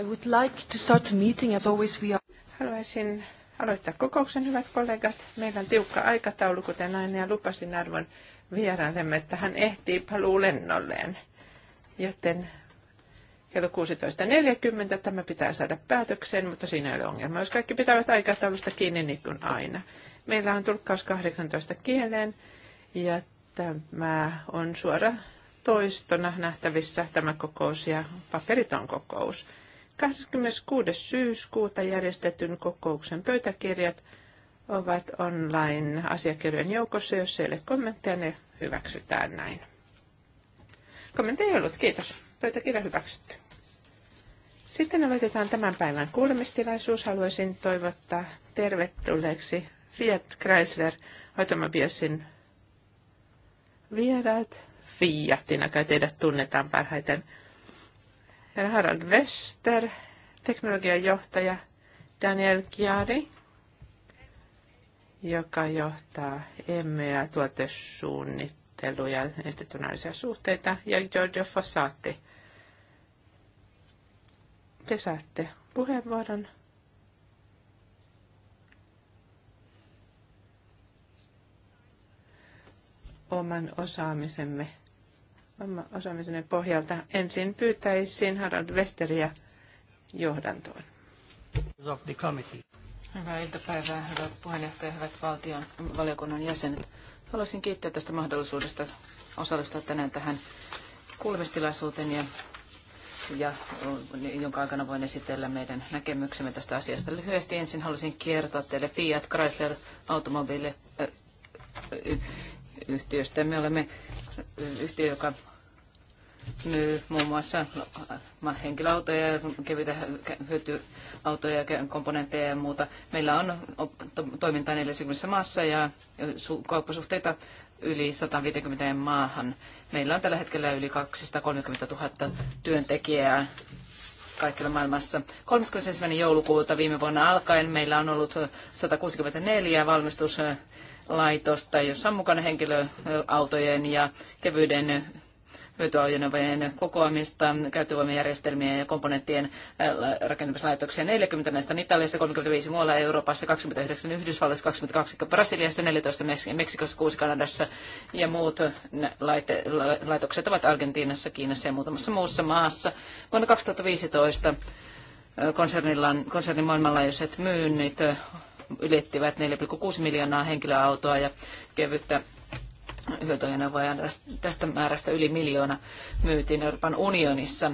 I would like to start the meeting as always we are. Haluaisin aloittaa kokouksen, hyvät kollegat. Meillä on tiukka aikataulu, kuten aina, ja lupasin arvon vieraillemme, että hän ehtii paluu lennolleen. Joten kello 16.40 tämä pitää saada päätökseen, mutta siinä ei ole ongelma. Jos kaikki pitävät aikataulusta kiinni, niin kuin aina. Meillä on tulkkaus 18 kieleen, ja tämä on suora toistona nähtävissä tämä kokous ja paperiton kokous. 26. syyskuuta järjestetyn kokouksen pöytäkirjat ovat online-asiakirjojen joukossa. Jos ei ole kommentteja, ne hyväksytään näin. Kommentteja ei ollut, kiitos. Pöytäkirja hyväksytty. Sitten aloitetaan tämän päivän kuulemistilaisuus. Haluaisin toivottaa tervetulleeksi Fiat Chrysler Automobilesin vieraat. Fiatina kai teidät tunnetaan parhaiten herra Harald Wester, teknologiajohtaja Daniel Kiari, joka johtaa EMEA tuotesuunnittelu- ja institutionaalisia suhteita, ja Giorgio Fossati. Te saatte puheenvuoron. oman osaamisemme osaamisen pohjalta. Ensin pyytäisin Harald Westeriä johdantoon. Hyvää iltapäivää, hyvät puheenjohtaja, hyvät valtion, valiokunnan jäsenet. Haluaisin kiittää tästä mahdollisuudesta osallistua tänään tähän kuulemistilaisuuteen ja, ja jonka aikana voin esitellä meidän näkemyksemme tästä asiasta. Lyhyesti ensin haluaisin kertoa teille Fiat Chrysler Automobile yhtiöstä. Me olemme yhtiö, joka myy muun muassa äh, henkilöautoja, kevyitä hyötyautoja, komponentteja ja muuta. Meillä on toimintaa 40 maassa ja kauppasuhteita yli 150 maahan. Meillä on tällä hetkellä yli 230 000 työntekijää kaikilla maailmassa. 31. joulukuuta viime vuonna alkaen meillä on ollut 164 valmistus laitosta, jossa on mukana henkilöautojen ja kevyiden hyötyajoneuvojen kokoamista, käyttövoimajärjestelmiä ja komponenttien äh, rakentamislaitoksia. 40 näistä on Italiassa, 35 muualla Euroopassa, 29 Yhdysvalloissa, 22 Brasiliassa, 14 Meksikossa, 6 Kanadassa ja muut laite, laitokset ovat Argentiinassa, Kiinassa ja muutamassa muussa maassa. Vuonna 2015 äh, konsernilla, konsernin maailmanlaajuiset myynnit ylittivät 4,6 miljoonaa henkilöautoa ja kevyttä hyötyajoneuvoa ja tästä määrästä yli miljoona myytiin Euroopan unionissa.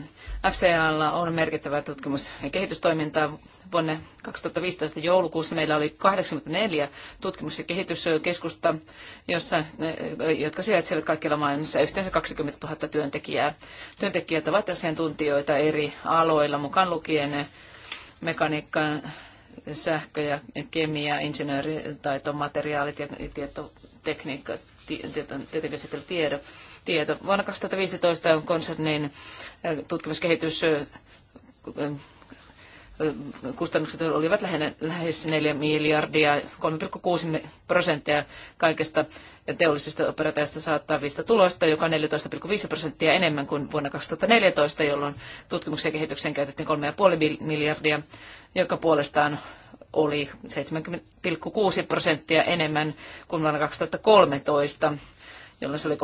FCAlla on merkittävä tutkimus- ja kehitystoimintaa. Vuonna 2015 joulukuussa meillä oli 84 tutkimus- ja kehityskeskusta, jossa, jotka sijaitsevat kaikkialla maailmassa yhteensä 20 000 työntekijää. Työntekijät ovat asiantuntijoita eri aloilla, mukaan lukien mekaniikkaan sähkö- ja kemia, insinööritaito, materiaalit ja tietotekniikka, tietokäsittely, tiedo, tieto. Vuonna 2015 konsernin äh, tutkimuskehitys äh, kustannukset olivat lähes 4 miljardia, 3,6 prosenttia kaikesta teollisista operaatioista saattavista tuloista, joka on 14,5 prosenttia enemmän kuin vuonna 2014, jolloin tutkimuksen ja kehityksen käytettiin 3,5 miljardia, joka puolestaan oli kuusi prosenttia enemmän kuin vuonna 2013 jolloin se oli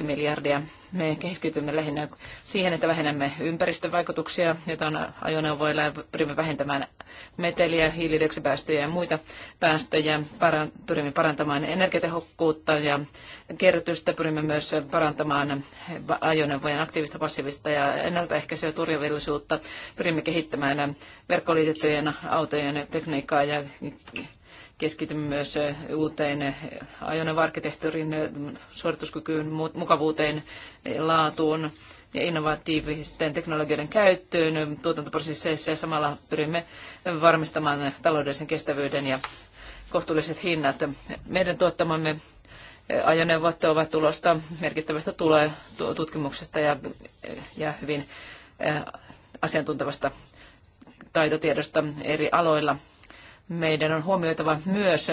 3,2 miljardia. Me keskitymme lähinnä siihen, että vähennämme ympäristövaikutuksia, joita on ajoneuvoilla ja pyrimme vähentämään meteliä, hiilidioksipäästöjä ja muita päästöjä. Pyrimme parantamaan energiatehokkuutta ja kierrätystä. Pyrimme myös parantamaan ajoneuvojen aktiivista, passiivista ja ennaltaehkäisyä turvallisuutta. Pyrimme kehittämään verkkoliitettyjen autojen tekniikkaa ja keskitymme myös eh, uuteen eh, ajoneuvoarkkitehtuurin eh, suorituskykyyn, mukavuuteen, laatuun ja innovatiivisten teknologioiden käyttöön tuotantoprosesseissa ja samalla pyrimme varmistamaan taloudellisen kestävyyden ja kohtuulliset hinnat. Meidän tuottamamme ajoneuvot ovat tulosta merkittävästä tulee tutkimuksesta ja, ja hyvin asiantuntevasta taitotiedosta eri aloilla meidän on huomioitava myös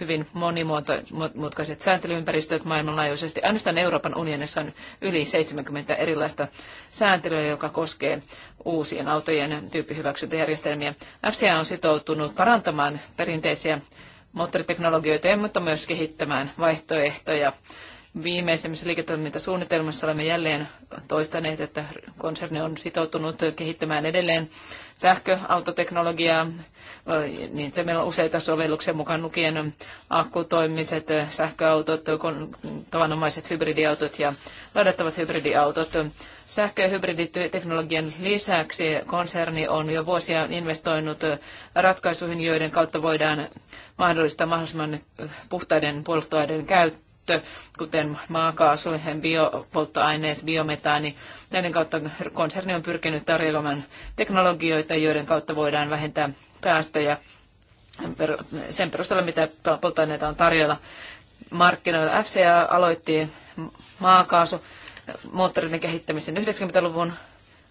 hyvin monimuotoiset sääntelyympäristöt maailmanlaajuisesti. Ainoastaan Euroopan unionissa on yli 70 erilaista sääntelyä, joka koskee uusien autojen tyyppihyväksyntäjärjestelmiä. FCA on sitoutunut parantamaan perinteisiä moottoriteknologioita, mutta myös kehittämään vaihtoehtoja Viimeisimmässä liiketoimintasuunnitelmassa olemme jälleen toistaneet, että konserni on sitoutunut kehittämään edelleen sähköautoteknologiaa. Niin, meillä on useita sovelluksia mukaan lukien akkutoimiset sähköautot, tavanomaiset hybridiautot ja ladattavat hybridiautot. Sähkö- ja hybriditeknologian lisäksi konserni on jo vuosia investoinut ratkaisuihin, joiden kautta voidaan mahdollistaa mahdollisimman puhtaiden polttoaineiden käyttö käyttö, kuten maakaasu, biopolttoaineet, biometaani. Näiden kautta konserni on pyrkinyt tarjoamaan teknologioita, joiden kautta voidaan vähentää päästöjä sen perusteella, mitä polttoaineita on tarjolla markkinoilla. FCA aloitti maakaasu moottorin kehittämisen 90-luvun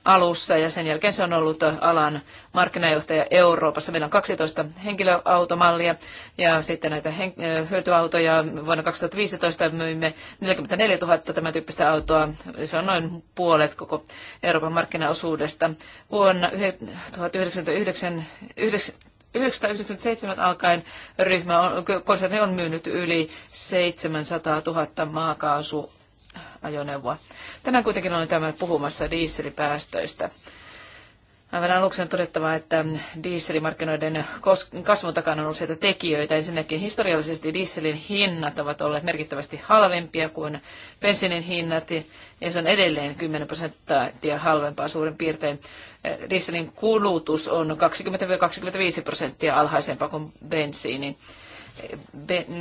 alussa ja sen jälkeen se on ollut alan markkinajohtaja Euroopassa. Meillä on 12 henkilöautomallia ja sitten näitä hen- hyötyautoja. Vuonna 2015 myimme 44 000 tämän tyyppistä autoa. Se on noin puolet koko Euroopan markkinaosuudesta. Vuonna 1999 1997 alkaen ryhmä on, konserni on myynyt yli 700 000 maakaasu ajoneuvoa. Tänään kuitenkin olen tämä puhumassa dieselipäästöistä. Aivan aluksi on todettava, että dieselimarkkinoiden kasvun takana on useita tekijöitä. Ensinnäkin historiallisesti dieselin hinnat ovat olleet merkittävästi halvempia kuin bensiinin hinnat, ja se on edelleen 10 prosenttia halvempaa suurin piirtein. Eh, dieselin kulutus on 20-25 prosenttia alhaisempaa kuin bensiinin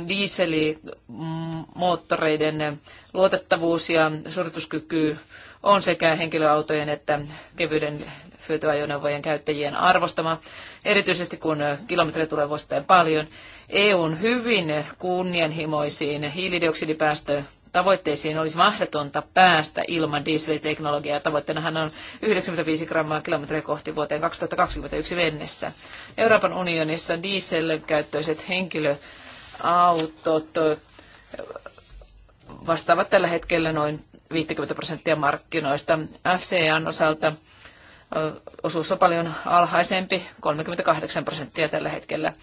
dieselimoottoreiden luotettavuus ja suorituskyky on sekä henkilöautojen että kevyiden hyötyajoneuvojen käyttäjien arvostama, erityisesti kun kilometrejä tulee vuosittain paljon. EUn hyvin kunnianhimoisiin hiilidioksidipäästö tavoitteisiin olisi mahdotonta päästä ilman dieselteknologiaa. Tavoitteenahan on 95 grammaa kilometriä kohti vuoteen 2021 mennessä. Euroopan unionissa dieselkäyttöiset henkilöautot vastaavat tällä hetkellä noin 50 prosenttia markkinoista. FCAn osalta osuus on paljon alhaisempi, 38 prosenttia tällä hetkellä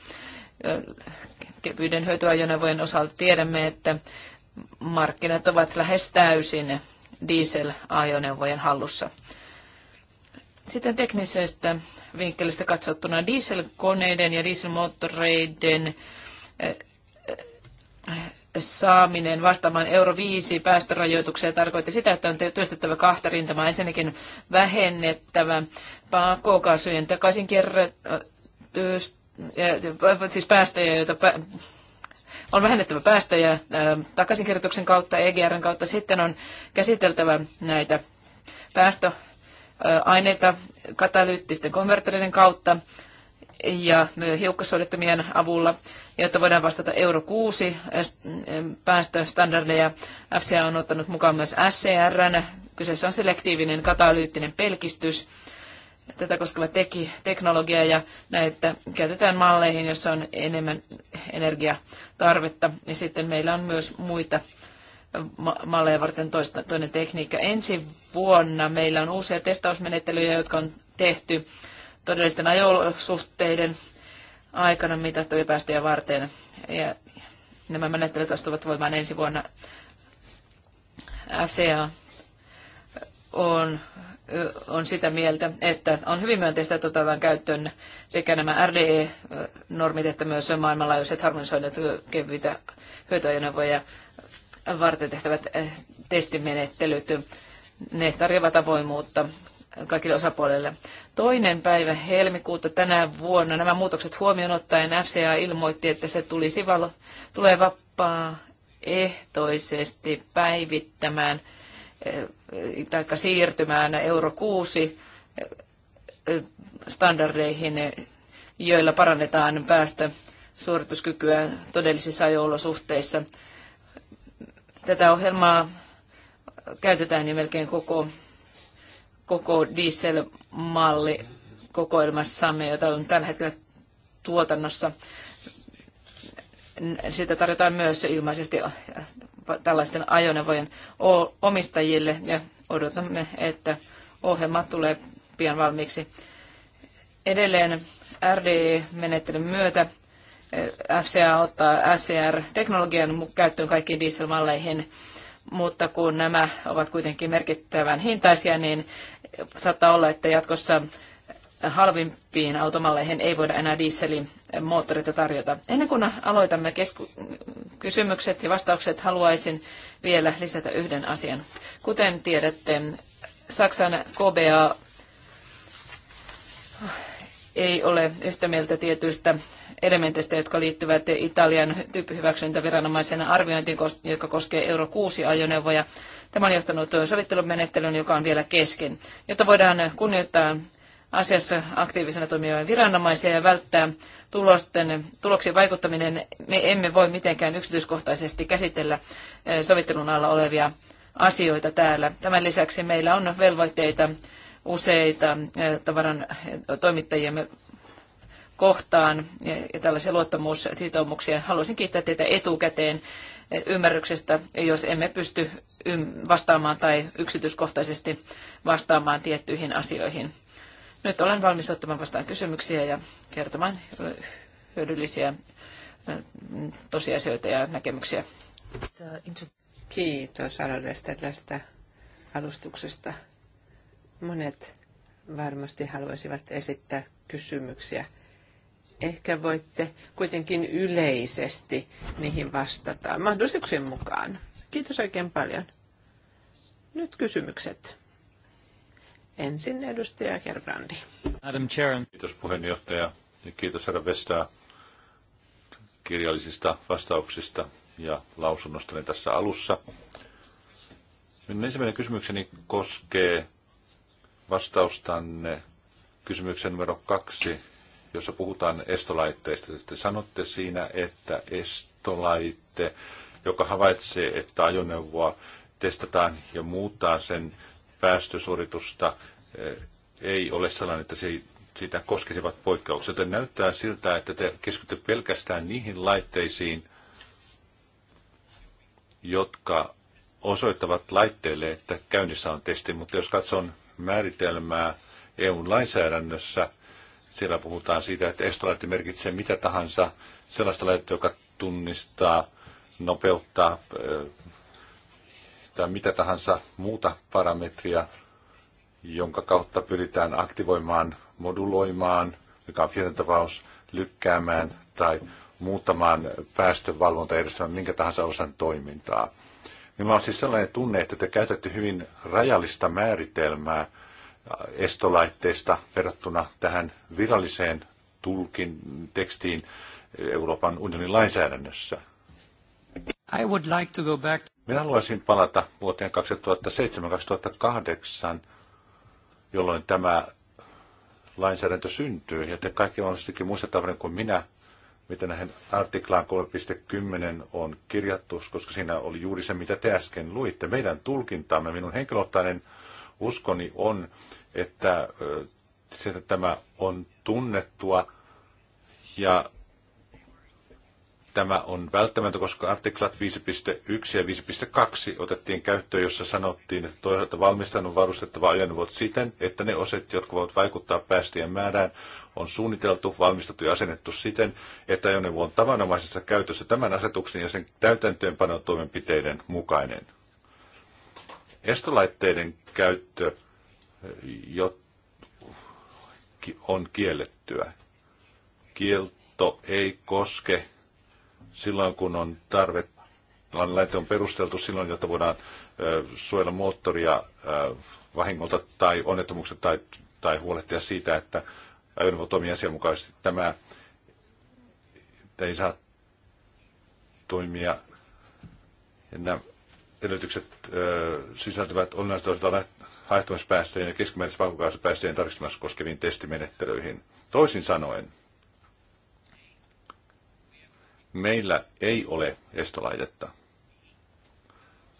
kevyiden hyötyajoneuvojen osalta tiedämme, että markkinat ovat lähes täysin diesel-ajoneuvojen hallussa. Sitten teknisestä vinkkelistä katsottuna dieselkoneiden ja dieselmoottoreiden eh, saaminen vastaamaan Euro 5 päästörajoituksia tarkoitti sitä, että on työstettävä kahta rintamaa. Ensinnäkin vähennettävä pakokaasujen takaisin kerran, siis päästöjä, joita on vähennettävä päästöjä äh, takaisinkirjoituksen kautta, EGRn kautta. Sitten on käsiteltävä näitä päästöaineita katalyyttisten konverterien kautta ja hiukkasuodattomien avulla, jotta voidaan vastata Euro 6 päästöstandardeja. FCA on ottanut mukaan myös SCRn. Kyseessä on selektiivinen katalyyttinen pelkistys tätä koskeva teki, teknologia ja näitä käytetään malleihin, jossa on enemmän energiatarvetta. Ja sitten meillä on myös muita malleja varten toista, toinen tekniikka. Ensi vuonna meillä on uusia testausmenettelyjä, jotka on tehty todellisten ajolosuhteiden aikana mitattuja päästöjä varten. Ja nämä menettelyt astuvat voimaan ensi vuonna. FCA on on sitä mieltä, että on hyvin myönteistä, että otetaan käyttöön sekä nämä RDE-normit että myös maailmanlaajuiset harmonisoinnit kevyitä hyötyajoneuvoja varten tehtävät testimenettelyt. Ne tarjoavat avoimuutta kaikille osapuolille. Toinen päivä helmikuuta tänä vuonna nämä muutokset huomioon ottaen FCA ilmoitti, että se tulisi valo, tulee vapaaehtoisesti päivittämään tai siirtymään euro 6 eh, standardeihin, joilla parannetaan päästösuorituskykyä todellisissa ajo-olosuhteissa. Tätä ohjelmaa käytetään jo melkein koko, koko dieselmalli kokoelmassamme, jota on tällä hetkellä tuotannossa. Sitä tarjotaan myös ilmaisesti tällaisten ajoneuvojen omistajille ja odotamme, että ohjelma tulee pian valmiiksi. Edelleen RDE-menettelyn myötä eh, FCA ottaa SCR-teknologian käyttöön kaikkiin dieselmalleihin, mutta kun nämä ovat kuitenkin merkittävän hintaisia, niin saattaa olla, että jatkossa halvimpiin automalleihin ei voida enää dieselin tarjota. Ennen kuin aloitamme kysymykset ja vastaukset, haluaisin vielä lisätä yhden asian. Kuten tiedätte, Saksan KBA ei ole yhtä mieltä tietyistä elementeistä, jotka liittyvät Italian tyyppihyväksyntäviranomaisen arviointiin, joka koskee Euro 6-ajoneuvoja. Tämä on johtanut sovittelumenettelyyn, joka on vielä kesken. Jotta voidaan kunnioittaa asiassa aktiivisena toimivia viranomaisia ja välttää tulosten, tuloksiin vaikuttaminen. Me emme voi mitenkään yksityiskohtaisesti käsitellä eh, sovittelun alla olevia asioita täällä. Tämän lisäksi meillä on velvoitteita useita eh, tavaran eh, toimittajiemme kohtaan ja tällaisia luottamussitoumuksia. Haluaisin kiittää teitä etukäteen ymmärryksestä, jos emme pysty vastaamaan tai yksityiskohtaisesti vastaamaan tiettyihin asioihin. Nyt olen valmis ottamaan vastaan kysymyksiä ja kertomaan hyödyllisiä tosiasioita ja näkemyksiä. Kiitos Alodesta tästä alustuksesta. Monet varmasti haluaisivat esittää kysymyksiä. Ehkä voitte kuitenkin yleisesti niihin vastata mahdollisuuksien mukaan. Kiitos oikein paljon. Nyt kysymykset. Ensin edustaja Gerbrandi. Adam Chairman. Kiitos puheenjohtaja kiitos herra Vestaa kirjallisista vastauksista ja lausunnostani tässä alussa. Minun ensimmäinen kysymykseni koskee vastaustanne kysymyksen numero kaksi, jossa puhutaan estolaitteista. Te sanotte siinä, että estolaite, joka havaitsee, että ajoneuvoa testataan ja muuttaa sen päästösuoritusta eh, ei ole sellainen, että se sitä koskisivat poikkeukset. Joten näyttää siltä, että te keskitytte pelkästään niihin laitteisiin, jotka osoittavat laitteelle, että käynnissä on testi. Mutta jos katson määritelmää EUn lainsäädännössä, siellä puhutaan siitä, että estolaite merkitsee mitä tahansa sellaista laitetta, joka tunnistaa, nopeuttaa, eh, tai mitä tahansa muuta parametria, jonka kautta pyritään aktivoimaan, moduloimaan, mikä on tapaus, lykkäämään tai muuttamaan päästövalvontajärjestelmän minkä tahansa osan toimintaa. Minulla on siis sellainen tunne, että te käytätte hyvin rajallista määritelmää estolaitteista verrattuna tähän viralliseen tulkin tekstiin Euroopan unionin lainsäädännössä. I would like to go back. Minä haluaisin palata vuoteen 2007-2008, jolloin tämä lainsäädäntö syntyi. Ja te kaikki varmastikin muistatte kuin minä, mitä näihin artiklaan 3.10 on kirjattu, koska siinä oli juuri se, mitä te äsken luitte. Meidän tulkintaamme, minun henkilökohtainen uskoni on, että, se, että tämä on tunnettua ja Tämä on välttämätöntä, koska artiklat 5.1 ja 5.2 otettiin käyttöön, jossa sanottiin, että toisaalta valmistajan on varustettava ajoneuvot siten, että ne oset, jotka voivat vaikuttaa päästöjen määrään, on suunniteltu, valmistettu ja asennettu siten, että ajoneuvo on tavanomaisessa käytössä tämän asetuksen ja sen täytäntöönpanon toimenpiteiden mukainen. Estolaitteiden käyttö eh, on kiellettyä. Kielto ei koske silloin, kun on tarve, laite on perusteltu silloin, jotta voidaan suojella moottoria vahingolta tai onnettomuuksilta tai, tai huolehtia siitä, että ajoneuvo toimii asianmukaisesti. Tämä ei saa toimia. Nämä edellytykset sisältyvät olennaisesti haehtumispäästöjen ja keskimääräisen pakokaasupäästöjen tarkistamassa koskeviin testimenettelyihin. Toisin sanoen, Meillä ei ole estolaitetta.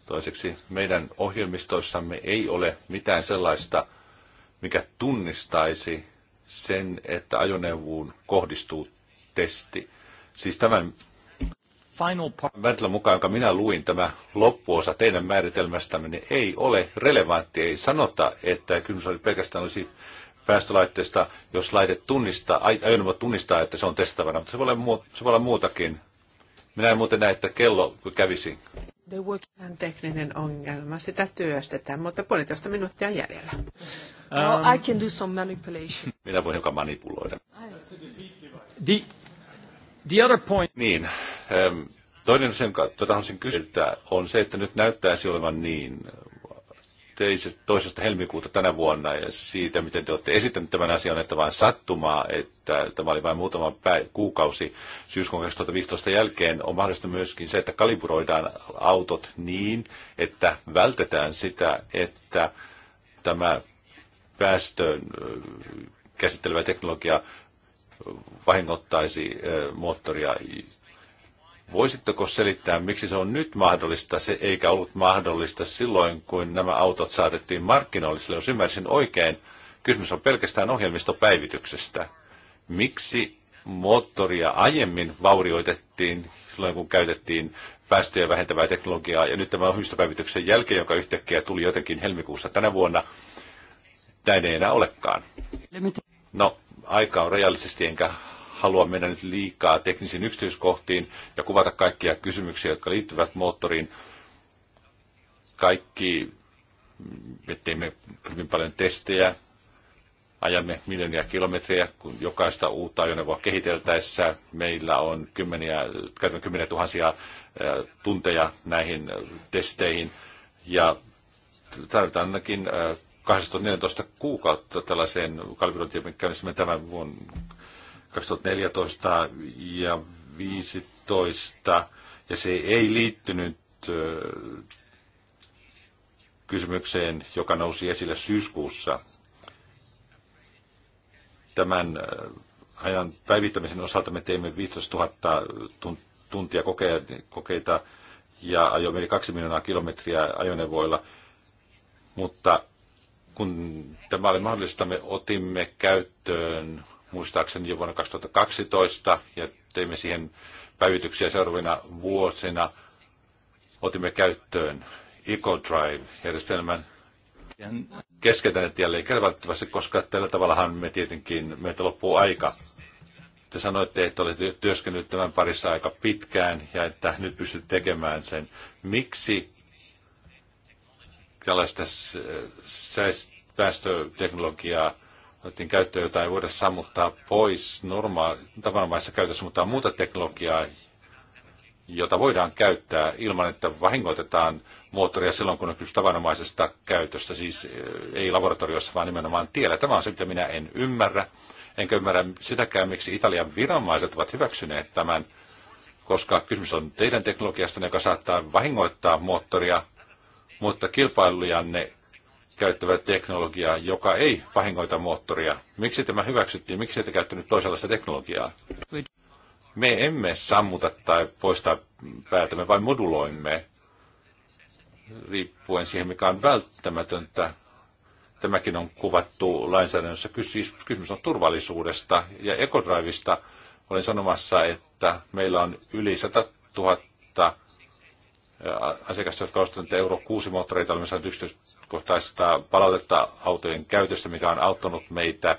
Toiseksi meidän ohjelmistoissamme ei ole mitään sellaista, mikä tunnistaisi sen, että ajoneuvoon kohdistuu testi. Siis tämän final part. mukaan, jonka minä luin, tämä loppuosa teidän määritelmästämme niin ei ole relevantti. Ei sanota, että kynnys oli pelkästään olisi päästölaitteesta, jos laite tunnistaa, ajoneuvo tunnistaa, että se on testattavana, mutta se voi olla, muu, se voi olla muutakin. Minä en muuten näe, että kello kävisi. The on tekninen ongelma, sitä työstetään, mutta puolitoista minuuttia jäljellä. Um, no, I can do some manipulation. Minä voin joka manipuloida. The, the other point. Niin, toinen, sen, tuota haluaisin kysyä, on se, että nyt näyttäisi olevan niin, toisesta helmikuuta tänä vuonna ja siitä, miten te olette esittänyt tämän asian, että vain sattumaa, että tämä oli vain muutama päivä, kuukausi syyskuun 2015 jälkeen, on mahdollista myöskin se, että kalibroidaan autot niin, että vältetään sitä, että tämä päästöön käsittelevä teknologia vahingoittaisi moottoria Voisitteko selittää, miksi se on nyt mahdollista, se eikä ollut mahdollista silloin, kun nämä autot saatettiin markkinoille, jos ymmärsin oikein, kysymys on pelkästään ohjelmistopäivityksestä. Miksi moottoria aiemmin vaurioitettiin silloin, kun käytettiin päästöjä vähentävää teknologiaa, ja nyt tämä ohjelmistopäivityksen jälkeen, joka yhtäkkiä tuli jotenkin helmikuussa tänä vuonna, näin ei enää olekaan. No, aika on rajallisesti, enkä halua mennä nyt liikaa teknisiin yksityiskohtiin ja kuvata kaikkia kysymyksiä, jotka liittyvät moottoriin. Kaikki, me teemme hyvin paljon testejä, ajamme miljoonia kilometriä, kun jokaista uutta ajoneuvoa kehiteltäessä meillä on kymmeniä, käytämme kymmeniä tuhansia tunteja näihin testeihin ja tarvitaan ainakin 2014 kuukautta tällaiseen kalibrointiin me tämän vuon 2014 ja 2015, ja se ei liittynyt kysymykseen, joka nousi esille syyskuussa. Tämän ajan päivittämisen osalta me teimme 15 000 tuntia kokeita ja ajoimme yli 2 miljoonaa kilometriä ajoneuvoilla, mutta kun tämä oli mahdollista, me otimme käyttöön muistaakseni jo vuonna 2012 ja teimme siihen päivityksiä seuraavina vuosina. Otimme käyttöön EcoDrive-järjestelmän. Keskeytän jälleen kervaltavasti, koska tällä tavallahan me tietenkin, meiltä loppuu aika. Te sanoitte, että olette työskennellyt tämän parissa aika pitkään ja että nyt pystyt tekemään sen. Miksi tällaista säästöteknologiaa otettiin käyttöön, jota ei voida sammuttaa pois tavanomaisessa käytössä, mutta on muuta teknologiaa, jota voidaan käyttää ilman, että vahingoitetaan moottoria silloin, kun on kyse tavanomaisesta käytöstä, siis eh, ei laboratoriossa, vaan nimenomaan tiellä. Tämä on se, mitä minä en ymmärrä. Enkä ymmärrä sitäkään, miksi Italian viranomaiset ovat hyväksyneet tämän, koska kysymys on teidän teknologiasta, joka saattaa vahingoittaa moottoria, mutta kilpailijanne käyttävä teknologia, joka ei vahingoita moottoria. Miksi tämä hyväksyttiin? Miksi ette käyttänyt toisenlaista teknologiaa? Me emme sammuta tai poista päätämme, vain moduloimme riippuen siihen, mikä on välttämätöntä. Tämäkin on kuvattu lainsäädännössä. Siis kysymys on turvallisuudesta ja ekodrivista. Olen sanomassa, että meillä on yli 100 000 asiakasta, jotka ostavat Euro 6 moottoreita, olemme saaneet kohtaista palautetta autojen käytöstä, mikä on auttanut meitä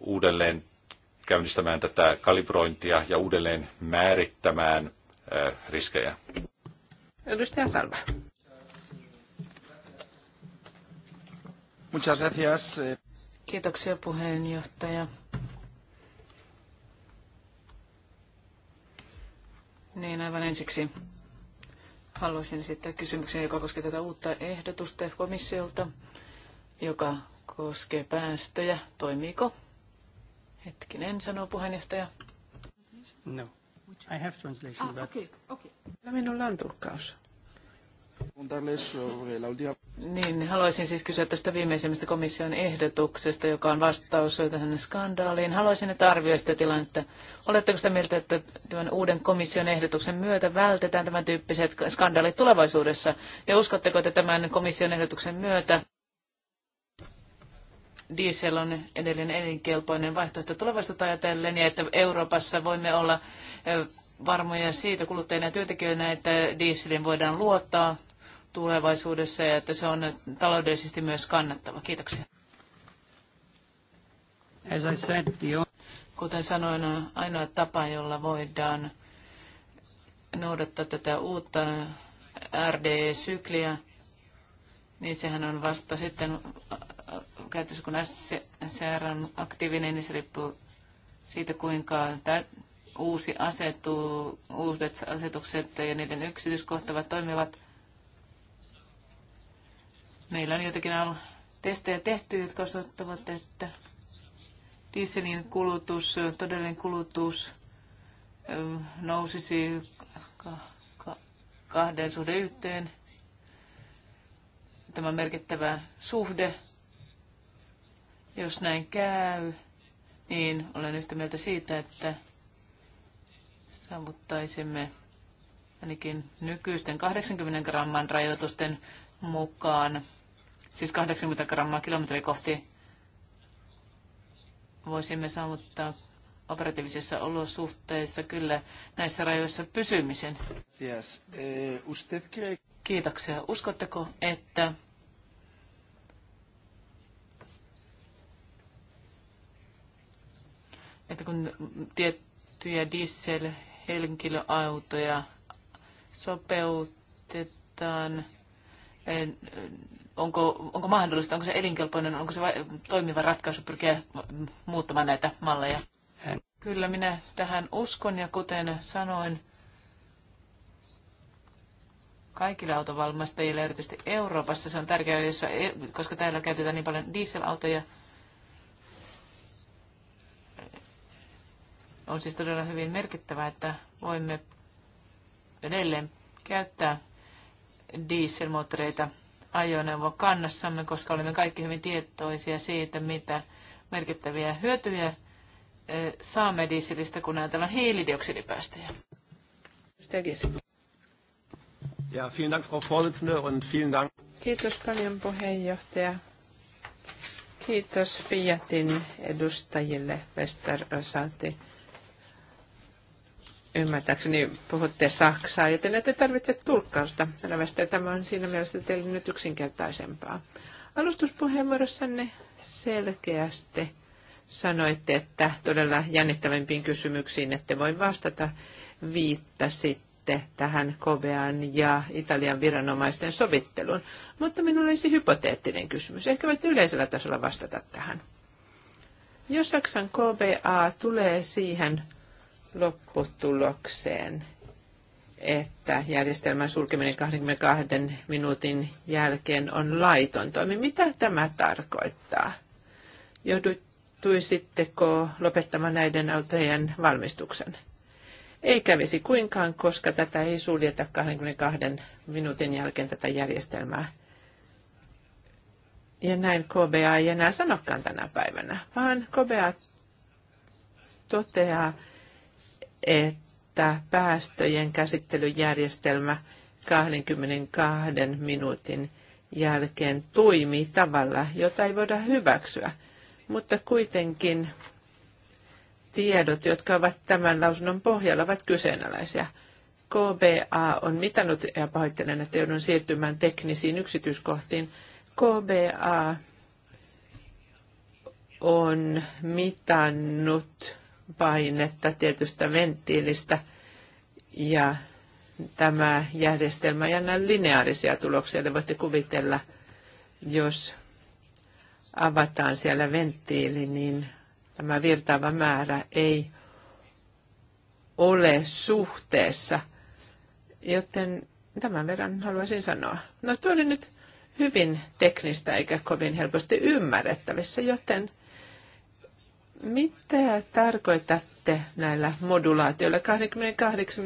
uudelleen käynnistämään tätä kalibrointia ja uudelleen määrittämään äh, riskejä. Edustaja Salva. Muchas gracias. Eh. Kiitoksia puheenjohtaja. Niin aivan ensiksi Haluaisin esittää kysymyksen, joka koskee tätä uutta ehdotusta komissiolta, joka koskee päästöjä. Toimiiko? Hetkinen, sanoo puheenjohtaja. No, I have translation, ah, but... okay, okay. Minulla on tulkkaus. Niin, haluaisin siis kysyä tästä viimeisimmästä komission ehdotuksesta, joka on vastaus tähän skandaaliin. Haluaisin, että sitä tilannetta. Oletteko sitä mieltä, että tämän uuden komission ehdotuksen myötä vältetään tämän tyyppiset skandaalit tulevaisuudessa? Ja uskotteko, että tämän komission ehdotuksen myötä diesel on edelleen elinkelpoinen vaihtoehto tulevaisuutta ajatellen ja että Euroopassa voimme olla varmoja siitä kuluttajina ja työntekijöinä, että dieselin voidaan luottaa tulevaisuudessa ja että se on taloudellisesti myös kannattava. Kiitoksia. Kuten sanoin, ainoa tapa, jolla voidaan noudattaa tätä uutta RDE-sykliä, niin sehän on vasta sitten käytössä, kun SCR on aktiivinen, niin se riippuu siitä, kuinka tämä uusi asetu, uudet asetukset ja niiden yksityiskohtavat toimivat. Meillä on jotakin testejä tehty, jotka osoittavat, että dieselin kulutus, todellinen kulutus nousisi kahden suhde yhteen. Tämä merkittävä suhde. Jos näin käy, niin olen yhtä mieltä siitä, että saavuttaisimme ainakin nykyisten 80 gramman rajoitusten mukaan siis 80 grammaa kilometriä kohti voisimme saavuttaa operatiivisissa olosuhteissa kyllä näissä rajoissa pysymisen. Yes. Eh, Kiitoksia. Uskotteko, että että kun tiettyjä diesel-henkilöautoja sopeutetaan onko, onko mahdollista, onko se elinkelpoinen, onko se toimiva ratkaisu pyrkiä muuttamaan näitä malleja? Kyllä minä tähän uskon ja kuten sanoin, kaikille autovalmistajille, erityisesti Euroopassa. Se on tärkeää, e, koska täällä käytetään niin paljon dieselautoja. On siis todella hyvin merkittävää, että voimme edelleen käyttää dieselmoottoreita ajoneuvo kannassamme, koska olemme kaikki hyvin tietoisia siitä, mitä merkittäviä hyötyjä saamme dieselistä, kun ajatellaan hiilidioksidipäästöjä. Ja, vielen Dank, Frau Vorsitzende, und vielen Dank. Kiitos paljon puheenjohtaja. Kiitos Fiatin edustajille Wester Rosati ymmärtääkseni puhutte saksaa, joten ette tarvitse tulkkausta. Rävästä tämä on siinä mielessä teille nyt yksinkertaisempaa. Alustuspuheenvuorossanne selkeästi sanoitte, että todella jännittävimpiin kysymyksiin ette voi vastata. Viittasitte tähän Kobean ja Italian viranomaisten sovitteluun. Mutta minulla olisi hypoteettinen kysymys. Ehkä voitte yleisellä tasolla vastata tähän. Jos Saksan KBA tulee siihen lopputulokseen, että järjestelmän sulkeminen 22 minuutin jälkeen on laiton toimi. Mitä tämä tarkoittaa? Joudutuisitteko lopettamaan näiden autojen valmistuksen? Ei kävisi kuinkaan, koska tätä ei suljeta 22 minuutin jälkeen tätä järjestelmää. Ja näin KBA ei enää sanokaan tänä päivänä, vaan KBA toteaa, että päästöjen käsittelyjärjestelmä 22 minuutin jälkeen toimii tavalla, jota ei voida hyväksyä. Mutta kuitenkin tiedot, jotka ovat tämän lausunnon pohjalla, ovat kyseenalaisia. KBA on mitannut, ja pahoittelen, että joudun siirtymään teknisiin yksityiskohtiin, KBA on mitannut painetta tietystä venttiilistä ja tämä järjestelmä ei anna lineaarisia tuloksia. Eli voitte kuvitella, jos avataan siellä venttiili, niin tämä virtaava määrä ei ole suhteessa. Joten tämän verran haluaisin sanoa. No tuo oli nyt hyvin teknistä eikä kovin helposti ymmärrettävissä, joten mitä tarkoitatte näillä modulaatioilla 22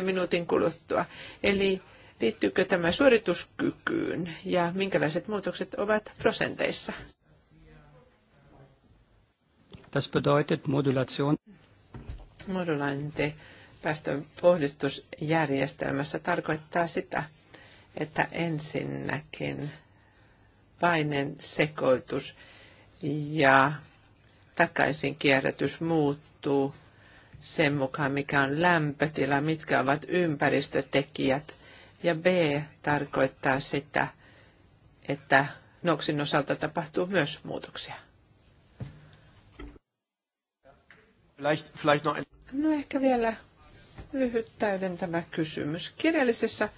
minuutin kuluttua? Eli liittyykö tämä suorituskykyyn ja minkälaiset muutokset ovat prosenteissa? Das bedeutet Modulation. Modulante päästön pohdistusjärjestelmässä tarkoittaa sitä, että ensinnäkin painen sekoitus ja takaisin kierrätys muuttuu sen mukaan, mikä on lämpötila, mitkä ovat ympäristötekijät. Ja B tarkoittaa sitä, että noksin osalta tapahtuu myös muutoksia. No ehkä vielä lyhyt täydentävä kysymys. Kirjallisessa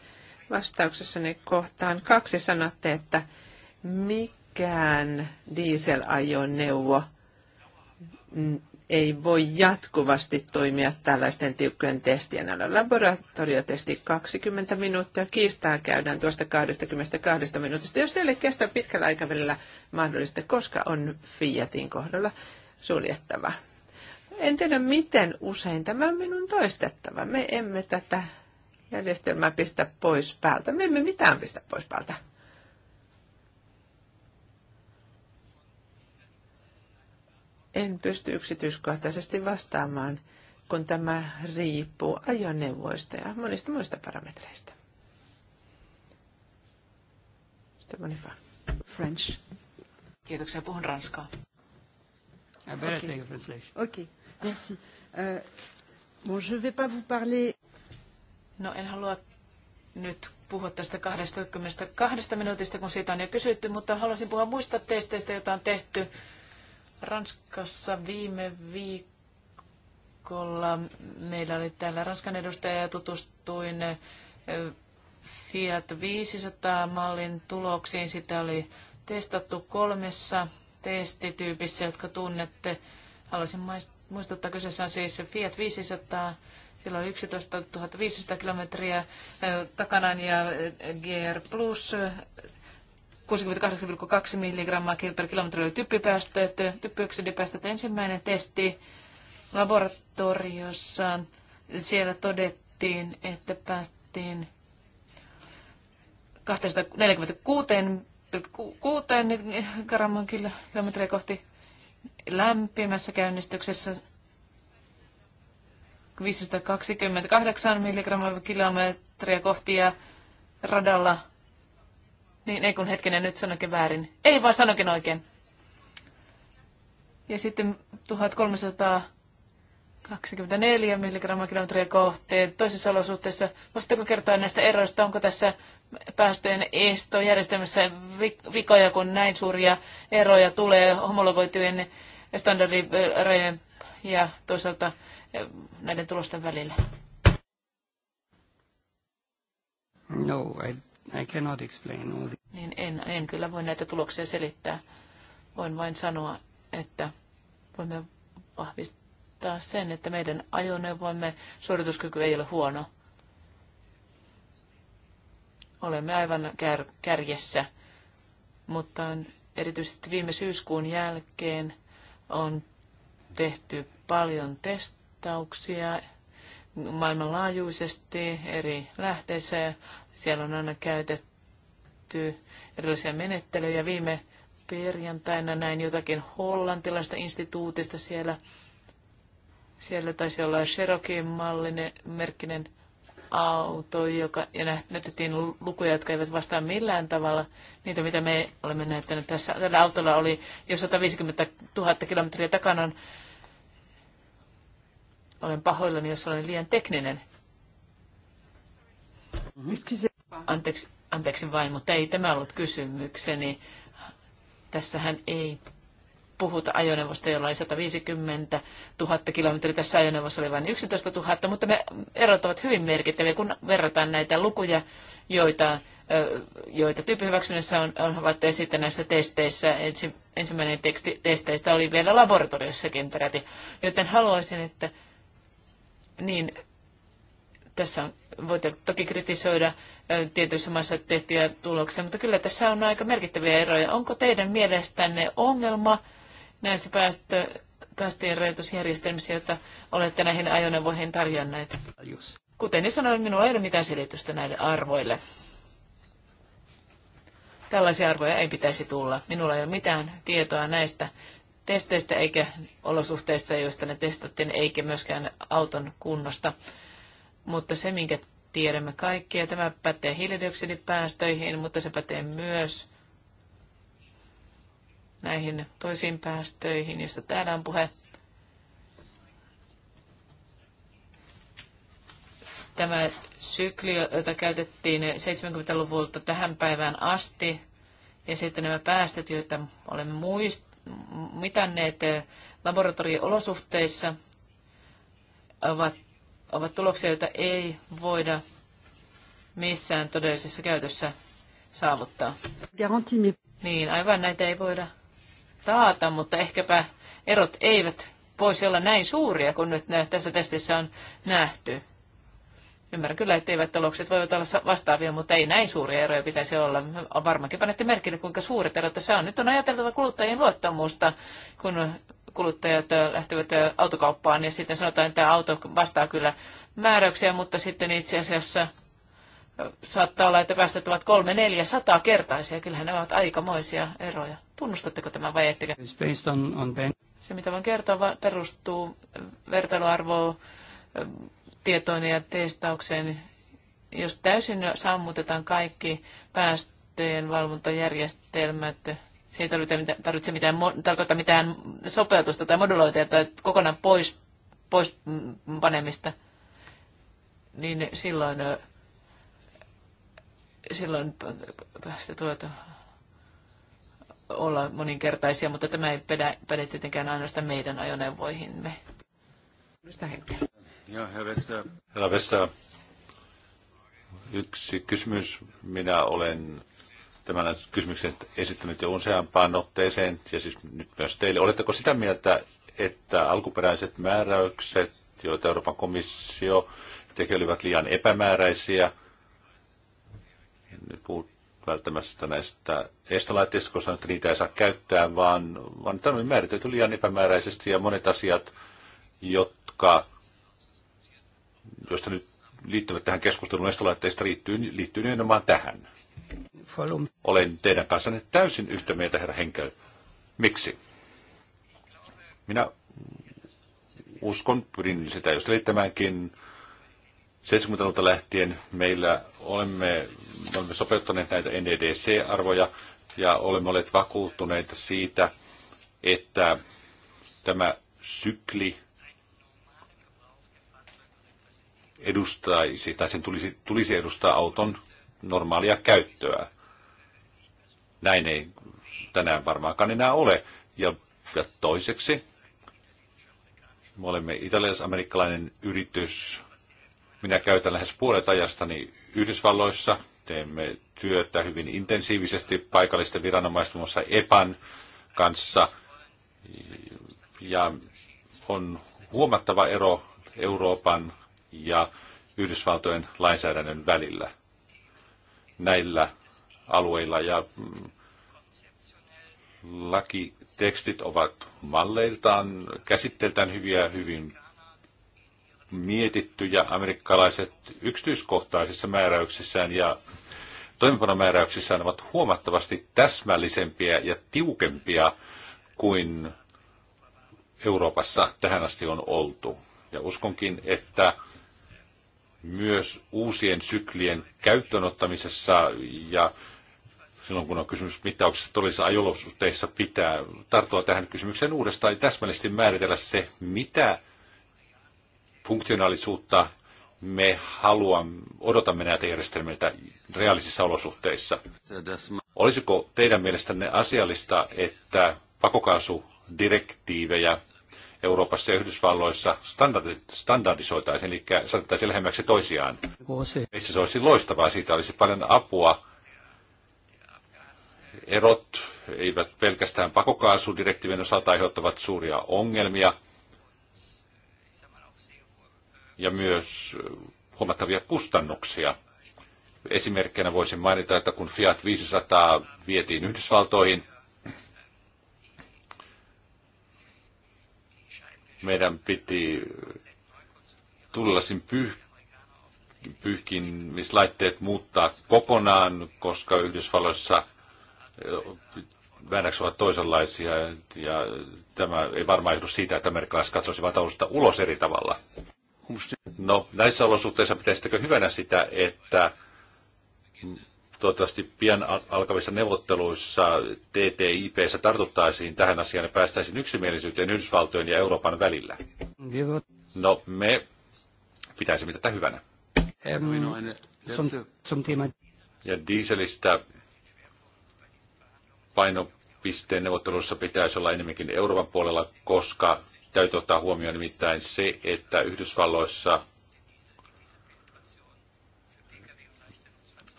vastauksessani kohtaan kaksi sanotte, että mikään dieselajoneuvo – Mm, ei voi jatkuvasti toimia tällaisten tiukkojen testien alla. Laboratoriotesti 20 minuuttia, kiistaa käydään tuosta 22 minuutista, jos ei kestä pitkällä aikavälillä mahdollista, koska on Fiatin kohdalla suljettava. En tiedä, miten usein tämä on minun toistettava. Me emme tätä järjestelmää pistä pois päältä. Me emme mitään pistä pois päältä. en pysty yksityiskohtaisesti vastaamaan, kun tämä riippuu ajoneuvoista ja monista muista parametreista. French. Kiitoksia, puhun ranskaa. Okei, okay. Okay, merci. Uh, bon, je vais pas vous parler... No en halua nyt puhua tästä 22 minuutista, kun siitä on jo kysytty, mutta haluaisin puhua muista testeistä, joita on tehty Ranskassa viime viikolla meillä oli täällä Ranskan edustaja ja tutustuin Fiat 500-mallin tuloksiin. Sitä oli testattu kolmessa testityypissä, jotka tunnette. Haluaisin muistuttaa, kyseessä on siis Fiat 500, sillä on 11 500 kilometriä takanaan ja GR Plus 68,2 milligrammaa per oli typpipäästöt, typpioksidipäästöt ensimmäinen testi laboratoriossaan. Siellä todettiin, että päästiin 246,6 gramman kilometriä kohti lämpimässä käynnistyksessä 528 milligrammaa kilometriä kohti ja radalla niin, ei kun hetkinen, nyt sanokin väärin. Ei vaan sanokin oikein. Ja sitten 1324 milligrammaa kilometriä kohti. Toisissa olosuhteissa, voisitteko kertoa näistä eroista, onko tässä päästöjen estojärjestelmässä vikoja, kun näin suuria eroja tulee homologoitujen standardirajojen ja toisaalta eh, näiden tulosten välillä? No, I I cannot explain all the... Niin en, en kyllä voi näitä tuloksia selittää. Voin vain sanoa, että voimme vahvistaa sen, että meidän ajoneuvomme suorituskyky ei ole huono. Olemme aivan kär, kärjessä, mutta erityisesti viime syyskuun jälkeen on tehty paljon testauksia maailmanlaajuisesti eri lähteissä. Siellä on aina käytetty erilaisia menettelyjä. Viime perjantaina näin jotakin hollantilaista instituutista siellä. Siellä taisi olla Cherokeein mallinen merkkinen auto, joka, ja näytettiin lukuja, jotka eivät vastaa millään tavalla niitä, mitä me olemme näyttäneet tässä. Tällä autolla oli jo 150 000 kilometriä takana olen pahoillani, jos olen liian tekninen. Anteeksi, anteeksi vain, mutta ei tämä ollut kysymykseni. Tässähän ei puhuta ajoneuvosta, jolla oli 150 000 kilometriä. Tässä ajoneuvossa oli vain 11 000, mutta me erot ovat hyvin merkittäviä, kun verrataan näitä lukuja, joita, joita tyyppihyväksynnässä on, on havaittu sitten näissä testeissä. Ensi, ensimmäinen teksti testeistä oli vielä laboratoriossakin peräti, joten haluaisin, että niin tässä on, voit toki kritisoida tietyissä maissa tehtyjä tuloksia, mutta kyllä tässä on aika merkittäviä eroja. Onko teidän mielestänne ongelma näissä päästö, päästöjen rajoitusjärjestelmissä, joita olette näihin ajoneuvoihin tarjonneet? Kuten niin sanoin, minulla ei ole mitään selitystä näille arvoille. Tällaisia arvoja ei pitäisi tulla. Minulla ei ole mitään tietoa näistä testeistä eikä olosuhteista, joista ne testattiin, eikä myöskään auton kunnosta. Mutta se, minkä tiedämme kaikki, ja tämä pätee hiilidioksidipäästöihin, mutta se pätee myös näihin toisiin päästöihin, joista täällä on puhe. Tämä sykli, jota käytettiin 70-luvulta tähän päivään asti, ja sitten nämä päästöt, joita olemme muist- mitanneet eh, laboratorio-olosuhteissa ovat, ovat tuloksia, joita ei voida missään todellisessa käytössä saavuttaa. Garantimi. Niin, aivan näitä ei voida taata, mutta ehkäpä erot eivät voisi olla näin suuria kuin nyt tässä testissä on nähty. Ymmärrän kyllä, eivät tulokset voivat olla vastaavia, mutta ei näin suuria eroja pitäisi olla. Varmaankin panette merkille, kuinka suuret erot tässä on. Nyt on ajateltava kuluttajien luottamusta, kun kuluttajat lähtevät autokauppaan ja sitten sanotaan, että tämä auto vastaa kyllä määräyksiä, mutta sitten itse asiassa saattaa olla, että päästöt ovat kolme, neljä, sataa kertaisia. Kyllähän ne ovat aikamoisia eroja. Tunnustatteko tämän vai ettekö? Se, mitä voin kertoa, perustuu vertailuarvoon tietoinen ja testaukseen. Jos täysin sammutetaan kaikki päästöjen valvontajärjestelmät, se ei tarvitse, tarvitse mitään, tarkoittaa mitään sopeutusta tai modulointia tai kokonaan pois, pois panemista, niin silloin, silloin sitä tuota, olla moninkertaisia, mutta tämä ei päde, päde tietenkään ainoastaan meidän ajoneuvoihimme. Mistä Henkel? Ja herra Vessa. Herra Vessa, yksi kysymys. Minä olen tämän kysymyksen esittänyt jo useampaan otteeseen, ja siis nyt myös teille. Oletteko sitä mieltä, että alkuperäiset määräykset, joita Euroopan komissio teki, olivat liian epämääräisiä? Nyt puhut välttämättä näistä estolaitteista, koska nyt niitä ei saa käyttää, vaan, vaan tämä on määritelty liian epämääräisesti ja monet asiat, jotka joista nyt liittyvät tähän keskusteluun estolaitteista, liittyy, liittyy nimenomaan tähän. Olen teidän kanssanne täysin yhtä mieltä, herra Henkel. Miksi? Minä uskon, pyrin sitä jo selittämäänkin. 70-luvulta lähtien meillä olemme, me olemme sopeuttaneet näitä NEDC-arvoja ja olemme olleet vakuuttuneita siitä, että tämä sykli edustaisi, tai sen tulisi, tulisi edustaa auton normaalia käyttöä. Näin ei tänään varmaankaan enää ole. Ja, ja toiseksi, me olemme italialais-amerikkalainen yritys. Minä käytän lähes puolet ajastani Yhdysvalloissa. Teemme työtä hyvin intensiivisesti paikallisten viranomaisten muassa EPAN kanssa. Ja on huomattava ero Euroopan ja Yhdysvaltojen lainsäädännön välillä näillä alueilla. Ja mm, lakitekstit ovat malleiltaan, käsitteltään hyviä, hyvin mietittyjä amerikkalaiset yksityiskohtaisissa määräyksissään ja toimenpanomääräyksissään ovat huomattavasti täsmällisempiä ja tiukempia kuin Euroopassa tähän asti on oltu. Ja uskonkin, että myös uusien syklien käyttöönottamisessa ja silloin kun on kysymys mittauksessa todellisissa ajolosuhteissa pitää tarttua tähän kysymykseen uudestaan ja täsmällisesti määritellä se, mitä funktionaalisuutta me haluamme, odotamme näitä järjestelmiltä reaalisissa olosuhteissa. Olisiko teidän mielestänne asiallista, että pakokaasudirektiivejä Euroopassa ja Yhdysvalloissa standardisoitaisiin, eli saatettaisiin lähemmäksi toisiaan. Meissä se olisi loistavaa, siitä olisi paljon apua. Erot eivät pelkästään pakokaasudirektiivin osalta aiheuttavat suuria ongelmia ja myös huomattavia kustannuksia. Esimerkkinä voisin mainita, että kun Fiat 500 vietiin Yhdysvaltoihin, meidän piti tulilasin pyh- pyyhkimislaitteet muuttaa kokonaan, koska Yhdysvalloissa väännökset ovat toisenlaisia ja tämä ei varmaan johdu siitä, että amerikkalaiset katsoisivat alusta ulos eri tavalla. No, näissä olosuhteissa pitäisikö hyvänä sitä, että toivottavasti pian alkavissa neuvotteluissa TTIPssä tartuttaisiin tähän asiaan ja päästäisiin yksimielisyyteen Yhdysvaltojen ja Euroopan välillä? No, me pitäisimme tätä hyvänä. No, ja dieselistä painopisteen neuvottelussa pitäisi olla enemmänkin Euroopan puolella, koska täytyy ottaa huomioon nimittäin se, että Yhdysvalloissa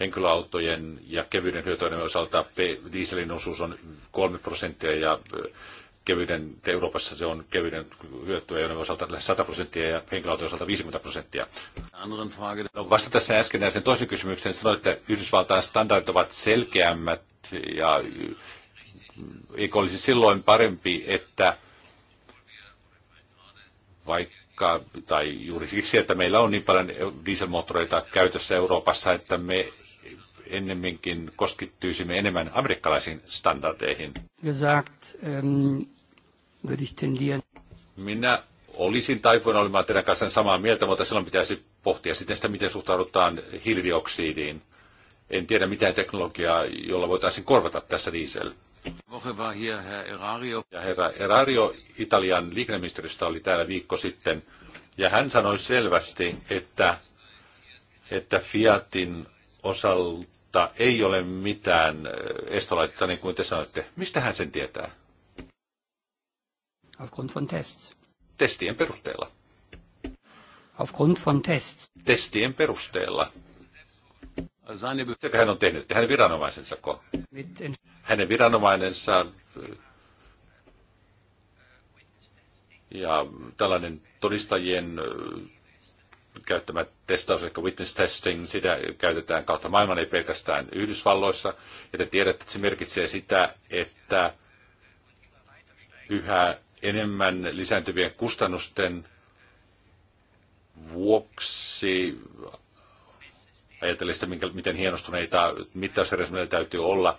henkilöautojen ja kevyiden hyötyaineiden osalta dieselin osuus on 3 prosenttia ja kevyiden, Euroopassa se on kevyiden hyötyaineiden osalta 100 prosenttia ja henkilöautojen osalta 50 prosenttia. No, vasta tässä äsken näisen toisen kysymyksen sanoitte, että Yhdysvaltain standardit ovat selkeämmät ja eikö olisi silloin parempi, että vaikka, tai juuri siksi, että meillä on niin paljon dieselmoottoreita käytössä Euroopassa, että me ennemminkin koskittyisimme enemmän amerikkalaisiin standardeihin. Gesagt, ähm, ich Minä olisin taipuinen olemaan teidän kanssa samaa mieltä, mutta silloin pitäisi pohtia sitten sitä, miten suhtaudutaan hiilidioksidiin. En tiedä mitään teknologiaa, jolla voitaisiin korvata tässä diesel. Ja herra Erario Italian liikenneministeristä oli täällä viikko sitten, ja hän sanoi selvästi, että, että Fiatin osalta mutta ei ole mitään äh, estolaitetta, niin kuin te sanoitte. Mistä hän sen tietää? Aufgrund von tests. Testien perusteella. Aufgrund von tests. Testien perusteella. Sekä hän on tehnyt, hänen viranomaisensa ko. Hänen viranomaisensa äh, ja tällainen todistajien äh, käyttämä testaus, eli witness testing, sitä käytetään kautta maailman, ei pelkästään Yhdysvalloissa. Ja te tiedätte, että se merkitsee sitä, että yhä enemmän lisääntyvien kustannusten vuoksi ajatellen sitä, miten hienostuneita mittausjärjestelmiä täytyy olla.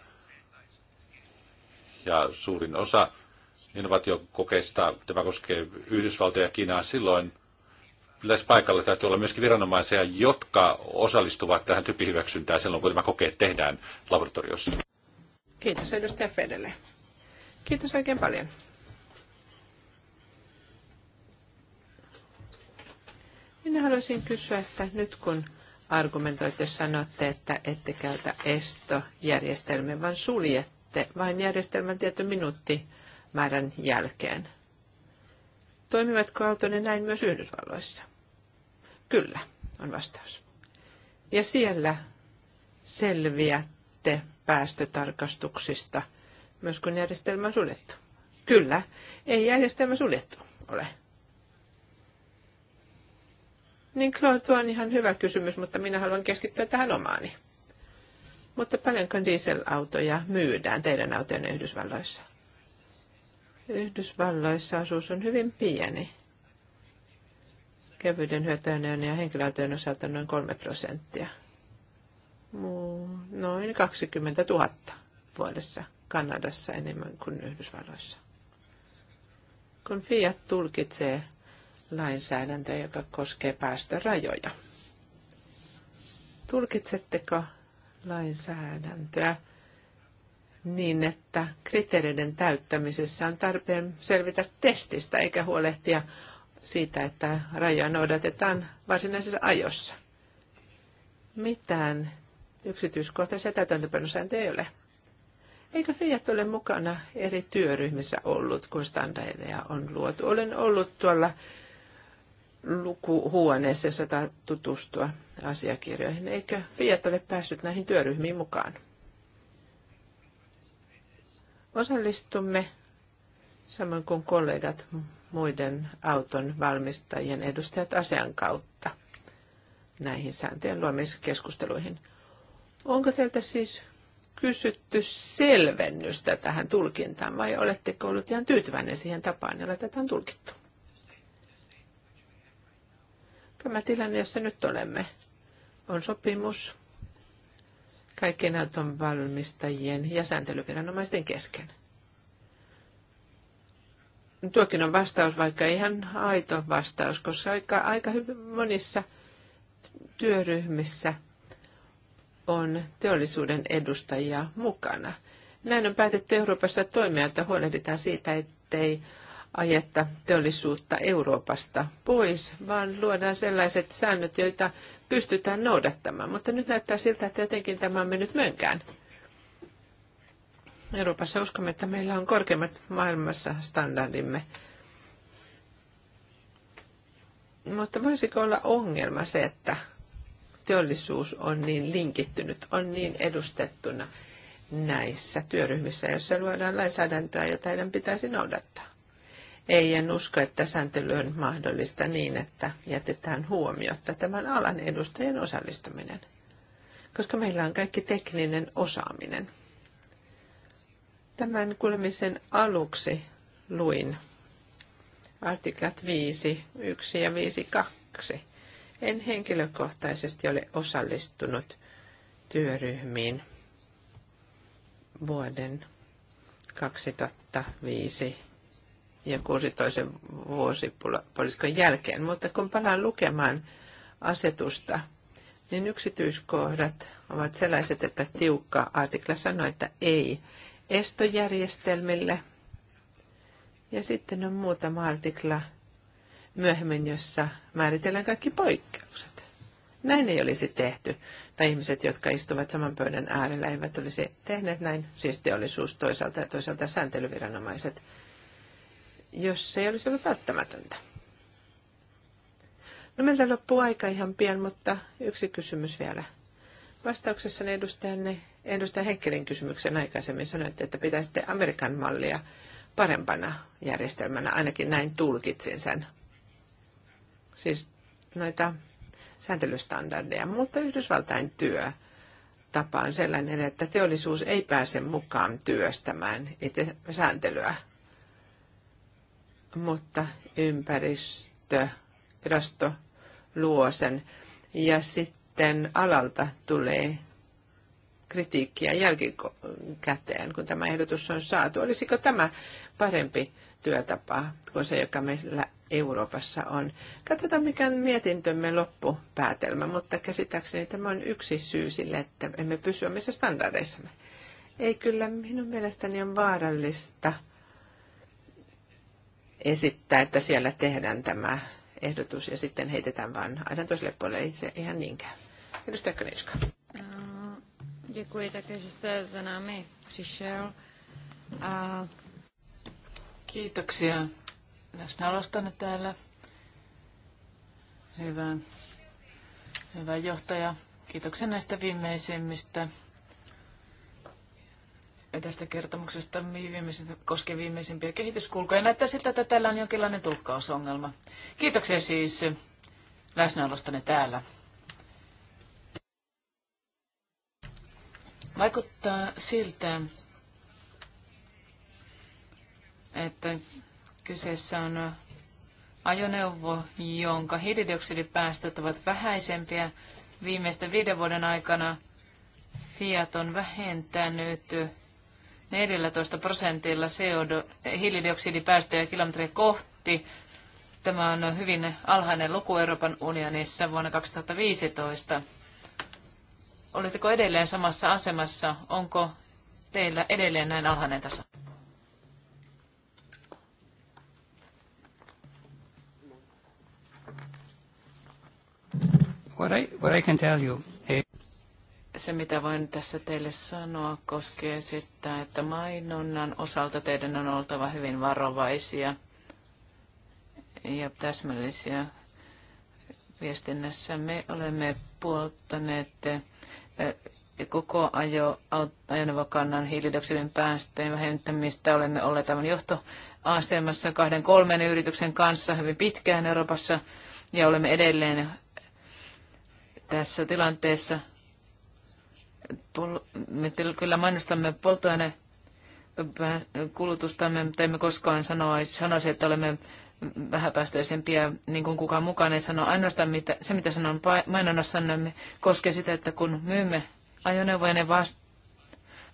Ja suurin osa innovaatiokokeista, tämä koskee Yhdysvaltoja ja Kiinaa silloin, paikalla täytyy olla myöskin viranomaisia, jotka osallistuvat tähän tyyppihyväksyntään silloin, kun tämä kokeet tehdään laboratoriossa. Kiitos edustaja Fedelle. Kiitos oikein paljon. Minä haluaisin kysyä, että nyt kun argumentoitte, sanotte, että ette käytä estojärjestelmiä, vaan suljette vain järjestelmän tietyn minuuttimäärän jälkeen. Toimivatko autone näin myös Yhdysvalloissa? Kyllä, on vastaus. Ja siellä selviätte päästötarkastuksista, myös kun järjestelmä on suljettu. Kyllä, ei järjestelmä suljettu ole. Niin Claude, tuo on ihan hyvä kysymys, mutta minä haluan keskittyä tähän omaani. Mutta paljonko dieselautoja myydään teidän autojen Yhdysvalloissa? Yhdysvalloissa asuus on hyvin pieni. Kevyiden hyötyinen ja henkilöautojen osalta noin 3 prosenttia. Noin 20 000 vuodessa Kanadassa enemmän kuin Yhdysvalloissa. Kun Fiat tulkitsee lainsäädäntöä, joka koskee päästörajoja. Tulkitsetteko lainsäädäntöä niin, että kriteereiden täyttämisessä on tarpeen selvitä testistä eikä huolehtia siitä, että rajoja noudatetaan varsinaisessa ajossa. Mitään yksityiskohtaisia täytäntöpanosääntöjä ei ole. Eikö Fiat ole mukana eri työryhmissä ollut, kun standardeja on luotu? Olen ollut tuolla lukuhuoneessa, jossa tutustua asiakirjoihin. Eikö Fiat ole päässyt näihin työryhmiin mukaan? Osallistumme samoin kuin kollegat muiden auton valmistajien edustajat asian kautta näihin sääntöjen luomiskeskusteluihin. Onko teiltä siis kysytty selvennystä tähän tulkintaan vai oletteko ollut ihan tyytyväinen siihen tapaan, jolla tätä on tulkittu? Tämä tilanne, jossa nyt olemme, on sopimus, kaikkien on valmistajien ja sääntelyviranomaisten kesken. Tuokin on vastaus, vaikka ihan aito vastaus, koska aika, aika hyvin monissa työryhmissä on teollisuuden edustajia mukana. Näin on päätetty Euroopassa toimia, että huolehditaan siitä, ettei ajetta teollisuutta Euroopasta pois, vaan luodaan sellaiset säännöt, joita pystytään noudattamaan, mutta nyt näyttää siltä, että jotenkin tämä on mennyt mönkään. Euroopassa uskomme, että meillä on korkeimmat maailmassa standardimme. Mutta voisiko olla ongelma se, että teollisuus on niin linkittynyt, on niin edustettuna näissä työryhmissä, joissa luodaan lainsäädäntöä, jota heidän pitäisi noudattaa? Ei en usko, että sääntely on mahdollista niin, että jätetään huomiota tämän alan edustajien osallistuminen, koska meillä on kaikki tekninen osaaminen. Tämän kuulemisen aluksi luin artiklat 5, 1 ja 5, 2. En henkilökohtaisesti ole osallistunut työryhmiin vuoden 2005 ja 16 vuosipuoliskon jälkeen. Mutta kun palaan lukemaan asetusta, niin yksityiskohdat ovat sellaiset, että tiukka artikla sanoi, että ei estojärjestelmille. Ja sitten on muutama artikla myöhemmin, jossa määritellään kaikki poikkeukset. Näin ei olisi tehty. Tai ihmiset, jotka istuvat saman pöydän äärellä, eivät olisi tehneet näin. Siis teollisuus toisaalta ja toisaalta sääntelyviranomaiset jos se ei olisi ollut välttämätöntä. No meiltä loppuu aika ihan pian, mutta yksi kysymys vielä. vastauksessa edustajanne, edustaja Henkkelin kysymyksen aikaisemmin sanoitte, että pitäisitte Amerikan mallia parempana järjestelmänä, ainakin näin tulkitsin sen. Siis noita sääntelystandardeja, mutta Yhdysvaltain työ tapaan sellainen, että teollisuus ei pääse mukaan työstämään itse sääntelyä mutta ympäristörasto luo sen. Ja sitten alalta tulee kritiikkiä jälkikäteen, kun tämä ehdotus on saatu. Olisiko tämä parempi työtapa kuin se, joka meillä Euroopassa on? Katsotaan, mikä on mietintömme loppupäätelmä, mutta käsittääkseni tämä on yksi syy sille, että emme pysy omissa standardeissamme. Ei kyllä minun mielestäni on vaarallista – esittää, että siellä tehdään tämä ehdotus ja sitten heitetään vain aina toiselle puolelle itse ihan niinkään. Edustaja Konečka. Uh, děkuji také, že jste za námi přišel. A... Kiitoksia läsnäolostanne täällä. Hyvä, hyvä johtaja. Kiitoksia näistä viimeisimmistä tästä kertomuksesta koskee viimeisimpiä kehityskulkuja. Näyttää siltä, että täällä on jonkinlainen tulkkausongelma. Kiitoksia siis läsnäolostanne täällä. Vaikuttaa siltä, että kyseessä on ajoneuvo, jonka hiilidioksidipäästöt ovat vähäisempiä viimeisten viiden vuoden aikana. Fiat on vähentänyt 14 prosentilla CO2, hiilidioksidipäästöjä kilometriä kohti. Tämä on hyvin alhainen luku Euroopan unionissa vuonna 2015. Oletteko edelleen samassa asemassa? Onko teillä edelleen näin alhainen taso? What I, what I can tell you, eh se, mitä voin tässä teille sanoa, koskee sitä, että mainonnan osalta teidän on oltava hyvin varovaisia ja täsmällisiä viestinnässä. Me olemme puoltaneet koko ajo, ajoneuvokannan hiilidioksidin päästöjen vähentämistä. Olemme olleet aivan johtoasemassa kahden kolmen yrityksen kanssa hyvin pitkään Euroopassa ja olemme edelleen tässä tilanteessa me kyllä mainostamme polttoaine kulutustamme, mutta emme koskaan sanoisi, että olemme vähäpäästöisempiä, niin kuin kukaan mukaan ei sano. Ainoastaan mitä, se, mitä sanon mainonnassanne, koskee sitä, että kun myymme ajoneuvoja, ne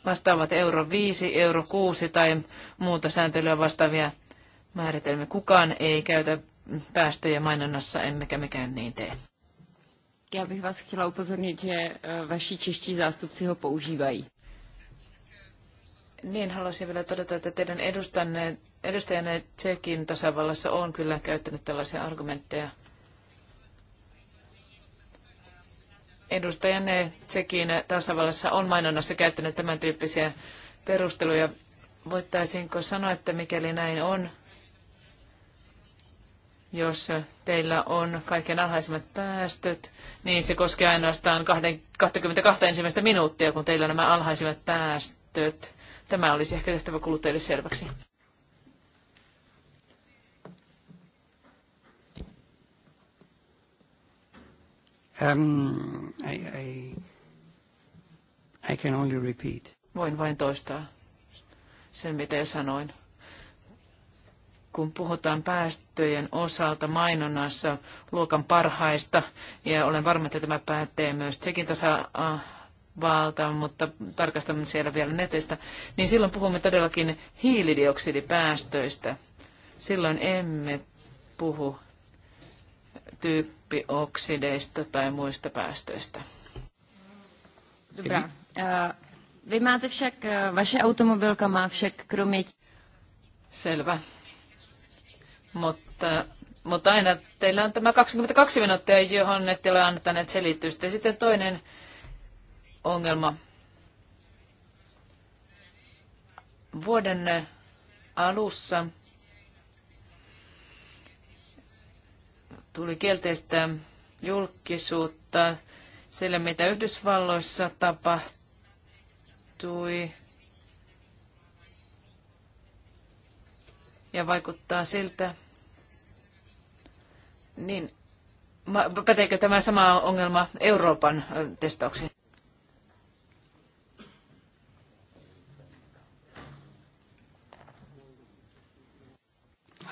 vastaavat euro 5, euro 6 tai muuta sääntelyä vastaavia määritelmiä. Kukaan ei käytä päästöjä mainonnassa, emmekä mikään niin tee. Já bych vás chtěla upozornit, že eh, vaši čeští zástupci ho používají. Niin, haluaisin vielä todeta, että teidän edustanne, edustajanne Tsekin tasavallassa on kyllä käyttänyt tällaisia argumentteja. Edustajanne Tsekin tasavallassa on mainonnassa käyttänyt tämän tyyppisiä perusteluja. Voittaisinko sanoa, että mikäli näin on, jos teillä on kaikkein alhaisimmat päästöt, niin se koskee ainoastaan 22 ensimmäistä minuuttia, kun teillä on nämä alhaisimmat päästöt. Tämä olisi ehkä tehtävä kuluttajille selväksi. Um, I, I, I can only repeat. Voin vain toistaa sen, mitä jo sanoin kun puhutaan päästöjen osalta mainonnassa luokan parhaista, ja olen varma, että tämä päättee myös Tsekin valta, mutta tarkastamme siellä vielä netistä, niin silloin puhumme todellakin hiilidioksidipäästöistä. Silloin emme puhu tyyppioksideista tai muista päästöistä. Eh, vy máte však, eh, vaše automobilka má však kromě... Selvä. Mutta, mutta aina teillä on tämä 22 minuuttia, johon ette ole antaneet selitystä. Sitten toinen ongelma. Vuoden alussa tuli kielteistä julkisuutta sille, mitä Yhdysvalloissa tapahtui. Ja vaikuttaa siltä, niin, päteekö tämä sama ongelma Euroopan testauksiin?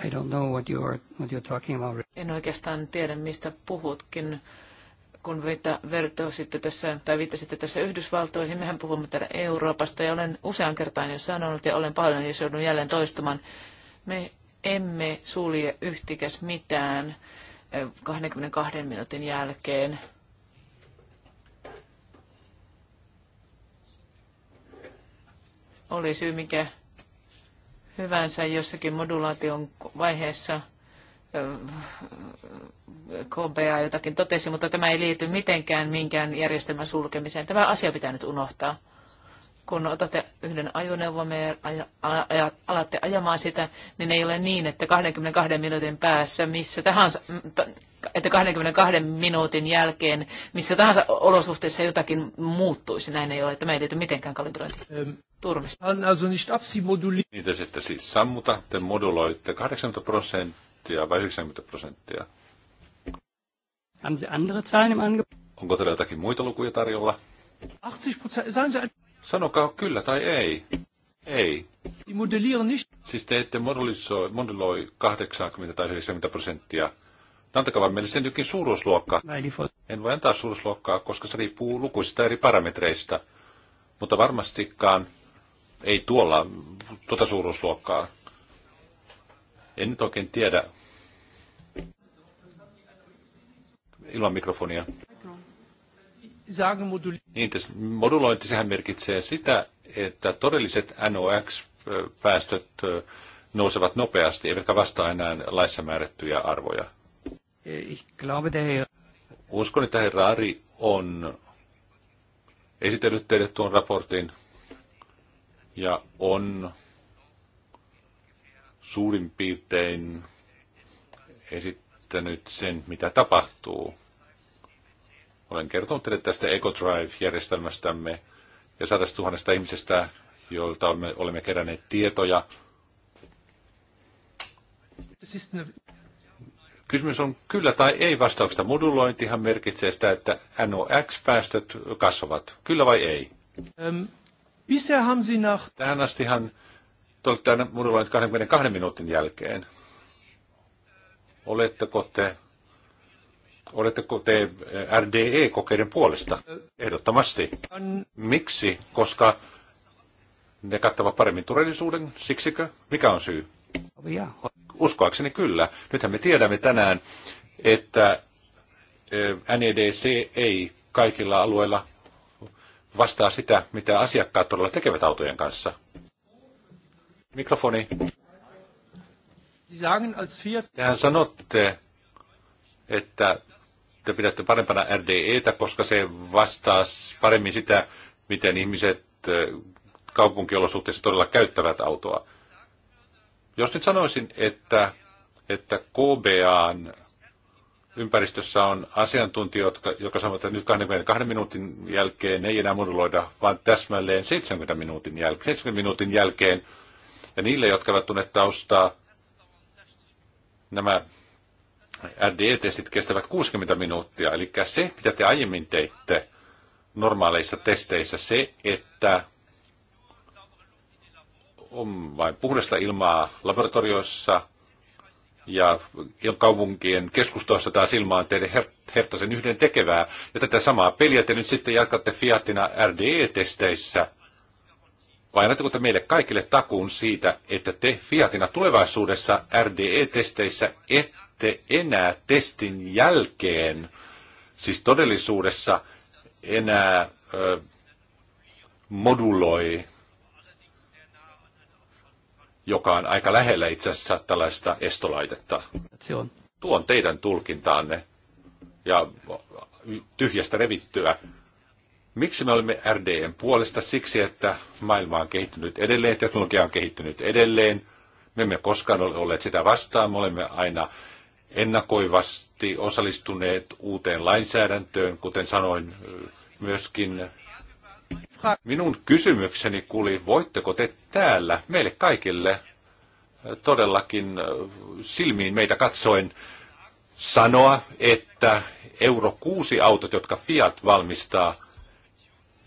I don't know what you're, what you're talking about. En oikeastaan tiedä, mistä puhutkin, kun vertasitte tässä, tai viittasitte tässä Yhdysvaltoihin. Mehän puhumme täällä Euroopasta, ja olen usean kertaan jo sanonut, ja olen paljon, jo joudun jälleen toistamaan. Me emme sulje yhtikäs mitään 22 minuutin jälkeen. Oli syy mikä hyvänsä jossakin modulaation vaiheessa KBA jotakin totesi, mutta tämä ei liity mitenkään minkään järjestelmän sulkemiseen. Tämä asia pitää nyt unohtaa kun otatte yhden ajoneuvon ja alatte ajamaan sitä, niin ei ole niin, että 22 minuutin päässä missä tahansa, että 22 minuutin jälkeen missä tahansa olosuhteessa jotakin muuttuisi. Näin ei ole, että me ei liity mitenkään kalibrointi Turmista. Niitä sitten siis sammuta, te moduloitte 80 prosenttia vai 90 prosenttia? Onko teillä jotakin muita lukuja tarjolla? 80 Prozent, Sanokaa kyllä tai ei. Ei. Siis te ette modellisoi, modeloi 80 tai 90 prosenttia. No, antakaa vaan meille sen jokin suuruusluokka. En voi antaa suuruusluokkaa, koska se riippuu lukuisista eri parametreista. Mutta varmastikaan ei tuolla tuota suuruusluokkaa. En nyt oikein tiedä. Ilman mikrofonia. Niin, tässä modulointi, sehän merkitsee sitä, että todelliset NOx-päästöt nousevat nopeasti, eivätkä vastaa enää laissa määrättyjä arvoja. Eh, Uskon, että herra Ari on esitellyt teille tuon raportin ja on suurin piirtein esittänyt sen, mitä tapahtuu olen kertonut teille tästä EcoDrive-järjestelmästämme ja sadasta tuhannesta ihmisestä, joilta olemme, olemme keränneet tietoja. Kysymys on kyllä tai ei vastauksesta. Modulointihan merkitsee sitä, että NOx-päästöt kasvavat. Kyllä vai ei? Ähm, Tähän astihan te olette aina 22 minuutin jälkeen. Oletteko te Oletteko te eh, RDE-kokeiden puolesta? Ehdottomasti. Miksi? Koska ne kattavat paremmin todellisuuden, siksikö? Mikä on syy? Uskoakseni kyllä. Nythän me tiedämme tänään, että eh, NEDC ei kaikilla alueilla vastaa sitä, mitä asiakkaat todella tekevät autojen kanssa. Mikrofoni. Tehän sanotte, että te pidätte parempana RDEtä, koska se vastaa paremmin sitä, miten ihmiset kaupunkiolosuhteissa todella käyttävät autoa. Jos nyt sanoisin, että, että KBAn ympäristössä on asiantuntijat, jotka, jotka sanovat, että nyt 22 minuutin jälkeen ei enää moduloida, vaan täsmälleen 70 minuutin, jäl- 70 minuutin jälkeen. Ja niille, jotka eivät tunne taustaa, nämä RDE-testit kestävät 60 minuuttia. Eli se, mitä te aiemmin teitte normaaleissa testeissä, se, että on vain puhdasta ilmaa laboratorioissa ja kaupunkien keskustoissa taas ilma on teille herttaisen yhden tekevää. Ja tätä samaa peliä te nyt sitten jatkatte Fiatina RDE-testeissä. Vai annatteko te meille kaikille takuun siitä, että te Fiatina tulevaisuudessa RDE-testeissä et te enää testin jälkeen, siis todellisuudessa enää ö, moduloi, joka on aika lähellä itse asiassa tällaista estolaitetta. Se on. Tuo on teidän tulkintaanne ja tyhjästä revittyä. Miksi me olemme RDN puolesta? Siksi, että maailma on kehittynyt edelleen, teknologia on kehittynyt edelleen. Me emme koskaan ole olleet sitä vastaan, me olemme aina ennakoivasti osallistuneet uuteen lainsäädäntöön, kuten sanoin myöskin. Minun kysymykseni kuli, voitteko te täällä meille kaikille todellakin silmiin meitä katsoen sanoa, että Euro 6 autot, jotka Fiat valmistaa,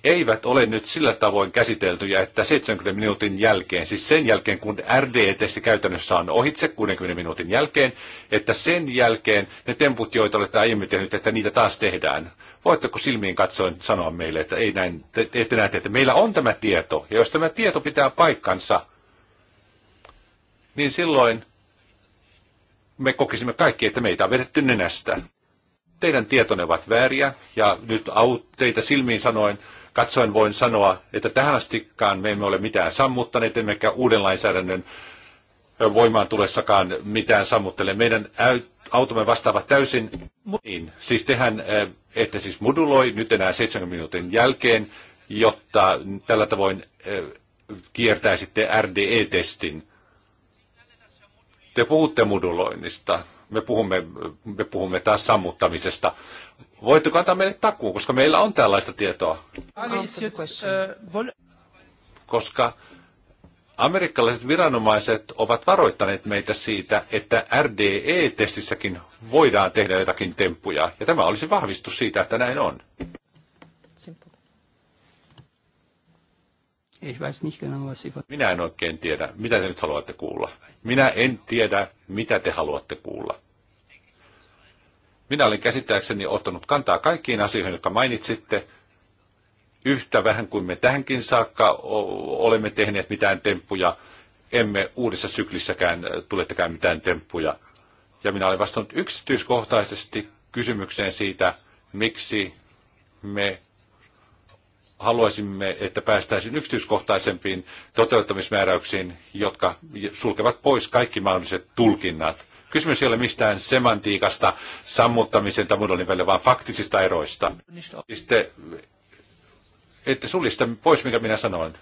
eivät ole nyt sillä tavoin käsiteltyjä, että 70 minuutin jälkeen, siis sen jälkeen kun RDE-testi käytännössä on ohitse 60 minuutin jälkeen, että sen jälkeen ne temput, joita olette aiemmin tehnyt, että niitä taas tehdään. Voitteko silmiin katsoen sanoa meille, että ei näin, te, ette näette, että meillä on tämä tieto, ja jos tämä tieto pitää paikkansa, niin silloin me kokisimme kaikki, että meitä on vedetty nenästä teidän tietonne ovat vääriä, ja nyt teitä silmiin sanoen katsoen voin sanoa, että tähän astikkaan me emme ole mitään sammuttaneet, emmekä uuden lainsäädännön voimaan tulessakaan mitään sammuttele. Meidän automme vastaavat täysin, niin, siis tehän, eh, että siis moduloi nyt enää 70 minuutin jälkeen, jotta tällä tavoin eh, kiertäisitte RDE-testin. Te puhutte moduloinnista. Me puhumme, me puhumme taas sammuttamisesta. Voitteko antaa meille takuun, koska meillä on tällaista tietoa? Koska amerikkalaiset viranomaiset ovat varoittaneet meitä siitä, että RDE-testissäkin voidaan tehdä jotakin temppuja. Ja tämä olisi vahvistus siitä, että näin on. Simple. Minä en oikein tiedä, mitä te nyt haluatte kuulla. Minä en tiedä, mitä te haluatte kuulla. Minä olen käsittääkseni ottanut kantaa kaikkiin asioihin, jotka mainitsitte, yhtä vähän kuin me tähänkin saakka olemme tehneet mitään temppuja. Emme uudessa syklissäkään äh, tulettekään mitään temppuja. Ja minä olen vastannut yksityiskohtaisesti kysymykseen siitä, miksi me haluaisimme, että päästäisiin yksityiskohtaisempiin toteuttamismääräyksiin, jotka sulkevat pois kaikki mahdolliset tulkinnat. Kysymys ei ole mistään semantiikasta, sammuttamisen tai muodon välillä, vaan faktisista eroista. Sitten, ette sulje sitä pois, mikä minä sanoin.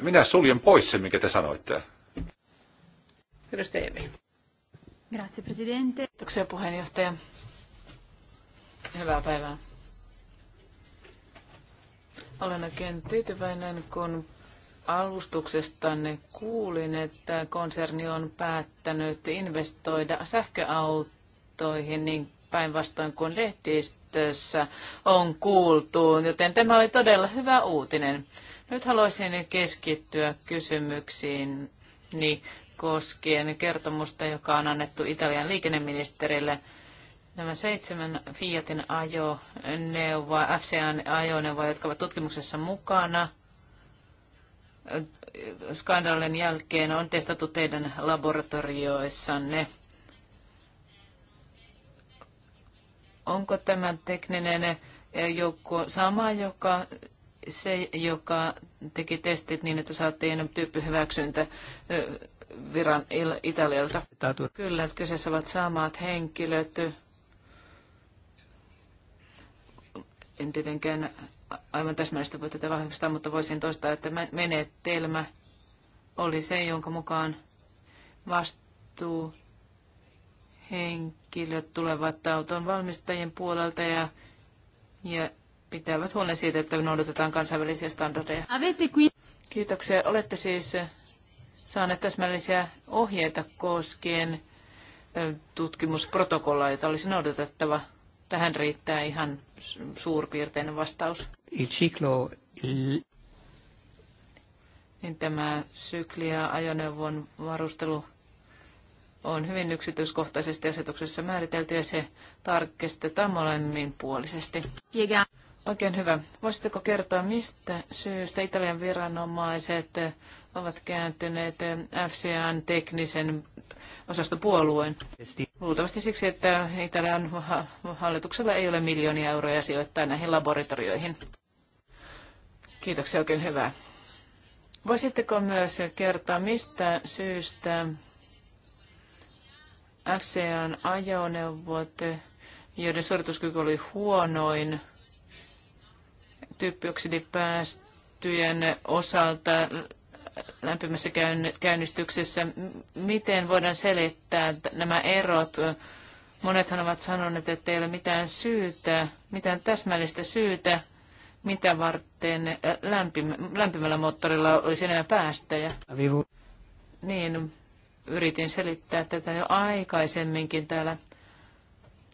Minä suljen pois sen, mikä te sanoitte. Grazie, Presidente. Kiitoksia puheenjohtaja. Hyvää päivää. Olen oikein tyytyväinen, kun alustuksestanne kuulin, että konserni on päättänyt investoida sähköautoihin niin päinvastoin kuin lehdistössä on kuultu, joten tämä oli todella hyvä uutinen. Nyt haluaisin keskittyä kysymyksiin niin koskien kertomusta, joka on annettu Italian liikenneministerille – nämä seitsemän Fiatin ajoneuvoa, FCAn ajoneuvoa, jotka ovat tutkimuksessa mukana, skandaalin jälkeen on testattu teidän laboratorioissanne. Onko tämä tekninen joukko sama, joka se, joka teki testit niin, että saatiin tyyppihyväksyntä viran Italialta? Kyllä, että kyseessä ovat samat henkilöt En tietenkään aivan täsmällisesti voi tätä vahvistaa, mutta voisin toistaa, että menetelmä oli se, jonka mukaan vastuu henkilöt tulevat auton valmistajien puolelta ja, ja pitävät huolen siitä, että noudatetaan kansainvälisiä standardeja. Kiitoksia. Olette siis saaneet täsmällisiä ohjeita koskien tutkimusprotokollaa, jota olisi noudatettava. Tähän riittää ihan suurpiirteinen vastaus. Il ciclo... Niin tämä sykli ja ajoneuvon varustelu on hyvin yksityiskohtaisesti asetuksessa määritelty ja se tarkistetaan molemmin puolisesti. Yeah. Oikein hyvä. Voisitteko kertoa, mistä syystä Italian viranomaiset ovat kääntyneet FCAn teknisen osastopuolueen. Luultavasti siksi, että Italian hallituksella ei ole miljoonia euroja sijoittaa näihin laboratorioihin. Kiitoksia oikein hyvää. Voisitteko myös kertoa, mistä syystä FCAn ajoneuvot, joiden suorituskyky oli huonoin, typpioksidipäästöjen osalta lämpimässä käynnistyksessä. Miten voidaan selittää nämä erot? Monethan ovat sanoneet, että ei ole mitään syytä, mitään täsmällistä syytä, mitä varten lämpimällä moottorilla olisi enemmän päästöjä. Niin, yritin selittää tätä jo aikaisemminkin täällä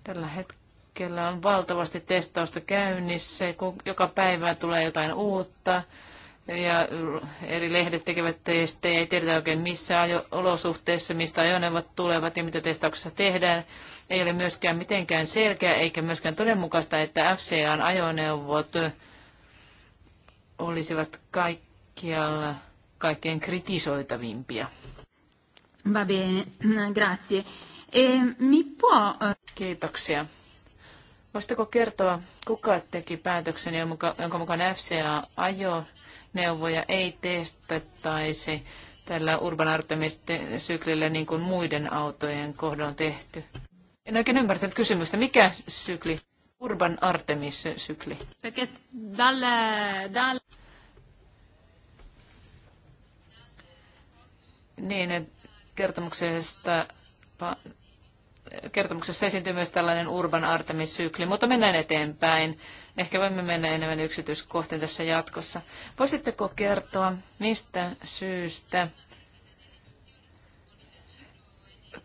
tällä hetkellä on valtavasti testausta käynnissä, kun joka päivä tulee jotain uutta ja eri lehdet tekevät testejä, ei tiedetä oikein missä ajo- olosuhteissa, mistä ajoneuvot tulevat ja mitä testauksessa tehdään. Ei ole myöskään mitenkään selkeä eikä myöskään todenmukaista, että FCAn ajoneuvot olisivat kaikkialla kaikkein kritisoitavimpia. Va bene, grazie. E, mi può... Eh, Kiitoksia. Voisitteko kertoa, kuka teki päätöksen, jonka mukaan FCA ajo neuvoja ei testattaisi tällä Urban Artemis-syklillä niin kuin muiden autojen kohdalla on tehty. En oikein ymmärtänyt kysymystä. Mikä sykli? Urban Artemis-sykli. Niin, kertomuksesta kertomuksessa esiintyy myös tällainen Urban Artemis-sykli, mutta mennään eteenpäin. Ehkä voimme mennä enemmän yksityiskohtiin tässä jatkossa. Voisitteko kertoa, mistä syystä,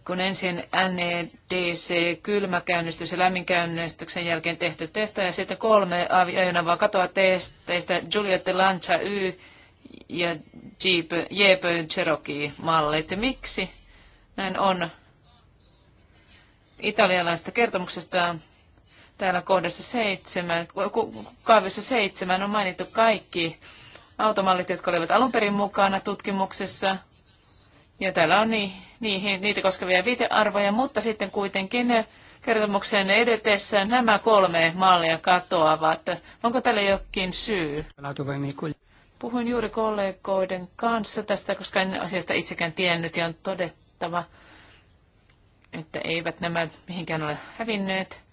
kun ensin NEDC kylmäkäynnistys ja lämminkäynnistyksen jälkeen tehty testa ja sitten kolme ajonavaa katoa testeistä Juliette Lancia Y ja Jeep, Jeep Cherokee-mallit. Miksi näin on? Italialaisesta kertomuksesta Täällä kohdassa seitsemän, kaavissa seitsemän on mainittu kaikki automallit, jotka olivat alun perin mukana tutkimuksessa. Ja täällä on niihin, niitä koskevia viitearvoja, mutta sitten kuitenkin kertomuksen edetessä nämä kolme mallia katoavat. Onko tälle jokin syy? Puhuin juuri kollegoiden kanssa tästä, koska en asiasta itsekään tiennyt ja on todettava, että eivät nämä mihinkään ole hävinneet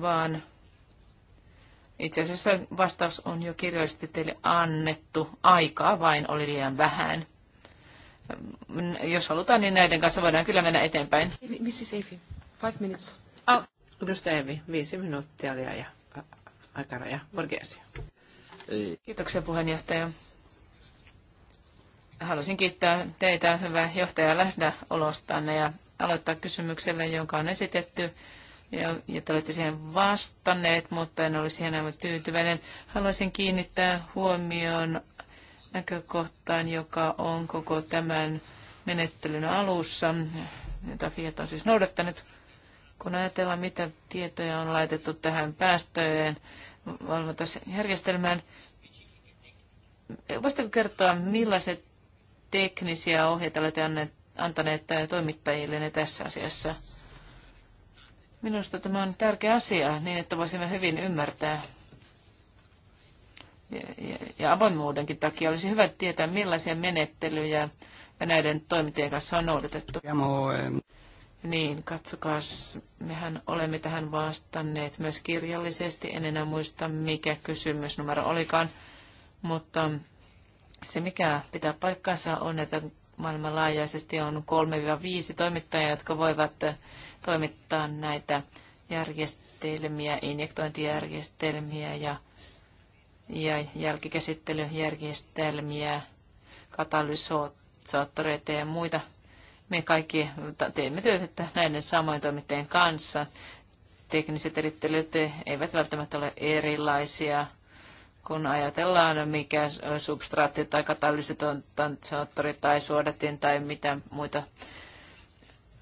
vaan itse asiassa vastaus on jo kirjallisesti teille annettu. Aikaa vain oli liian vähän. Jos halutaan, niin näiden kanssa voidaan kyllä mennä eteenpäin. Missis Evi, five minutes. Oh. Evi, viisi minuuttia oli ja aikaraja. Borgesio. Kiitoksia puheenjohtaja. Haluaisin kiittää teitä, hyvä johtaja, läsnäolostanne ja aloittaa kysymyksellä, jonka on esitetty ja, ja te olette siihen vastanneet, mutta en olisi enää tyytyväinen. Haluaisin kiinnittää huomioon näkökohtaan, joka on koko tämän menettelyn alussa, jota Fiat on siis noudattanut. Kun ajatellaan, mitä tietoja on laitettu tähän päästöjen valvontajärjestelmään, voisitteko kertoa, millaiset teknisiä ohjeita olette antaneet toimittajille tässä asiassa? Minusta tämä on tärkeä asia niin, että voisimme hyvin ymmärtää. Ja, ja, ja avoimuudenkin takia olisi hyvä tietää, millaisia menettelyjä ja näiden toimintien kanssa on noudatettu. Niin, katsokaa, mehän olemme tähän vastanneet myös kirjallisesti. En enää muista, mikä kysymysnumero olikaan, mutta se, mikä pitää paikkansa, on, että maailmanlaajaisesti on 3-5 toimittajaa, jotka voivat toimittaa näitä järjestelmiä, injektointijärjestelmiä ja, ja jälkikäsittelyjärjestelmiä, katalysoottoreita ja muita. Me kaikki teemme työtä näiden samoin toimittajien kanssa. Tekniset erittelyt eivät välttämättä ole erilaisia kun ajatellaan, mikä substraatti tai katalysaattori tai suodatin tai mitä muita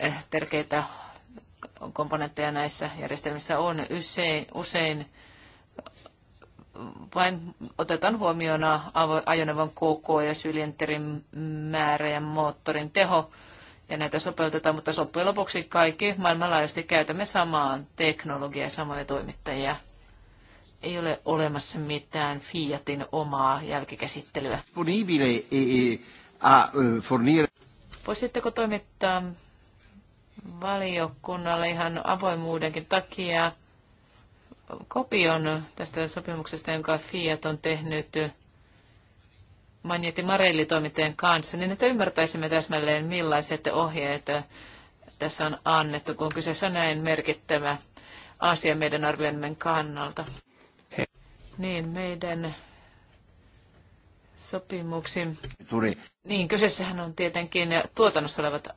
eh, tärkeitä komponentteja näissä järjestelmissä on, usein, usein vain otetaan huomioon ajoneuvon koko ja syljenterin määrä ja moottorin teho, ja näitä sopeutetaan, mutta loppujen lopuksi kaikki maailmanlaajuisesti käytämme samaan teknologiaa ja samoja toimittajia ei ole olemassa mitään Fiatin omaa jälkikäsittelyä. E, e, Voisitteko toimittaa valiokunnalle ihan avoimuudenkin takia kopion tästä sopimuksesta, jonka Fiat on tehnyt Magneti Marelli toimittajan kanssa, niin että ymmärtäisimme täsmälleen millaiset ohjeet tässä on annettu, kun kyseessä on näin merkittävä asia meidän arvioinnin kannalta. Niin, meidän sopimuksin. Turi. Niin, kyseessähän on tietenkin tuotannossa olevat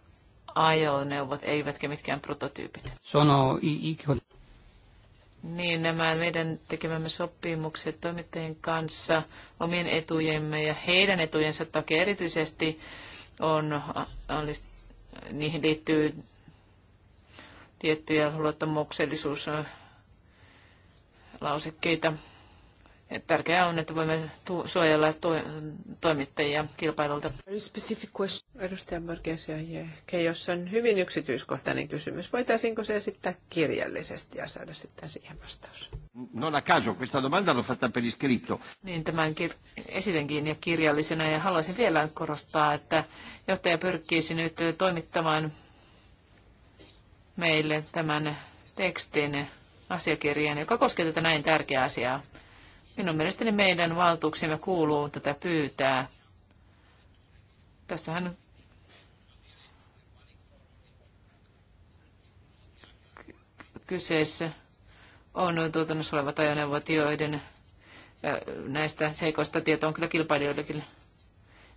ajoneuvot, eivätkä mitkään prototyypit. Sono ikon. Niin, nämä meidän tekemämme sopimukset toimittajien kanssa omien etujemme ja heidän etujensa takia erityisesti on, on äh, äh, niihin liittyy tiettyjä luottamuksellisuuslausekkeita. lausekkeita Tärkeää on, että voimme suojella to- toimittajia kilpailulta. Edustaja Markes ja jos on hyvin yksityiskohtainen kysymys, voitaisiinko se esittää kirjallisesti ja saada sitten siihen vastaus? Non a caso, questa domanda l'ho fatta per iscritto. Niin, tämän kir- esitenkin ja kirjallisena ja haluaisin vielä korostaa, että johtaja pyrkisi nyt toimittamaan meille tämän tekstin asiakirjan, joka koskee tätä näin tärkeää asiaa. Minun mielestäni meidän valtuuksimme kuuluu tätä pyytää. Tässähän kyseessä on tuotannossa olevat ajoneuvot, joiden näistä seikoista tietoa on kyllä kilpailijoillekin.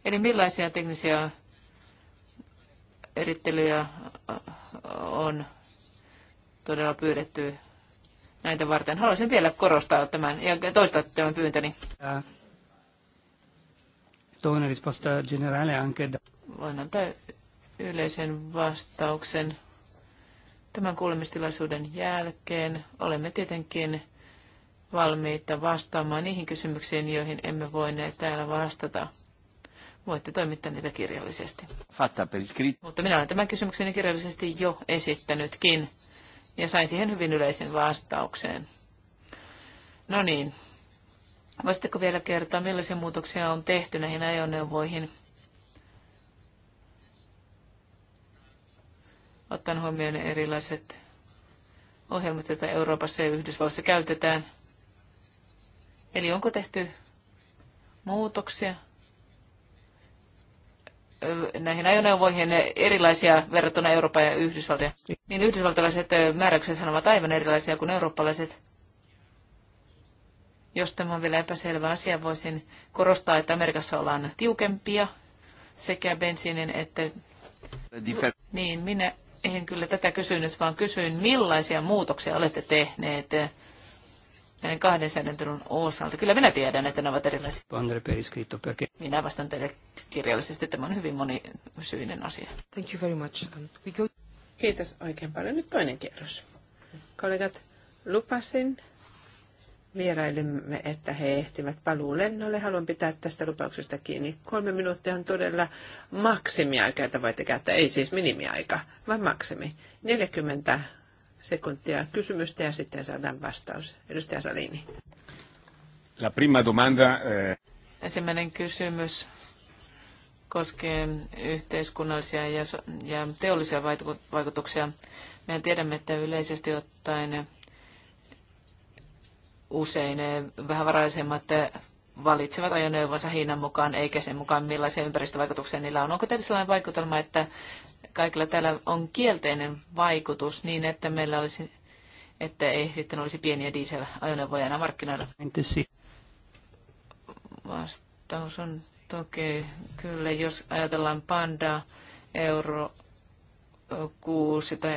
Eli millaisia teknisiä erittelyjä on todella pyydetty näitä varten. Haluaisin vielä korostaa tämän ja toistaa tämän pyyntöni. Toinen risposta generale anche. Voin antaa yleisen vastauksen. Tämän kuulemistilaisuuden jälkeen olemme tietenkin valmiita vastaamaan niihin kysymyksiin, joihin emme voineet täällä vastata. Voitte toimittaa niitä kirjallisesti. Mutta minä olen tämän kysymyksen kirjallisesti jo esittänytkin ja sain siihen hyvin yleisen vastaukseen. No niin, voisitteko vielä kertoa, millaisia muutoksia on tehty näihin ajoneuvoihin? Ottaen huomioon erilaiset ohjelmat, joita Euroopassa ja Yhdysvalloissa käytetään. Eli onko tehty muutoksia? näihin ajoneuvoihin erilaisia verrattuna Euroopan ja Yhdysvaltoja. Niin yhdysvaltalaiset määräykset ovat aivan erilaisia kuin eurooppalaiset. Jos tämä on vielä epäselvä asia, voisin korostaa, että Amerikassa ollaan tiukempia sekä bensiinin että... Niin, minä en kyllä tätä kysynyt, vaan kysyin, millaisia muutoksia olette tehneet näiden kahden säädöntelun osalta. Kyllä minä tiedän, että ne ovat erilaisia. Minä vastaan teille kirjallisesti. Tämä on hyvin monisyinen asia. Thank you very much. Um, we go... Kiitos oikein paljon. Nyt toinen kierros. Kollegat, lupasin vierailimme, että he ehtivät paluu lennolle. Haluan pitää tästä lupauksesta kiinni. Kolme minuuttia on todella maksimiaika, jota voitte käyttää. Ei siis minimiaika, vaan maksimi. 40 sekuntia kysymystä ja sitten saadaan vastaus. Edustaja Salini. La prima domanda, eh... Ensimmäinen kysymys koskee yhteiskunnallisia ja, ja teollisia vaikutuksia. Mehän tiedämme, että yleisesti ottaen usein vähävaraisemmat valitsevat ajoneuvonsa hinnan mukaan, eikä sen mukaan millaisia ympäristövaikutuksia niillä on. Onko teillä sellainen vaikutelma, että kaikilla täällä on kielteinen vaikutus niin, että meillä olisi, että ei sitten olisi pieniä diesel-ajoneuvoja enää markkinoilla. Vastaus on toki kyllä, jos ajatellaan panda Euro 6 tai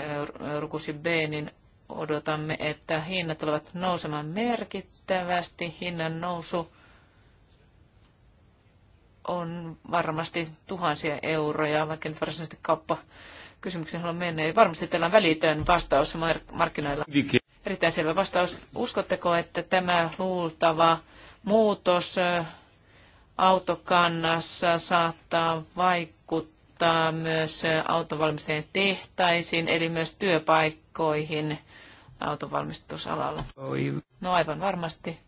Euro 6 B, niin odotamme, että hinnat tulevat nousemaan merkittävästi. Hinnan nousu on varmasti tuhansia euroja, vaikka nyt varsinaisesti kauppa kysymykseen haluan mennä. varmasti teillä on välitön vastaus markkinoilla. Erittäin selvä vastaus. Uskotteko, että tämä luultava muutos autokannassa saattaa vaikuttaa myös autovalmistajien tehtaisiin, eli myös työpaikkoihin autovalmistusalalla? No aivan varmasti.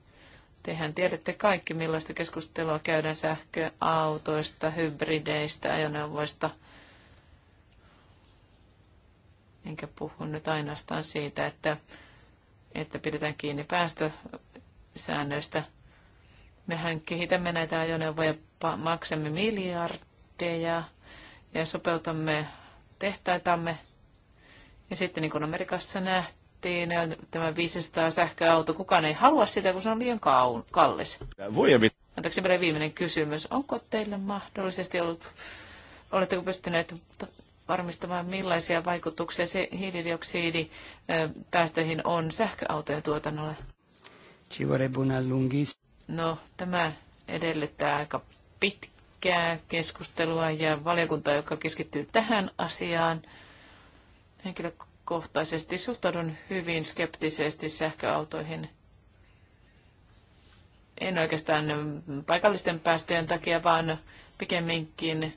Tehän tiedätte kaikki, millaista keskustelua käydään sähköautoista, hybrideistä, ajoneuvoista. Enkä puhu nyt ainoastaan siitä, että, että pidetään kiinni päästösäännöistä. Mehän kehitämme näitä ajoneuvoja, maksamme miljardeja ja sopeutamme tehtaitamme. Ja sitten niin kuin Amerikassa nähty, mainittiin, tämä 500 sähköauto, kukaan ei halua sitä, kun se on liian kaun, kallis. Anteeksi vielä viimeinen kysymys. Onko teillä mahdollisesti ollut, oletteko pystyneet varmistamaan, millaisia vaikutuksia se hiilidioksidi päästöihin on sähköautojen tuotannolle? No, tämä edellyttää aika pitkää keskustelua ja valiokunta, joka keskittyy tähän asiaan. Henkilökohtaisesti henkilökohtaisesti suhtaudun hyvin skeptisesti sähköautoihin. En oikeastaan paikallisten päästöjen takia, vaan pikemminkin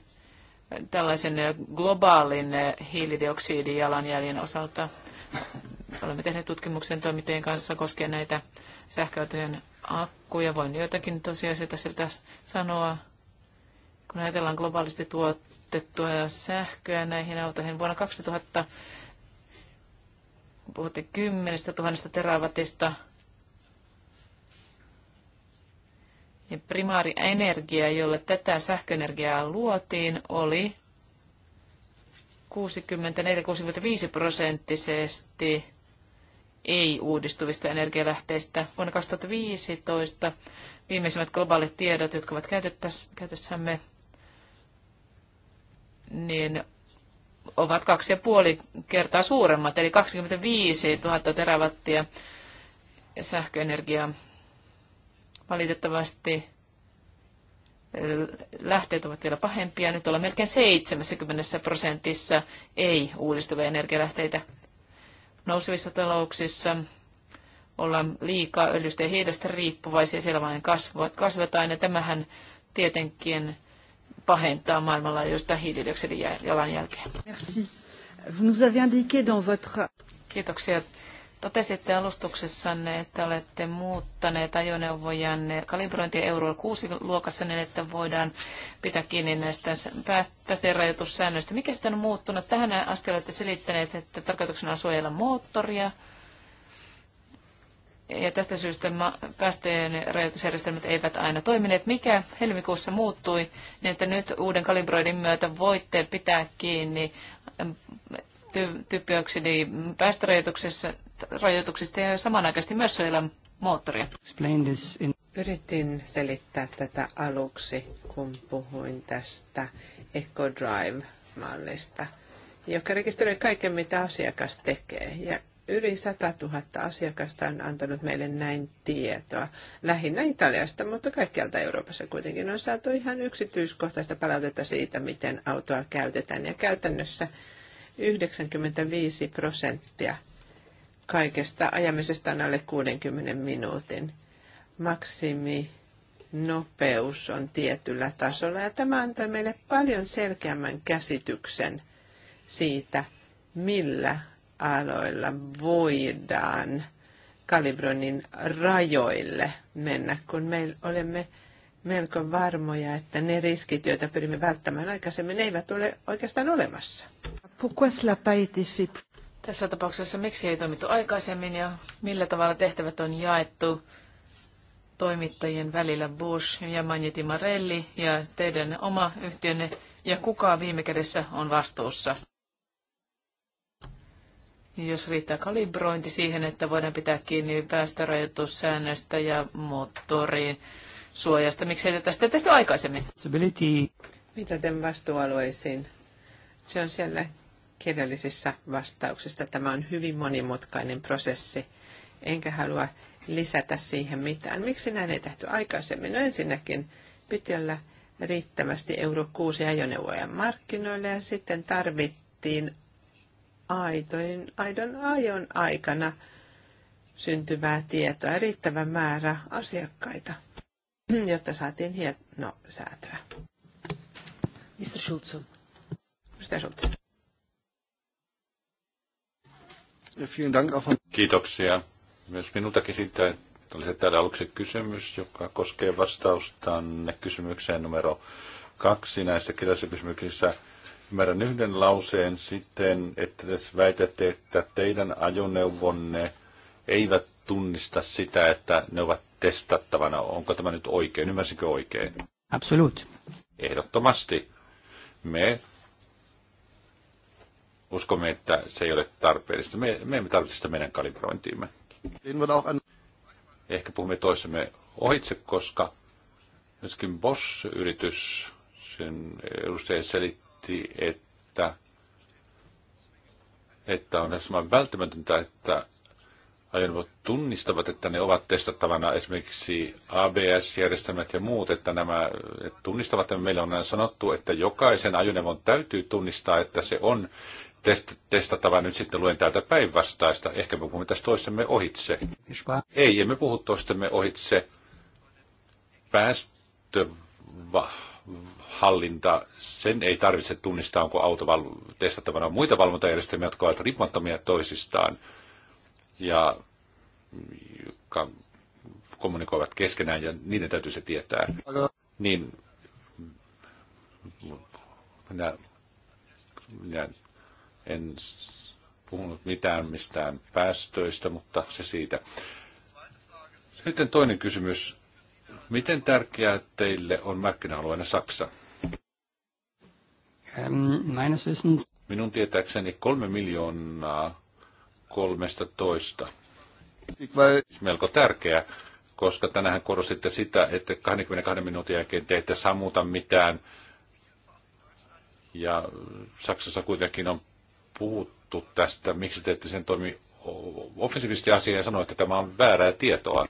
tällaisen globaalin hiilidioksidijalanjäljen osalta. Olemme tehneet tutkimuksen toimittajien kanssa koskien näitä sähköautojen akkuja. Voin joitakin tosiasioita sieltä sanoa. Kun ajatellaan globaalisti tuotettua sähköä näihin autoihin, vuonna 2000 puhuttiin kymmenestä tuhannesta teravatista Ja primaarienergia, jolle tätä sähköenergiaa luotiin, oli 64-65 prosenttisesti ei-uudistuvista energialähteistä. Vuonna 2015 viimeisimmät globaalit tiedot, jotka ovat käytössämme, niin ovat kaksi ja puoli kertaa suuremmat, eli 25 000 terawattia sähköenergiaa. Valitettavasti eh, lähteet ovat vielä pahempia. Nyt ollaan melkein 70 prosentissa ei-uudistuvia energialähteitä. Nousevissa talouksissa ollaan liikaa öljystä ja hiilestä riippuvaisia, siellä vain kasvavat, kasvataan, ja tämähän tietenkin pahentaa maailmanlaajuista hiilidioksidin jalanjälkeä. Merci. Vous nous avez indiqué dans votre... Kiitoksia. Totesitte alustuksessanne, että olette muuttaneet ajoneuvojanne kalibrointi Euro 6 luokassa niin, että voidaan pitää kiinni näistä päästöjen rajoitussäännöistä. Mikä sitä on muuttunut? Tähän asti olette selittäneet, että tarkoituksena on suojella moottoria, ja tästä syystä päästöjen rajoitusjärjestelmät eivät aina toimineet. Mikä helmikuussa muuttui, niin että nyt uuden kalibroidin myötä voitte pitää kiinni ty- typioksidin päästörajoituksista ja samanaikaisesti myös suojella moottoria. Yritin selittää tätä aluksi, kun puhuin tästä EcoDrive-mallista, joka rekisteröi kaiken, mitä asiakas tekee. Ja Yli 100 000 asiakasta on antanut meille näin tietoa, lähinnä Italiasta, mutta kaikkialta Euroopassa kuitenkin on saatu ihan yksityiskohtaista palautetta siitä, miten autoa käytetään. Ja käytännössä 95 prosenttia kaikesta ajamisesta on alle 60 minuutin. Maksimi nopeus on tietyllä tasolla ja tämä antaa meille paljon selkeämmän käsityksen siitä, millä aloilla voidaan kalibroinnin rajoille mennä, kun me olemme melko varmoja, että ne riskit, joita pyrimme välttämään aikaisemmin, eivät ole oikeastaan olemassa. Tässä tapauksessa miksi ei toimittu aikaisemmin ja millä tavalla tehtävät on jaettu toimittajien välillä Bush ja Magneti Marelli ja teidän oma yhtiönne ja kuka viime kädessä on vastuussa? jos riittää kalibrointi siihen, että voidaan pitää kiinni päästörajoitussäännöstä ja moottoriin suojasta. Miksei tätä sitten tehty aikaisemmin? Mitä tämän vastuualueisiin? Se on siellä kirjallisissa vastauksissa. Tämä on hyvin monimutkainen prosessi, enkä halua lisätä siihen mitään. Miksi näin ei tehty aikaisemmin? No ensinnäkin piti olla riittävästi Euro 6 ajoneuvoja markkinoille ja sitten tarvittiin aitoin, aidon ajon aikana syntyvää tietoa, riittävä määrä asiakkaita, jotta saatiin hieno säätöä. Mr. Schulz. Mr. Schulz. Kiitoksia myös minultakin siitä, että olisi täällä aluksi kysymys, joka koskee vastaustanne kysymykseen numero kaksi näissä kirjallisissa kysymyksissä Ymmärrän yhden lauseen sitten, että väitätte, että teidän ajoneuvonne eivät tunnista sitä, että ne ovat testattavana. Onko tämä nyt oikein? Ymmärsinkö oikein? Absoluut. Ehdottomasti. Me uskomme, että se ei ole tarpeellista. Me, me emme tarvitse sitä meidän kalibrointiimme. Ehkä puhumme toisemme ohitse, koska myöskin Bosch-yritys, sen edustaja selitti, totesi, että, että on esimerkiksi välttämätöntä, että ajoneuvot tunnistavat, että ne ovat testattavana esimerkiksi ABS-järjestelmät ja muut, että nämä että tunnistavat, että meillä on näin sanottu, että jokaisen ajoneuvon täytyy tunnistaa, että se on test, testattava nyt sitten luen täältä päinvastaista. Ehkä me puhumme tästä toistemme ohitse. Ei, emme puhu toistemme ohitse. Päästö, hallinta, sen ei tarvitse tunnistaa, onko auto val- testattavana on muita valvontajärjestelmiä, jotka ovat riippumattomia toisistaan ja jotka kommunikoivat keskenään ja niiden täytyy se tietää. Niin minä, minä en puhunut mitään mistään päästöistä, mutta se siitä. Sitten toinen kysymys Miten tärkeää teille on markkina-alueena Saksa? Ähm, Minun tietääkseni kolme miljoonaa kolmesta toista. Siis melko tärkeää, koska tänähän korostitte sitä, että 22 minuutin jälkeen te ette sammuta mitään. Ja Saksassa kuitenkin on puhuttu tästä, miksi te ette sen toimi offensiivisesti asiaa ja sanoitte, että tämä on väärää tietoa.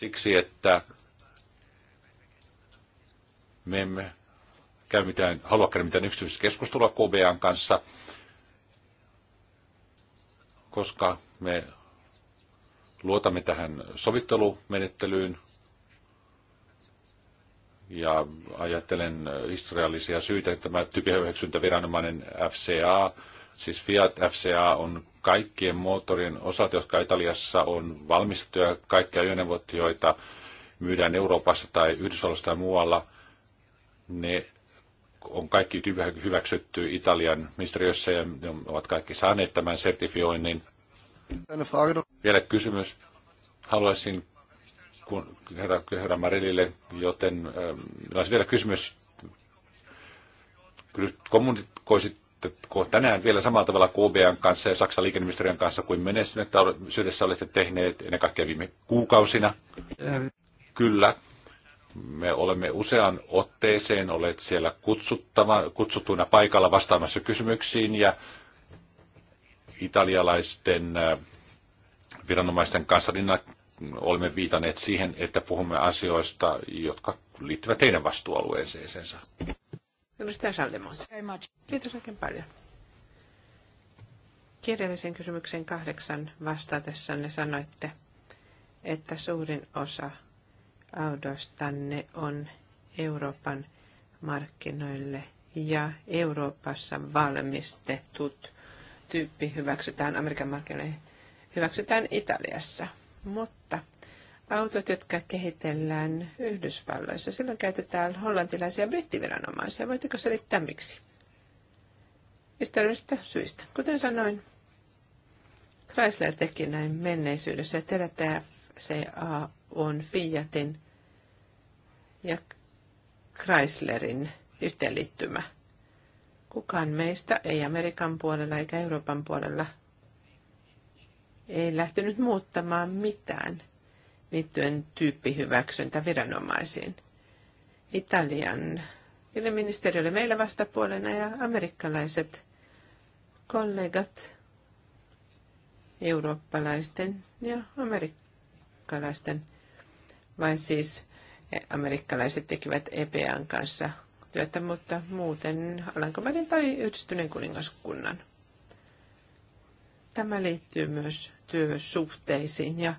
Siksi, että me emme käy mitään, halua käydä mitään yksityistä keskustelua KBAn kanssa, koska me luotamme tähän sovittelumenettelyyn ja ajattelen historiallisia syitä, että tämä typihyväksyntäviranomainen FCA, siis Fiat FCA on kaikkien moottorien osat, jotka Italiassa on valmistettu ja kaikkia ajoneuvot, joita myydään Euroopassa tai Yhdysvalloissa tai muualla, ne on kaikki hyväksytty Italian ministeriössä ja ne ovat kaikki saaneet tämän sertifioinnin. Vielä kysymys. Haluaisin kun herra, herra Marilille, joten minulla ähm, olisi vielä kysymys. kommunikoisitteko tänään vielä samalla tavalla KBN kanssa ja Saksan liikenneministeriön kanssa kuin menestyneet syydessä olette tehneet ennen kaikkea viime kuukausina? Äh. Kyllä, me olemme usean otteeseen olleet siellä kutsuttuina paikalla vastaamassa kysymyksiin ja italialaisten äh, viranomaisten kanssa niin olemme viitaneet siihen, että puhumme asioista, jotka liittyvät teidän vastuualueeseensa. Edustaja Saldemos. Kiitos oikein paljon. Kirjallisen kysymyksen kahdeksan vastatessanne sanoitte, että suurin osa autostanne on Euroopan markkinoille ja Euroopassa valmistetut tyyppi hyväksytään Amerikan markkinoille, hyväksytään Italiassa. Mutta autot, jotka kehitellään Yhdysvalloissa, silloin käytetään hollantilaisia brittiviranomaisia. Voitteko selittää miksi? Historiallisista syistä. Kuten sanoin, Chrysler teki näin menneisyydessä ja TFCA on Fiatin ja Chryslerin yhteenliittymä. Kukaan meistä, ei Amerikan puolella eikä Euroopan puolella, ei lähtenyt muuttamaan mitään liittyen viranomaisiin. Italian ilministeri oli meillä vastapuolena ja amerikkalaiset kollegat eurooppalaisten ja amerikkalaisten vain siis amerikkalaiset tekivät EPAn kanssa työtä, mutta muuten Alankomaiden tai yhdistyneen kuningaskunnan. Tämä liittyy myös työsuhteisiin ja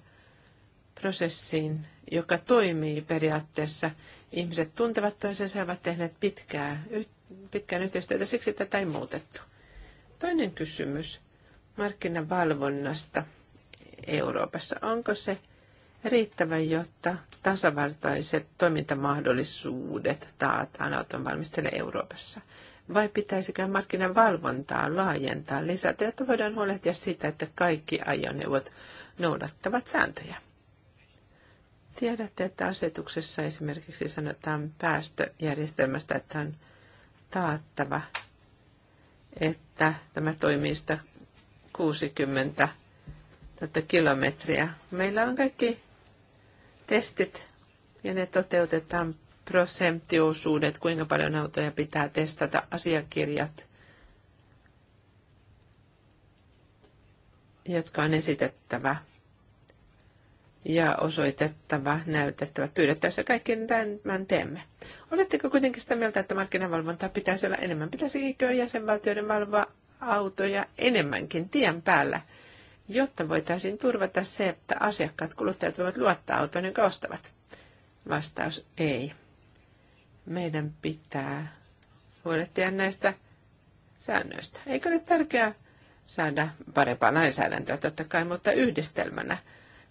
prosessiin, joka toimii periaatteessa. Ihmiset tuntevat toisensa ja ovat tehneet pitkää, pitkään yhteistyötä, siksi tätä ei muutettu. Toinen kysymys markkinavalvonnasta Euroopassa. Onko se riittävä, jotta tasavartaiset toimintamahdollisuudet taataan autonvalmistajille Euroopassa? Vai pitäisikö markkinavalvontaa laajentaa lisätä, jotta voidaan huolehtia siitä, että kaikki ajoneuvot noudattavat sääntöjä? Tiedätte, että asetuksessa esimerkiksi sanotaan päästöjärjestelmästä, että on taattava, että tämä toimii 160 kilometriä. Meillä on kaikki testit ja ne toteutetaan prosenttiosuudet, kuinka paljon autoja pitää testata, asiakirjat, jotka on esitettävä ja osoitettava, näytettävä, pyydettäessä kaikki tämän teemme. Oletteko kuitenkin sitä mieltä, että markkinavalvontaa pitäisi olla enemmän? Pitäisikö jäsenvaltioiden valvoa autoja enemmänkin tien päällä? jotta voitaisiin turvata se, että asiakkaat kuluttajat voivat luottaa autoon, jonka ostavat? Vastaus ei. Meidän pitää huolehtia näistä säännöistä. Eikö ole tärkeää saada parempaa lainsäädäntöä totta kai, mutta yhdistelmänä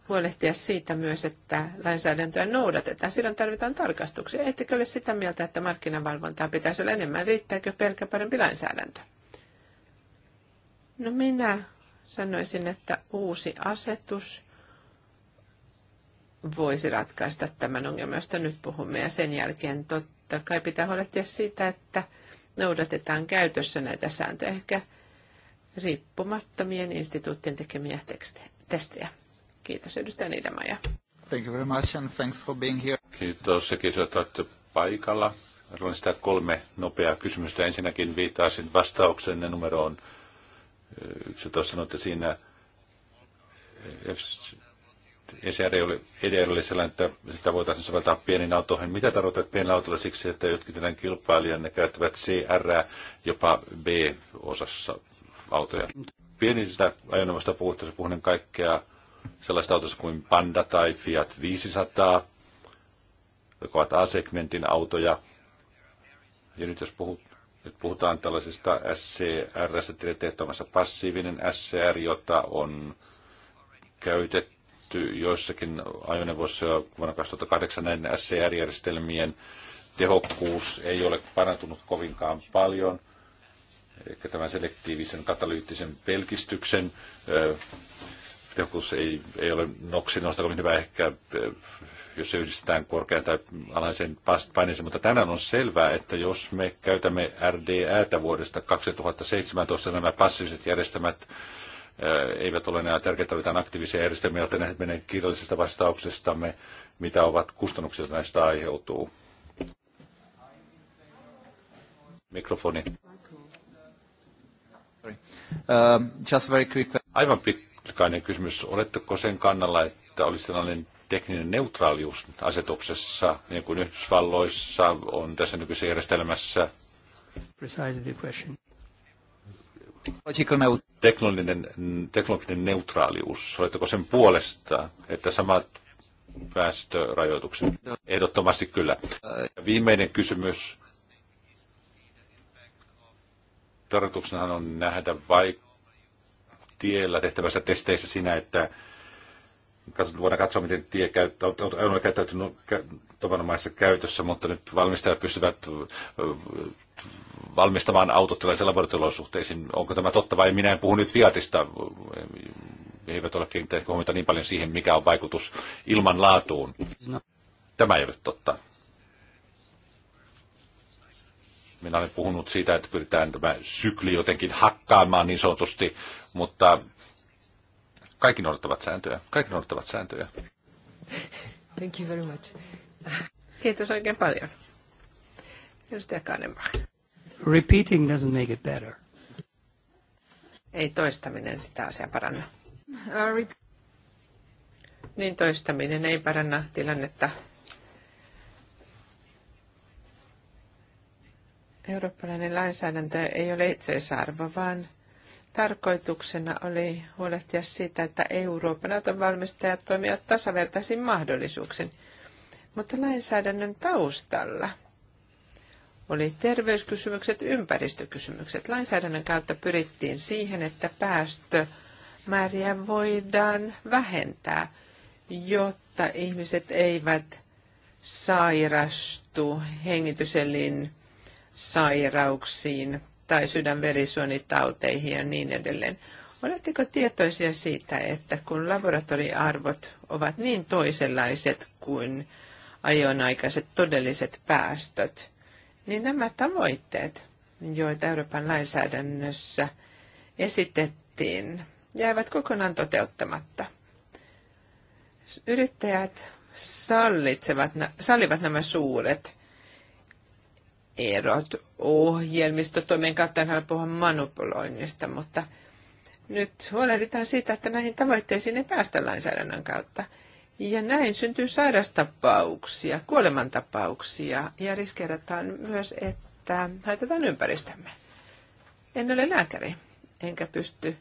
huolehtia siitä myös, että lainsäädäntöä noudatetaan. Silloin tarvitaan tarkastuksia. Ettekö ole sitä mieltä, että markkinavalvontaa pitäisi olla enemmän? Riittääkö pelkä parempi lainsäädäntö? No minä Sanoisin, että uusi asetus voisi ratkaista tämän ongelman, josta nyt puhumme. Ja sen jälkeen totta kai pitää huolehtia siitä, että noudatetaan käytössä näitä sääntöjä, ehkä riippumattomien instituuttien tekemiä testejä. Kiitos edustaja Niidamaja. Thank you very much and thanks for being here. Kiitos ja kiitos, että olette paikalla. Haluan sitä kolme nopeaa kysymystä. Ensinnäkin viittaisin vastauksenne numeroon tuossa sanoi, että siinä ECR eh, e oli ole sellainen, että sitä voitaisiin soveltaa pieniin autoihin. Mitä tarkoitat pienillä autoilla siksi, että jotkut tämän kilpailijan ne käyttävät CR jopa B-osassa autoja? Pienistä ajoneuvoista puhuttaessa puhunen kaikkea sellaista autosta kuin Panda tai Fiat 500, jotka ovat A-segmentin autoja. Ja nyt jos puhut, nyt puhutaan tällaisesta SCR, tieteettömässä passiivinen SCR, jota on käytetty joissakin ajoneuvoissa jo vuonna 2008 näiden SCR-järjestelmien tehokkuus ei ole parantunut kovinkaan paljon. Ehkä tämän selektiivisen katalyyttisen pelkistyksen tehokkuus ei, ei ole noksin kovin hyvä. Ehkä jos se yhdistetään korkean tai alhaisen paineeseen, mutta tänään on selvää, että jos me käytämme RDÄtä vuodesta 2017, nämä passiiviset järjestelmät äh, eivät ole enää tärkeitä, tarvitaan aktiivisia järjestelmiä, joten näitä menee kirjallisesta vastauksestamme, mitä ovat kustannukset näistä aiheutuu. Mikrofoni. Um, Aivan pitkäinen kysymys. Oletteko sen kannalla, että olisi sellainen tekninen neutraalius asetuksessa, niin kuin Yhdysvalloissa on tässä nykyisessä järjestelmässä? Teknologinen, teknologinen neutraalius, oletteko sen puolesta, että samat päästörajoitukset? Ehdottomasti kyllä. Ja viimeinen kysymys. Tarkoituksena on nähdä vai tiellä tehtävässä testeissä siinä, että voidaan katsoa, miten tie käyttää, on käyttäytynyt tavanomaisessa käytössä, mutta nyt valmistajat pystyvät valmistamaan autot tällaisiin laboratoriolosuhteisiin. Onko tämä totta vai minä en puhu nyt Fiatista, he eivät ole kiinnittäneet huomiota niin paljon siihen, mikä on vaikutus ilman laatuun. No. Tämä ei ole totta. Minä olen puhunut siitä, että pyritään tämä sykli jotenkin hakkaamaan niin sanotusti, mutta kaikki noudattavat sääntöjä. Kaikki noudattavat sääntöjä. Thank you very much. Kiitos oikein paljon. Edustaja Kahnenbach. Repeating doesn't make it better. Ei toistaminen sitä asiaa paranna. Uh, niin toistaminen ei paranna tilannetta. Eurooppalainen lainsäädäntö ei ole itseisarvo, vaan Tarkoituksena oli huolehtia siitä, että Euroopan valmistajat toimivat tasavertaisin mahdollisuuksin. Mutta lainsäädännön taustalla oli terveyskysymykset, ympäristökysymykset. Lainsäädännön kautta pyrittiin siihen, että päästömääriä voidaan vähentää, jotta ihmiset eivät sairastu hengityselin sairauksiin, tai sydänverisuonitauteihin ja niin edelleen. Oletteko tietoisia siitä, että kun laboratoriarvot ovat niin toisenlaiset kuin ajonaikaiset todelliset päästöt, niin nämä tavoitteet, joita Euroopan lainsäädännössä esitettiin, jäävät kokonaan toteuttamatta. Yrittäjät sallivat nämä suuret erot. Ohjelmistotoimien kautta halua puhua manipuloinnista, mutta nyt huolehditaan siitä, että näihin tavoitteisiin ei päästä lainsäädännön kautta. Ja näin syntyy sairastapauksia, kuolemantapauksia ja riskeerataan myös, että haitataan ympäristömme. En ole lääkäri, enkä pysty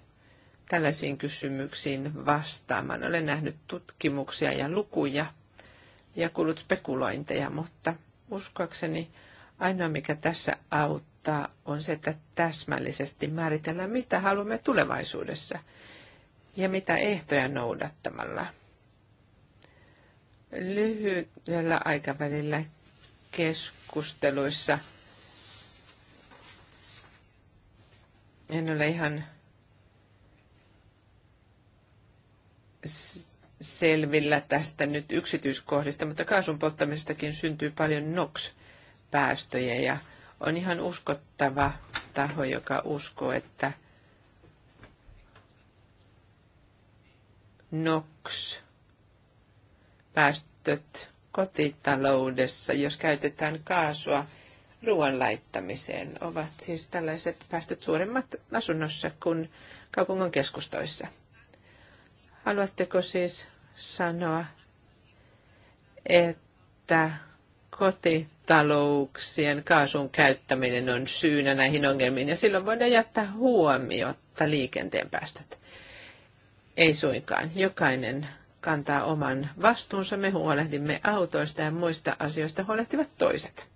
tällaisiin kysymyksiin vastaamaan. Olen nähnyt tutkimuksia ja lukuja ja kuullut spekulointeja, mutta uskoakseni Ainoa, mikä tässä auttaa, on se, että täsmällisesti määritellään, mitä haluamme tulevaisuudessa ja mitä ehtoja noudattamalla. Lyhyellä aikavälillä keskusteluissa en ole ihan selvillä tästä nyt yksityiskohdista, mutta kaasun polttamisestakin syntyy paljon NOx päästöjä ja on ihan uskottava taho, joka uskoo, että NOx päästöt kotitaloudessa, jos käytetään kaasua ruoan laittamiseen, ovat siis tällaiset päästöt suuremmat asunnossa kuin kaupungin keskustoissa. Haluatteko siis sanoa, että kotitaloudessa talouksien kaasun käyttäminen on syynä näihin ongelmiin ja silloin voidaan jättää huomiota liikenteen päästöt. Ei suinkaan. Jokainen kantaa oman vastuunsa. Me huolehdimme autoista ja muista asioista huolehtivat toiset.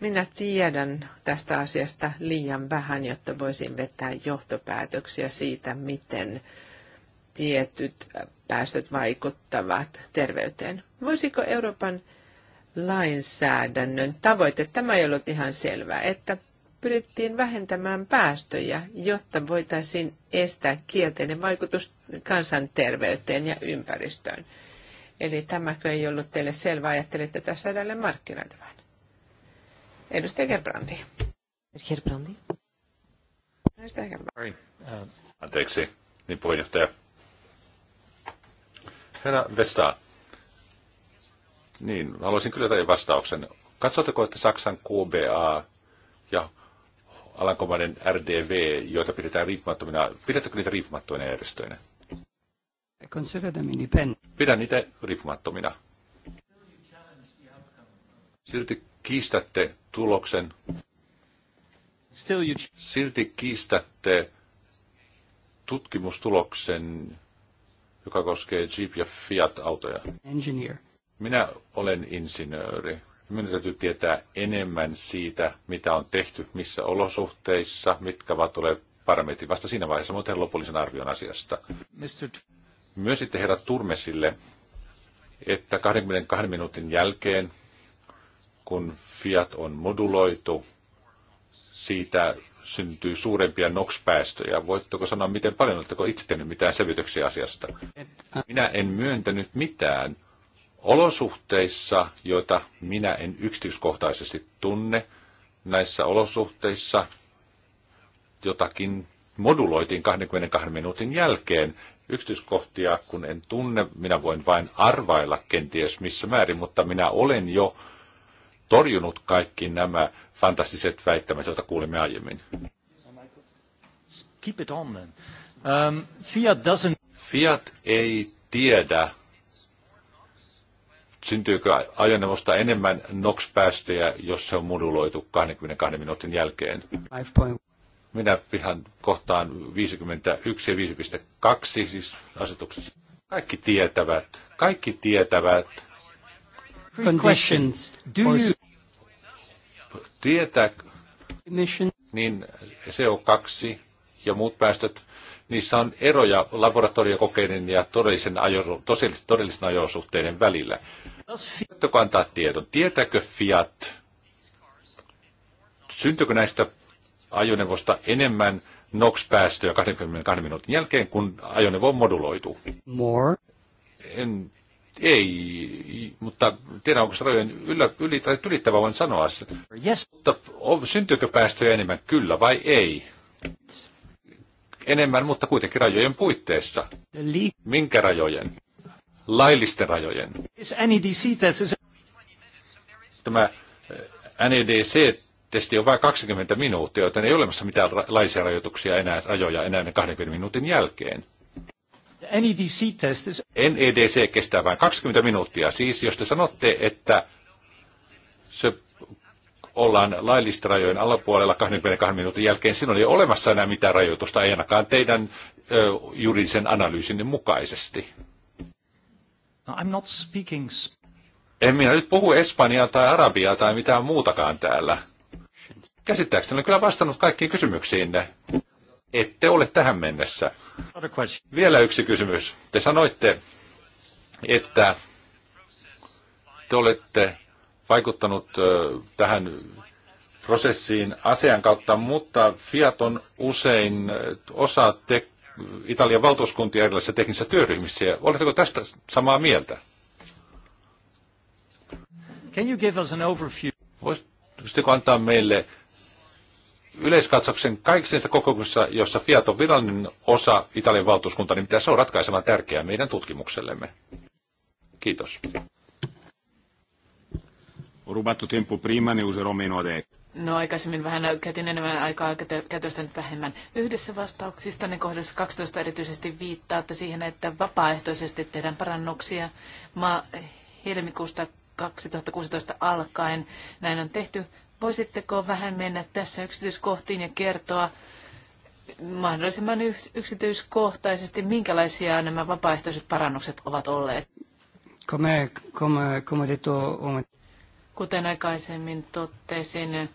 Minä tiedän tästä asiasta liian vähän, jotta voisin vetää johtopäätöksiä siitä, miten tietyt päästöt vaikuttavat terveyteen. Voisiko Euroopan lainsäädännön tavoite, tämä ei ollut ihan selvää, että pyrittiin vähentämään päästöjä, jotta voitaisiin estää kielteinen vaikutus kansanterveyteen ja ympäristöön. Eli tämäkö ei ollut teille selvää, ajattelitte tässä edelleen markkinoita vain. Edustaja Gerbrandi. Gerbrandi. Edustaja Gerbrandi. Anteeksi, niin puheenjohtaja. Herra Vestaan. Niin, haluaisin kyllä tämän vastauksen. Katsotteko, että Saksan QBA ja Alankomainen RDV, joita pidetään riippumattomina, pidättekö niitä riippumattomina järjestöinä? Pidän niitä riippumattomina. Silti kiistätte tuloksen. Silti kiistätte tutkimustuloksen, joka koskee Jeep ja Fiat-autoja. Engineer. Minä olen insinööri. Minun täytyy tietää enemmän siitä, mitä on tehty, missä olosuhteissa, mitkä ovat olleet parametrit. Vasta siinä vaiheessa mutta tehdä lopullisen arvion asiasta. Myös sitten herra Turmesille, että 22 minuutin jälkeen, kun Fiat on moduloitu, siitä syntyy suurempia NOx-päästöjä. Voitteko sanoa, miten paljon oletteko itse tehnyt mitään selvityksiä asiasta? Minä en myöntänyt mitään. Olosuhteissa, joita minä en yksityiskohtaisesti tunne, näissä olosuhteissa jotakin moduloitiin 22 minuutin jälkeen. Yksityiskohtia, kun en tunne, minä voin vain arvailla kenties missä määrin, mutta minä olen jo torjunut kaikki nämä fantastiset väittämät, joita kuulimme aiemmin. Keep it on then. Um, Fiat, doesn't... Fiat ei tiedä syntyykö ajoneuvosta enemmän NOx-päästöjä, jos se on moduloitu 22 minuutin jälkeen? Minä pihan kohtaan 51 ja 5.2 siis asetuksessa. Kaikki tietävät, kaikki tietävät. Conditions. Do you... Tietä, niin CO2 ja muut päästöt niissä on eroja laboratoriokokeiden ja todellisen ajo, todellisen ajosuhteiden välillä. Voitteko antaa tiedon? Tietääkö Fiat, syntyykö näistä ajoneuvosta enemmän NOx-päästöjä 22 minuutin jälkeen, kun ajoneuvo on moduloitu? More. En ei, mutta tiedän, onko se rajojen yllä, yli, tai ylittävä, voin sanoa Yes. Mutta syntyykö päästöjä enemmän, kyllä vai ei? enemmän, mutta kuitenkin rajojen puitteissa. Minkä rajojen? Laillisten rajojen. E Tämä eh, NEDC-testi on vain 20 minuuttia, joten ei ole olemassa mitään laisia rajoituksia enää, rajoja enää 20 minuutin jälkeen. NEDC-test NEDC kestää vain 20 minuuttia. Siis jos te sanotte, että se ollaan laillisten rajojen alapuolella 22 minuutin jälkeen, silloin ei ole olemassa enää mitään rajoitusta, ei ainakaan teidän ö, juridisen analyysinne mukaisesti. No, I'm not speaking... En minä nyt puhu Espanjaa tai Arabiaa tai mitään muutakaan täällä. Käsittääkseni olen kyllä vastannut kaikkiin kysymyksiinne. Ette ole tähän mennessä. Vielä yksi kysymys. Te sanoitte, että te olette vaikuttanut tähän prosessiin asian kautta, mutta Fiat on usein osa te- Italian valtuuskuntia erilaisissa teknisissä työryhmissä. Oletteko tästä samaa mieltä? Can you give us an overview? Voisitko antaa meille yleiskatsauksen kaikista niistä kokouksista, jossa Fiat on virallinen osa Italian valtuuskuntaa, niin mitä se on ratkaisemaan tärkeää meidän tutkimuksellemme? Kiitos. Ho rubattu tempo prima, ne userò meno adesso. No aikaisemmin vähän käytin enemmän aikaa, käytöstä nyt vähemmän. Yhdessä vastauksista ne kohdassa 12 erityisesti viittaatte siihen, että vapaaehtoisesti tehdään parannuksia ma- helmikuusta 2016 alkaen. Näin on tehty. Voisitteko vähän mennä tässä yksityiskohtiin ja kertoa mahdollisimman yksityiskohtaisesti, minkälaisia nämä vapaaehtoiset parannukset ovat olleet? Come, come, come detto, Kuten aikaisemmin totesin,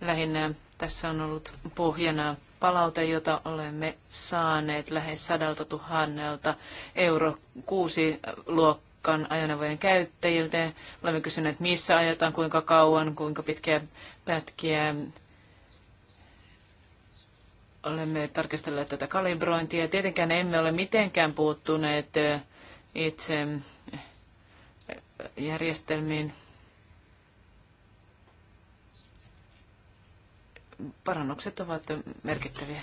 lähinnä tässä on ollut pohjana palaute, jota olemme saaneet lähes sadalta tuhannelta euro kuusi luokan ajoneuvojen käyttäjiltä. Olemme kysyneet, missä ajetaan, kuinka kauan, kuinka pitkiä pätkiä. Olemme tarkastelleet tätä kalibrointia. Tietenkään emme ole mitenkään puuttuneet itse järjestelmiin parannukset ovat merkittäviä.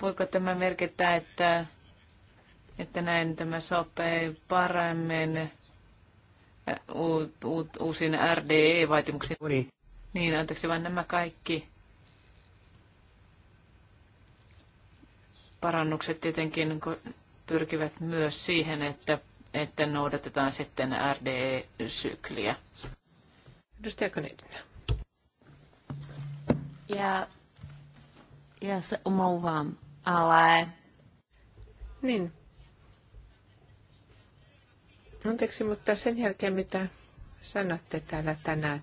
Voiko tämä merkitä, että, että näin tämä sopii paremmin äh, uut, uut, uusiin RDE-vaatimuksiin? Niin, anteeksi vain nämä kaikki parannukset tietenkin pyrkivät myös siihen, että, että noudatetaan sitten RDE-sykliä. Edustaja Konitinen. Já, já se omlouvám, ale... Niin. Anteeksi, mutta sen jälkeen, mitä sanotte täällä tänään,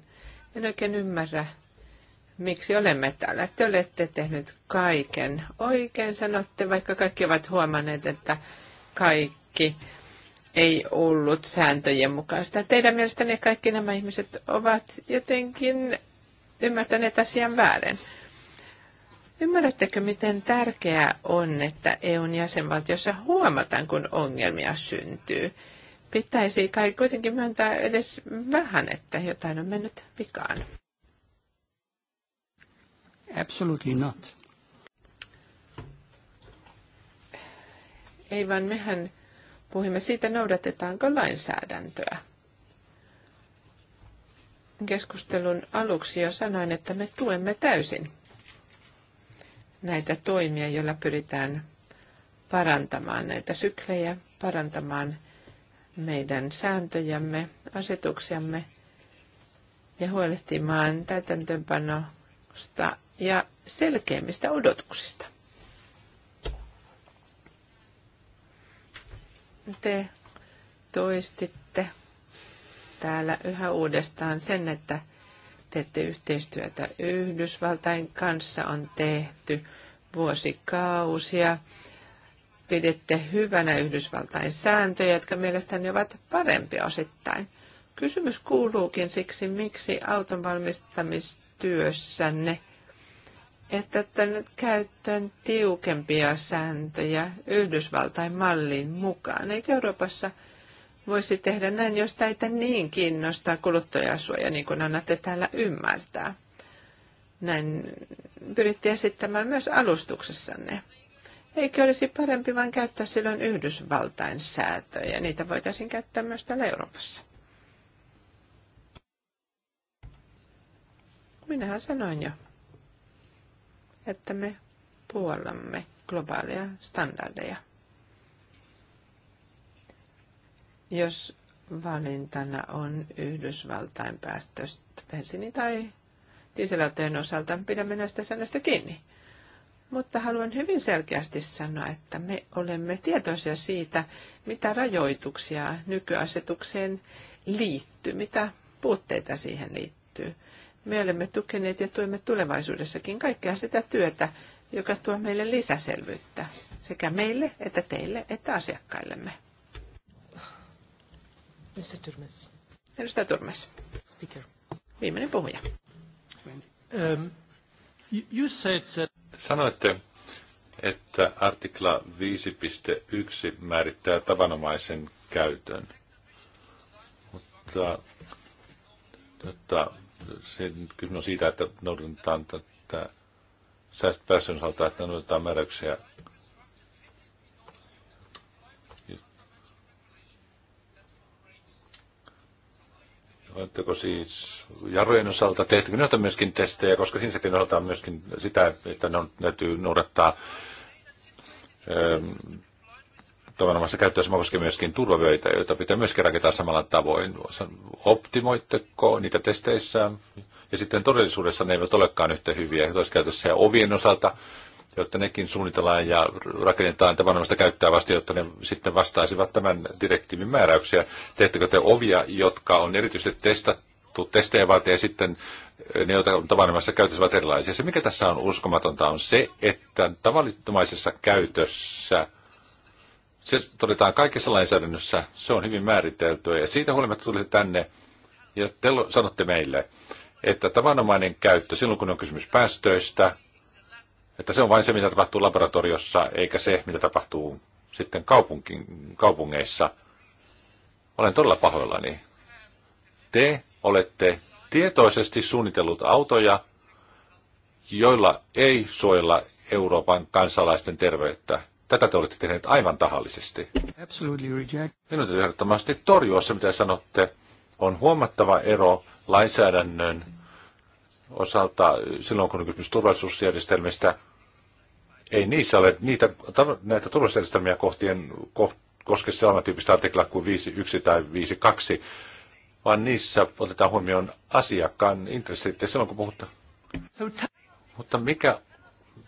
en oikein ymmärrä, miksi olemme täällä. Te olette tehnyt kaiken oikein, sanotte, vaikka kaikki ovat huomanneet, että kaikki ei ollut sääntöjen mukaista. Teidän mielestänne kaikki nämä ihmiset ovat jotenkin ymmärtäneet asian väärin. Ymmärrättekö, miten tärkeää on, että EUn jäsenvaltiossa huomataan, kun ongelmia syntyy? Pitäisi kai kuitenkin myöntää edes vähän, että jotain on mennyt vikaan. Absolutely not. Ei vaan mehän puhumme siitä, noudatetaanko lainsäädäntöä keskustelun aluksi jo sanoin, että me tuemme täysin näitä toimia, joilla pyritään parantamaan näitä syklejä, parantamaan meidän sääntöjämme, asetuksiamme ja huolehtimaan täytäntöönpanosta ja selkeimmistä odotuksista. Te toistitte täällä yhä uudestaan sen, että teette yhteistyötä Yhdysvaltain kanssa on tehty vuosikausia. Pidette hyvänä Yhdysvaltain sääntöjä, jotka mielestäni ovat parempia osittain. Kysymys kuuluukin siksi, miksi auton valmistamistyössänne että nyt käyttöön tiukempia sääntöjä Yhdysvaltain malliin mukaan. Eikö Euroopassa – voisi tehdä näin, jos teitä niin kiinnostaa kuluttajasuoja, niin kuin annatte täällä ymmärtää. Näin pyritte esittämään myös alustuksessanne. Eikö olisi parempi vain käyttää silloin Yhdysvaltain säätöjä? Niitä voitaisiin käyttää myös täällä Euroopassa. Minähän sanoin jo, että me puolamme globaaleja standardeja. jos valintana on Yhdysvaltain päästöstä bensiini- tai dieselautojen osalta, pidämme näistä säännöistä kiinni. Mutta haluan hyvin selkeästi sanoa, että me olemme tietoisia siitä, mitä rajoituksia nykyasetukseen liittyy, mitä puutteita siihen liittyy. Me olemme tukeneet ja tuemme tulevaisuudessakin kaikkea sitä työtä, joka tuo meille lisäselvyyttä sekä meille että teille että asiakkaillemme. Mr. Turmes. Edustaja Turmes. Speaker. Viimeinen puhuja. Um, you said that... Sanoitte, että artikla 5.1 määrittää tavanomaisen käytön. Mutta, mutta sen kysymys on siitä, että noudatetaan tätä säästöpäästöjen osalta, että noudatetaan määräyksiä Oletteko siis jarrujen osalta, tehty noita myöskin testejä, koska siinäkin osalta on myöskin sitä, että ne on, täytyy noudattaa ähm, tavanomaisessa käyttöön sama koskee myöskin turvavöitä, joita pitää myöskin rakentaa samalla tavoin. Optimoitteko niitä testeissä? Ja sitten todellisuudessa ne eivät olekaan yhtä hyviä. Toisessa käytössä ja ovien osalta jotta nekin suunnitellaan ja rakennetaan omasta käyttää vasta, jotta ne sitten vastaisivat tämän direktiivin määräyksiä. Teettekö te ovia, jotka on erityisesti testattu testejä varten ja sitten ne, joita tavanomaisessa käytössä ovat erilaisia. Se, mikä tässä on uskomatonta, on se, että tavallittomaisessa käytössä se todetaan kaikessa lainsäädännössä, se on hyvin määriteltyä ja siitä huolimatta tulitte tänne ja te sanotte meille, että tavanomainen käyttö, silloin kun on kysymys päästöistä, että se on vain se, mitä tapahtuu laboratoriossa, eikä se, mitä tapahtuu sitten kaupunki, kaupungeissa. Olen todella pahoillani. Te olette tietoisesti suunnitellut autoja, joilla ei suojella Euroopan kansalaisten terveyttä. Tätä te olette tehneet aivan tahallisesti. Minun täytyy ehdottomasti torjua se, mitä sanotte. On huomattava ero lainsäädännön osalta, silloin kun on kysymys turvallisuusjärjestelmistä, ei niissä ole niitä, näitä turvallisuusjärjestelmiä kohtien koht, koske tyyppistä artiklaa kuin 5.1 tai 5.2, vaan niissä otetaan huomioon asiakkaan intressit ja silloin kun puhutaan. Mutta mikä,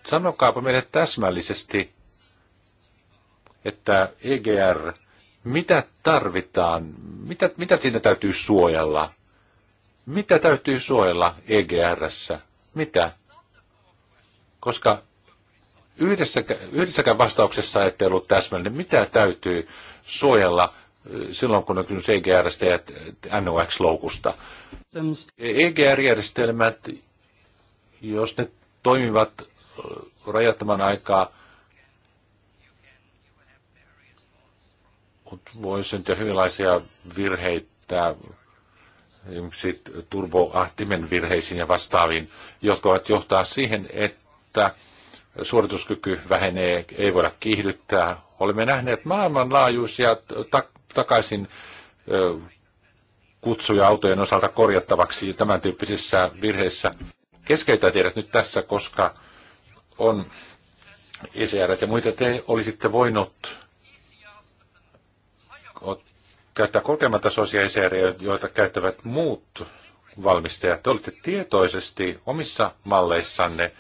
sanokaapa meille täsmällisesti, että EGR, mitä tarvitaan, mitä, mitä siinä täytyy suojella? Mitä täytyy suojella EGRssä? Mitä? Koska yhdessäkään, yhdessäkään vastauksessa ette ollut täsmällinen. Mitä täytyy suojella silloin, kun on kysymys EGRstä ja NOx-loukusta? EGR-järjestelmät, jos ne toimivat rajattoman aikaa, voi syntyä hyvinlaisia virheitä esimerkiksi turboahtimen virheisiin ja vastaaviin, jotka ovat johtaa siihen, että suorituskyky vähenee, ei voida kiihdyttää. Olemme nähneet maailmanlaajuisia tak- takaisin ö, kutsuja autojen osalta korjattavaksi tämän tyyppisissä virheissä. Keskeytä tiedät nyt tässä, koska on ICR e ja muita te olisitte voinut käyttää korkeamman esiäriä, joita käyttävät muut valmistajat. Te olette tietoisesti omissa malleissanne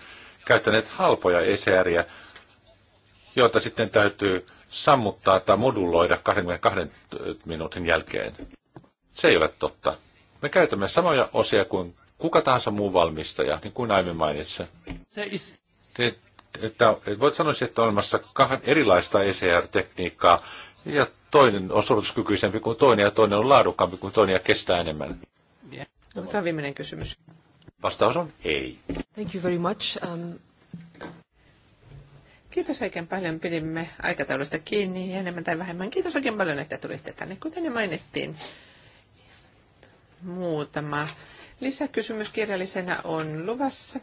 käyttäneet halpoja esiäriä, joita sitten täytyy sammuttaa tai moduloida 22 minuutin jälkeen. Se ei ole totta. Me käytämme samoja osia kuin kuka tahansa muu valmistaja, niin kuin aiemmin mainitsin. Se is... Te, että, voit sanoa, että on olemassa erilaista ECR-tekniikkaa, ja toinen on suorituskykyisempi kuin toinen ja toinen on laadukkaampi kuin toinen ja kestää enemmän. No, Onko tämä viimeinen kysymys? Vastaus on ei. Thank you very much. Um... Kiitos oikein paljon. Pidimme aikataulusta kiinni enemmän tai vähemmän. Kiitos oikein paljon, että tulitte tänne. Kuten jo mainittiin, muutama lisäkysymys kirjallisena on luvassa.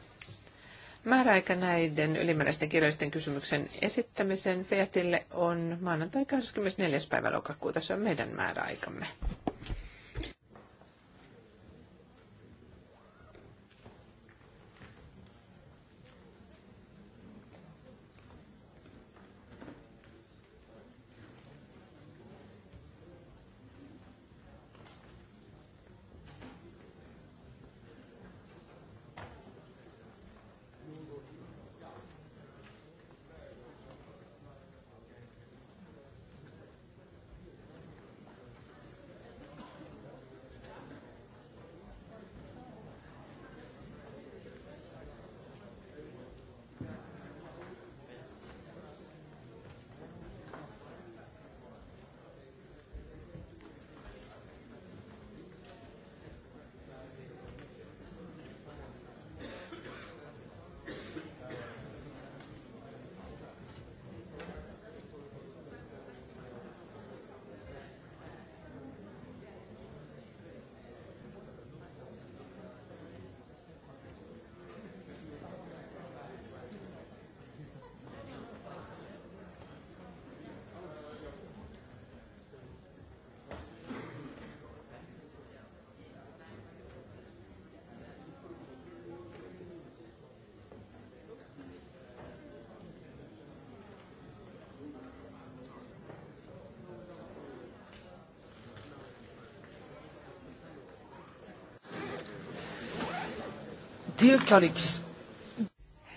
Määräaika näiden ylimääräisten kirjallisten kysymyksen esittämisen Fiatille on maanantai 24. päivä lokakuuta. Se on meidän määräaikamme. Dear colleagues.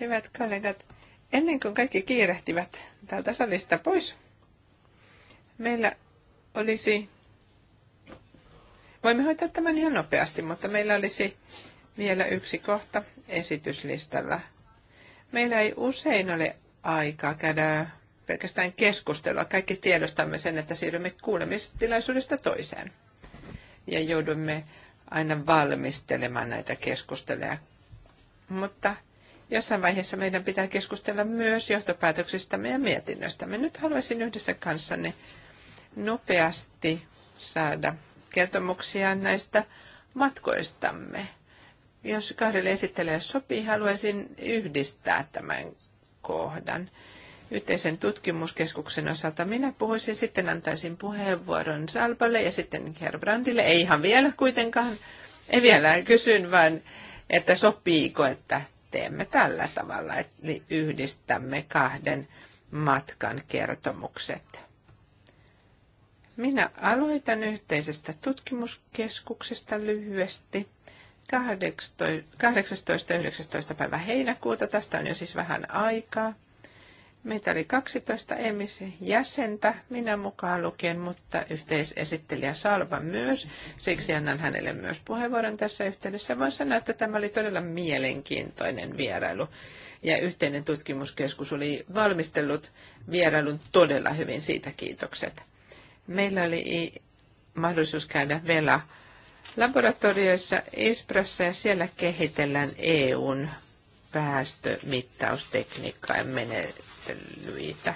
Hyvät kollegat, ennen kuin kaikki kiirehtivät täältä salista pois, meillä olisi, voimme hoitaa tämän ihan nopeasti, mutta meillä olisi vielä yksi kohta esityslistalla. Meillä ei usein ole aikaa käydä pelkästään keskustelua. Kaikki tiedostamme sen, että siirrymme kuulemistilaisuudesta toiseen. Ja joudumme aina valmistelemaan näitä keskusteluja mutta jossain vaiheessa meidän pitää keskustella myös johtopäätöksistämme ja mietinnöstämme. Nyt haluaisin yhdessä kanssanne nopeasti saada kertomuksia näistä matkoistamme. Jos kahdelle esittelijälle sopii, haluaisin yhdistää tämän kohdan. Yhteisen tutkimuskeskuksen osalta minä puhuisin, sitten antaisin puheenvuoron Salpalle ja sitten Herbrandille. Ei ihan vielä kuitenkaan, ei vielä, kysyn vaan että sopiiko, että teemme tällä tavalla, eli niin yhdistämme kahden matkan kertomukset. Minä aloitan yhteisestä tutkimuskeskuksesta lyhyesti. 18.19. päivä heinäkuuta, tästä on jo siis vähän aikaa. Meitä oli 12 jäsentä minä mukaan lukien, mutta yhteisesittelijä Salva myös. Siksi annan hänelle myös puheenvuoron tässä yhteydessä. Voin sanoa, että tämä oli todella mielenkiintoinen vierailu. Ja yhteinen tutkimuskeskus oli valmistellut vierailun todella hyvin, siitä kiitokset. Meillä oli mahdollisuus käydä vielä laboratorioissa Isprassa ja siellä kehitellään EUn päästömittaustekniikkaa ja menettelyitä.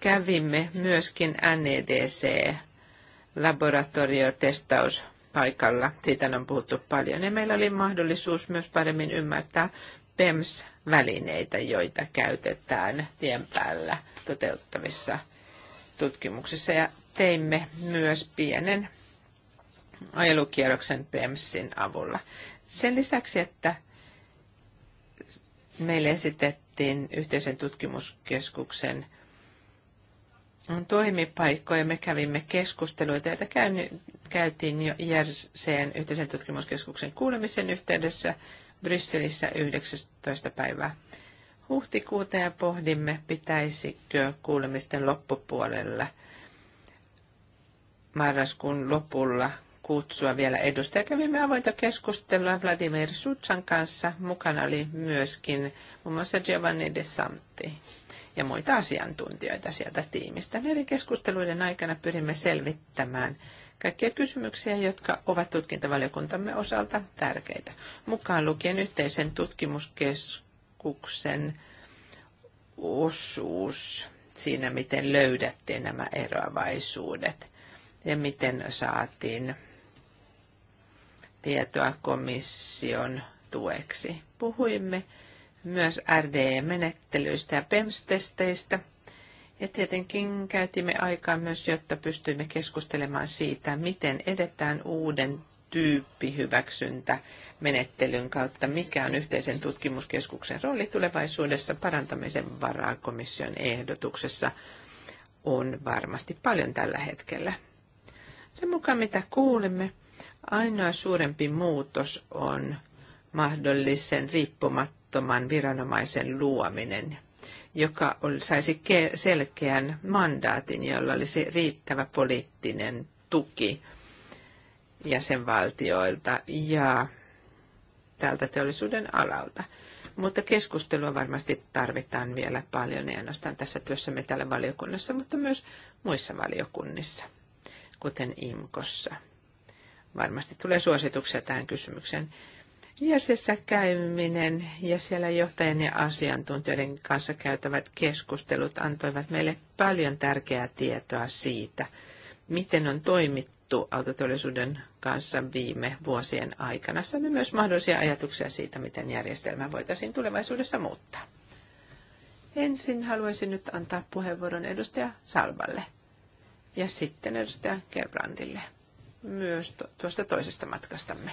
Kävimme myöskin NEDC-laboratoriotestaus paikalla. Siitä on puhuttu paljon. Ja meillä oli mahdollisuus myös paremmin ymmärtää PEMS-välineitä, joita käytetään tien päällä toteuttavissa tutkimuksissa. Ja teimme myös pienen ajelukierroksen PEMSin avulla. Sen lisäksi, että meille esitettiin yhteisen tutkimuskeskuksen toimipaikkoja. Me kävimme keskusteluita, joita käytiin jo Järseen yhteisen tutkimuskeskuksen kuulemisen yhteydessä Brysselissä 19. päivää huhtikuuta ja pohdimme, pitäisikö kuulemisten loppupuolella marraskuun lopulla kutsua vielä edustaja. Kävimme avointa keskustelua Vladimir Sutsan kanssa. Mukana oli myöskin muun muassa Giovanni De Santi ja muita asiantuntijoita sieltä tiimistä. Näiden keskusteluiden aikana pyrimme selvittämään kaikkia kysymyksiä, jotka ovat tutkintavaliokuntamme osalta tärkeitä. Mukaan lukien yhteisen tutkimuskeskuksen osuus siinä, miten löydettiin nämä eroavaisuudet ja miten saatiin tietoa komission tueksi. Puhuimme myös RDE-menettelyistä ja PEMS-testeistä. Ja tietenkin käytimme aikaa myös, jotta pystyimme keskustelemaan siitä, miten edetään uuden tyyppihyväksyntä menettelyn kautta, mikä on yhteisen tutkimuskeskuksen rooli tulevaisuudessa parantamisen varaa komission ehdotuksessa on varmasti paljon tällä hetkellä. Sen mukaan mitä kuulemme, Ainoa suurempi muutos on mahdollisen riippumattoman viranomaisen luominen, joka saisi selkeän mandaatin, jolla olisi riittävä poliittinen tuki jäsenvaltioilta ja tältä teollisuuden alalta. Mutta keskustelua varmasti tarvitaan vielä paljon, ei ainoastaan tässä työssämme täällä valiokunnassa, mutta myös muissa valiokunnissa, kuten IMKossa varmasti tulee suosituksia tähän kysymykseen. Järsessä käyminen ja siellä johtajien ja asiantuntijoiden kanssa käytävät keskustelut antoivat meille paljon tärkeää tietoa siitä, miten on toimittu autoteollisuuden kanssa viime vuosien aikana. Saamme myös mahdollisia ajatuksia siitä, miten järjestelmä voitaisiin tulevaisuudessa muuttaa. Ensin haluaisin nyt antaa puheenvuoron edustaja Salvalle ja sitten edustaja Gerbrandille myös tuosta toisesta matkastamme.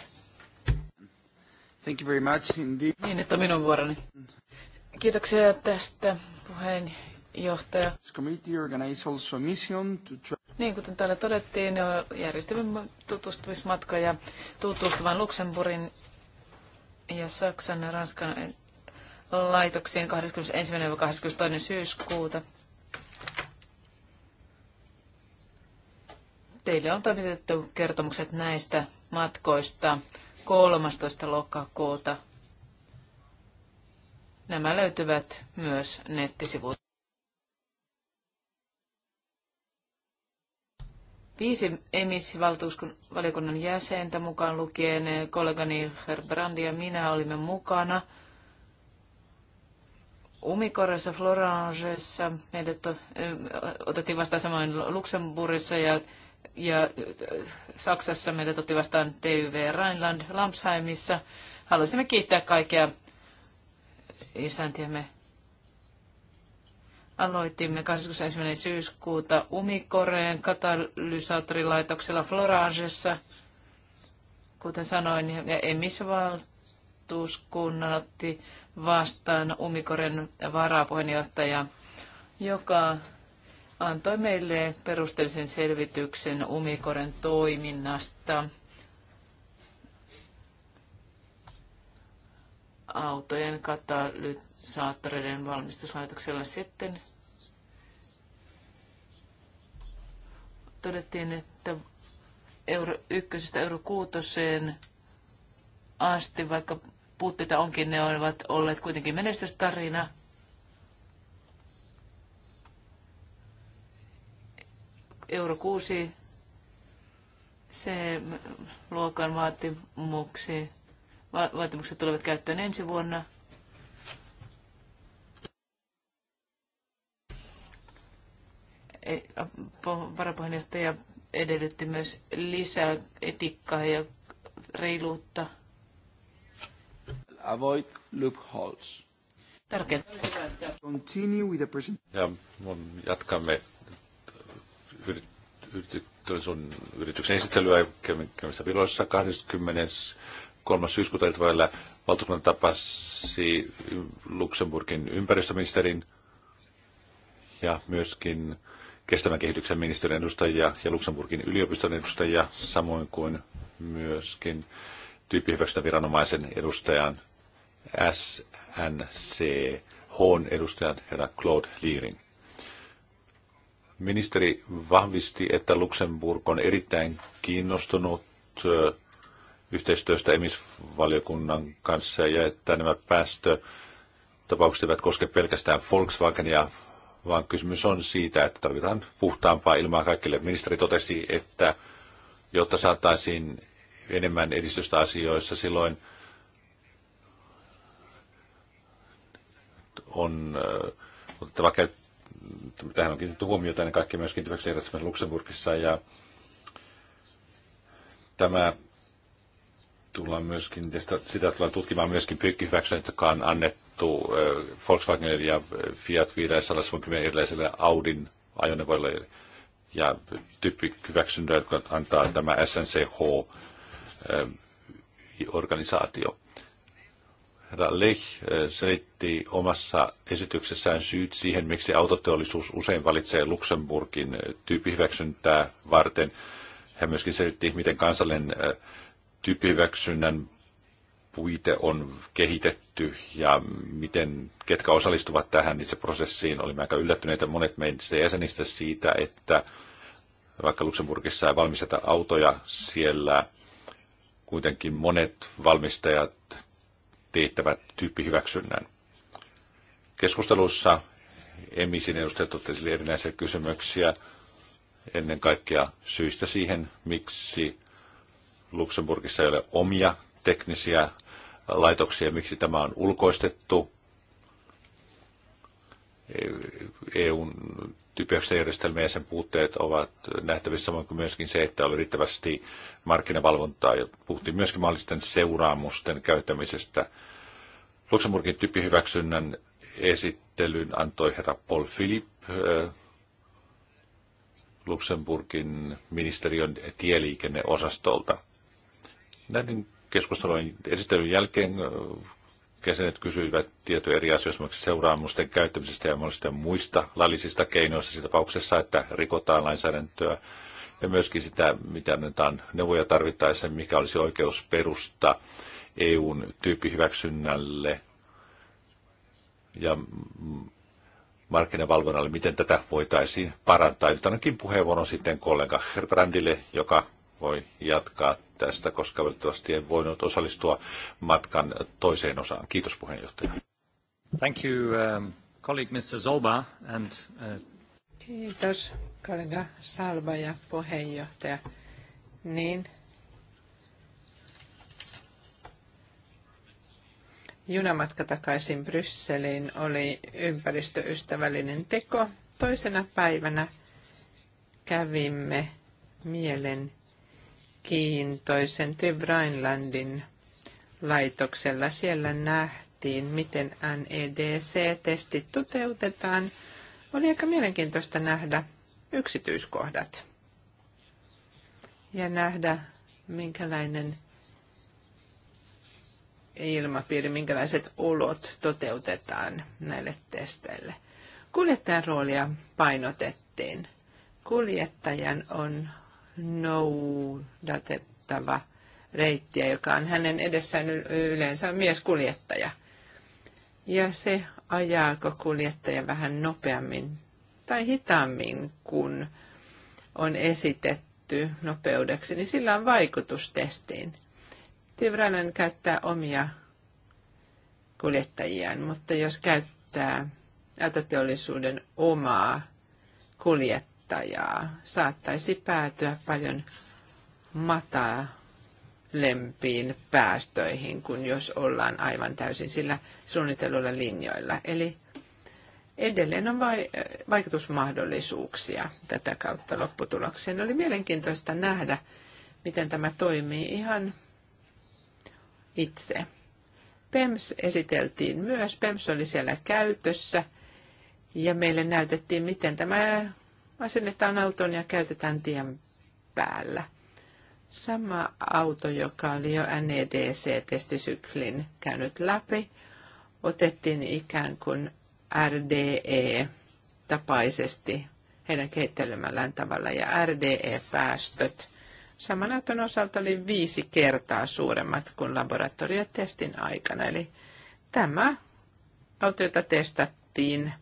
Thank you very much indeed. Niin, että minun vuoroni. Kiitoksia tästä puheenjohtaja. Niin, kuten täällä todettiin, järjestämme tutustumismatkoja tutustuvan Luxemburgin ja Saksan ja Ranskan laitoksiin 21.–22. syyskuuta. Teille on toimitettu kertomukset näistä matkoista 13. lokakuuta. Nämä löytyvät myös nettisivuilta. viisi emisvaltuuskunnan jäsentä mukaan lukien kollegani Herbrandi ja minä olimme mukana. Umikoressa, Florangessa, meidät otettiin vasta samoin Luxemburgissa ja ja äh, Saksassa meidät otti vastaan TYV Rheinland Lamsheimissa. Haluaisimme kiittää kaikkia isäntiämme. Aloitimme 21. syyskuuta Umikoreen katalysaattorilaitoksella Florangessa, kuten sanoin, ja emisvaltuuskunnan otti vastaan Umikoren varapuheenjohtaja, joka antoi meille perusteellisen selvityksen Umikoren toiminnasta. autojen katalysaattoreiden valmistuslaitoksella sitten todettiin, että euro ykkösestä euro kuutoseen asti, vaikka puutteita onkin, ne ovat olleet kuitenkin menestystarina – Euro 6 se luokan vaatimuksi, va- vaatimukset tulevat käyttöön ensi vuonna. E- varapuheenjohtaja edellytti myös lisää etikkaa ja reiluutta. Avoid loopholes. Tärkeää. Continue with the presentation. Ja jatkamme yrit, yrityksen, esittelyä käymistä piloissa 23. syyskuuta iltapäivällä valtuuskunta tapasi Luxemburgin ympäristöministerin ja myöskin kestävän kehityksen ministeriön edustajia ja Luxemburgin yliopiston edustajia, samoin kuin myöskin viranomaisen edustajan SNCH edustajan herra Claude Liirin. Ministeri vahvisti, että Luxemburg on erittäin kiinnostunut yhteistyöstä emisvaliokunnan kanssa ja että nämä päästötapaukset eivät koske pelkästään Volkswagenia, vaan kysymys on siitä, että tarvitaan puhtaampaa ilmaa kaikille. Ministeri totesi, että jotta saataisiin enemmän edistystä asioissa, silloin on otettava käyttöön tähän on kiinnitetty huomiota ennen kaikkea myöskin työksijärjestelmässä Luxemburgissa ja tämä tullaan myöskin, sitä tullaan tutkimaan myöskin pyykkihyväksynnät, jotka on annettu eh, Volkswagenille ja Fiat 510 erilaisille Audin ajoneuvoille ja tyyppihyväksynnöillä, jotka antaa tämä SNCH eh, organisaatio. Herra Lech eh, selitti omassa esityksessään syyt siihen, miksi autoteollisuus usein valitsee Luxemburgin eh, tyyppihyväksyntää varten. Hän myöskin selitti, miten kansallinen eh, tyyppihyväksynnän puite on kehitetty ja miten, ketkä osallistuvat tähän itse niin prosessiin. Olimme aika yllättyneitä monet meistä jäsenistä siitä, että vaikka Luxemburgissa ei valmisteta autoja, siellä kuitenkin monet valmistajat tehtävät tyyppihyväksynnän. Keskustelussa emisin edustajat totesivat erinäisiä kysymyksiä ennen kaikkea syistä siihen, miksi Luxemburgissa ei ole omia teknisiä laitoksia, miksi tämä on ulkoistettu EUn e tyypillistä järjestelmiä ja sen puutteet ovat nähtävissä samoin kuin myöskin se, että on riittävästi markkinavalvontaa ja puhuttiin myöskin mahdollisten seuraamusten käyttämisestä. Luxemburgin tyyppihyväksynnän esittelyn antoi herra Paul Philipp, Luxemburgin ministeriön tieliikenneosastolta. Näiden keskustelujen esittelyn jälkeen jäsenet kysyivät tietoja eri asioista, seuraamusten käyttämisestä ja monista muista laillisista keinoista siinä tapauksessa, että rikotaan lainsäädäntöä ja myöskin sitä, mitä annetaan neuvoja tarvittaessa, mikä olisi oikeus perusta EUn tyyppihyväksynnälle ja markkinavalvonnalle, miten tätä voitaisiin parantaa. Nyt ainakin puheenvuoron sitten kollega Herbrandille, joka voi jatkaa tästä, koska valitettavasti en voinut osallistua matkan toiseen osaan. Kiitos puheenjohtaja. Thank you, um, colleague Mr. Zolba and, uh... Kiitos kollega Salba ja puheenjohtaja. Niin. Junamatka takaisin Brysseliin oli ympäristöystävällinen teko. Toisena päivänä kävimme mielen Kiintoisen Tybrainlandin laitoksella. Siellä nähtiin, miten NEDC-testit toteutetaan. Oli aika mielenkiintoista nähdä yksityiskohdat ja nähdä, minkälainen ilmapiiri, minkälaiset olot toteutetaan näille testeille. Kuljettajan roolia painotettiin. Kuljettajan on noudatettava reittiä, joka on hänen edessään yleensä mieskuljettaja. Ja se ajaako kuljettaja vähän nopeammin tai hitaammin kuin on esitetty nopeudeksi, niin sillä on vaikutus testiin. Tivranen käyttää omia kuljettajiaan, mutta jos käyttää autoteollisuuden omaa kuljettajaa, kuluttajaa saattaisi päätyä paljon matalempiin päästöihin kuin jos ollaan aivan täysin sillä suunnitelluilla linjoilla. Eli edelleen on vaikutusmahdollisuuksia tätä kautta lopputulokseen. Oli mielenkiintoista nähdä, miten tämä toimii ihan itse. PEMS esiteltiin myös. PEMS oli siellä käytössä ja meille näytettiin, miten tämä asennetaan auton ja käytetään tien päällä. Sama auto, joka oli jo NEDC-testisyklin käynyt läpi, otettiin ikään kuin RDE-tapaisesti heidän kehittelemällään tavalla. Ja RDE-päästöt saman auton osalta oli viisi kertaa suuremmat kuin laboratoriotestin aikana. Eli tämä auto, jota testattiin,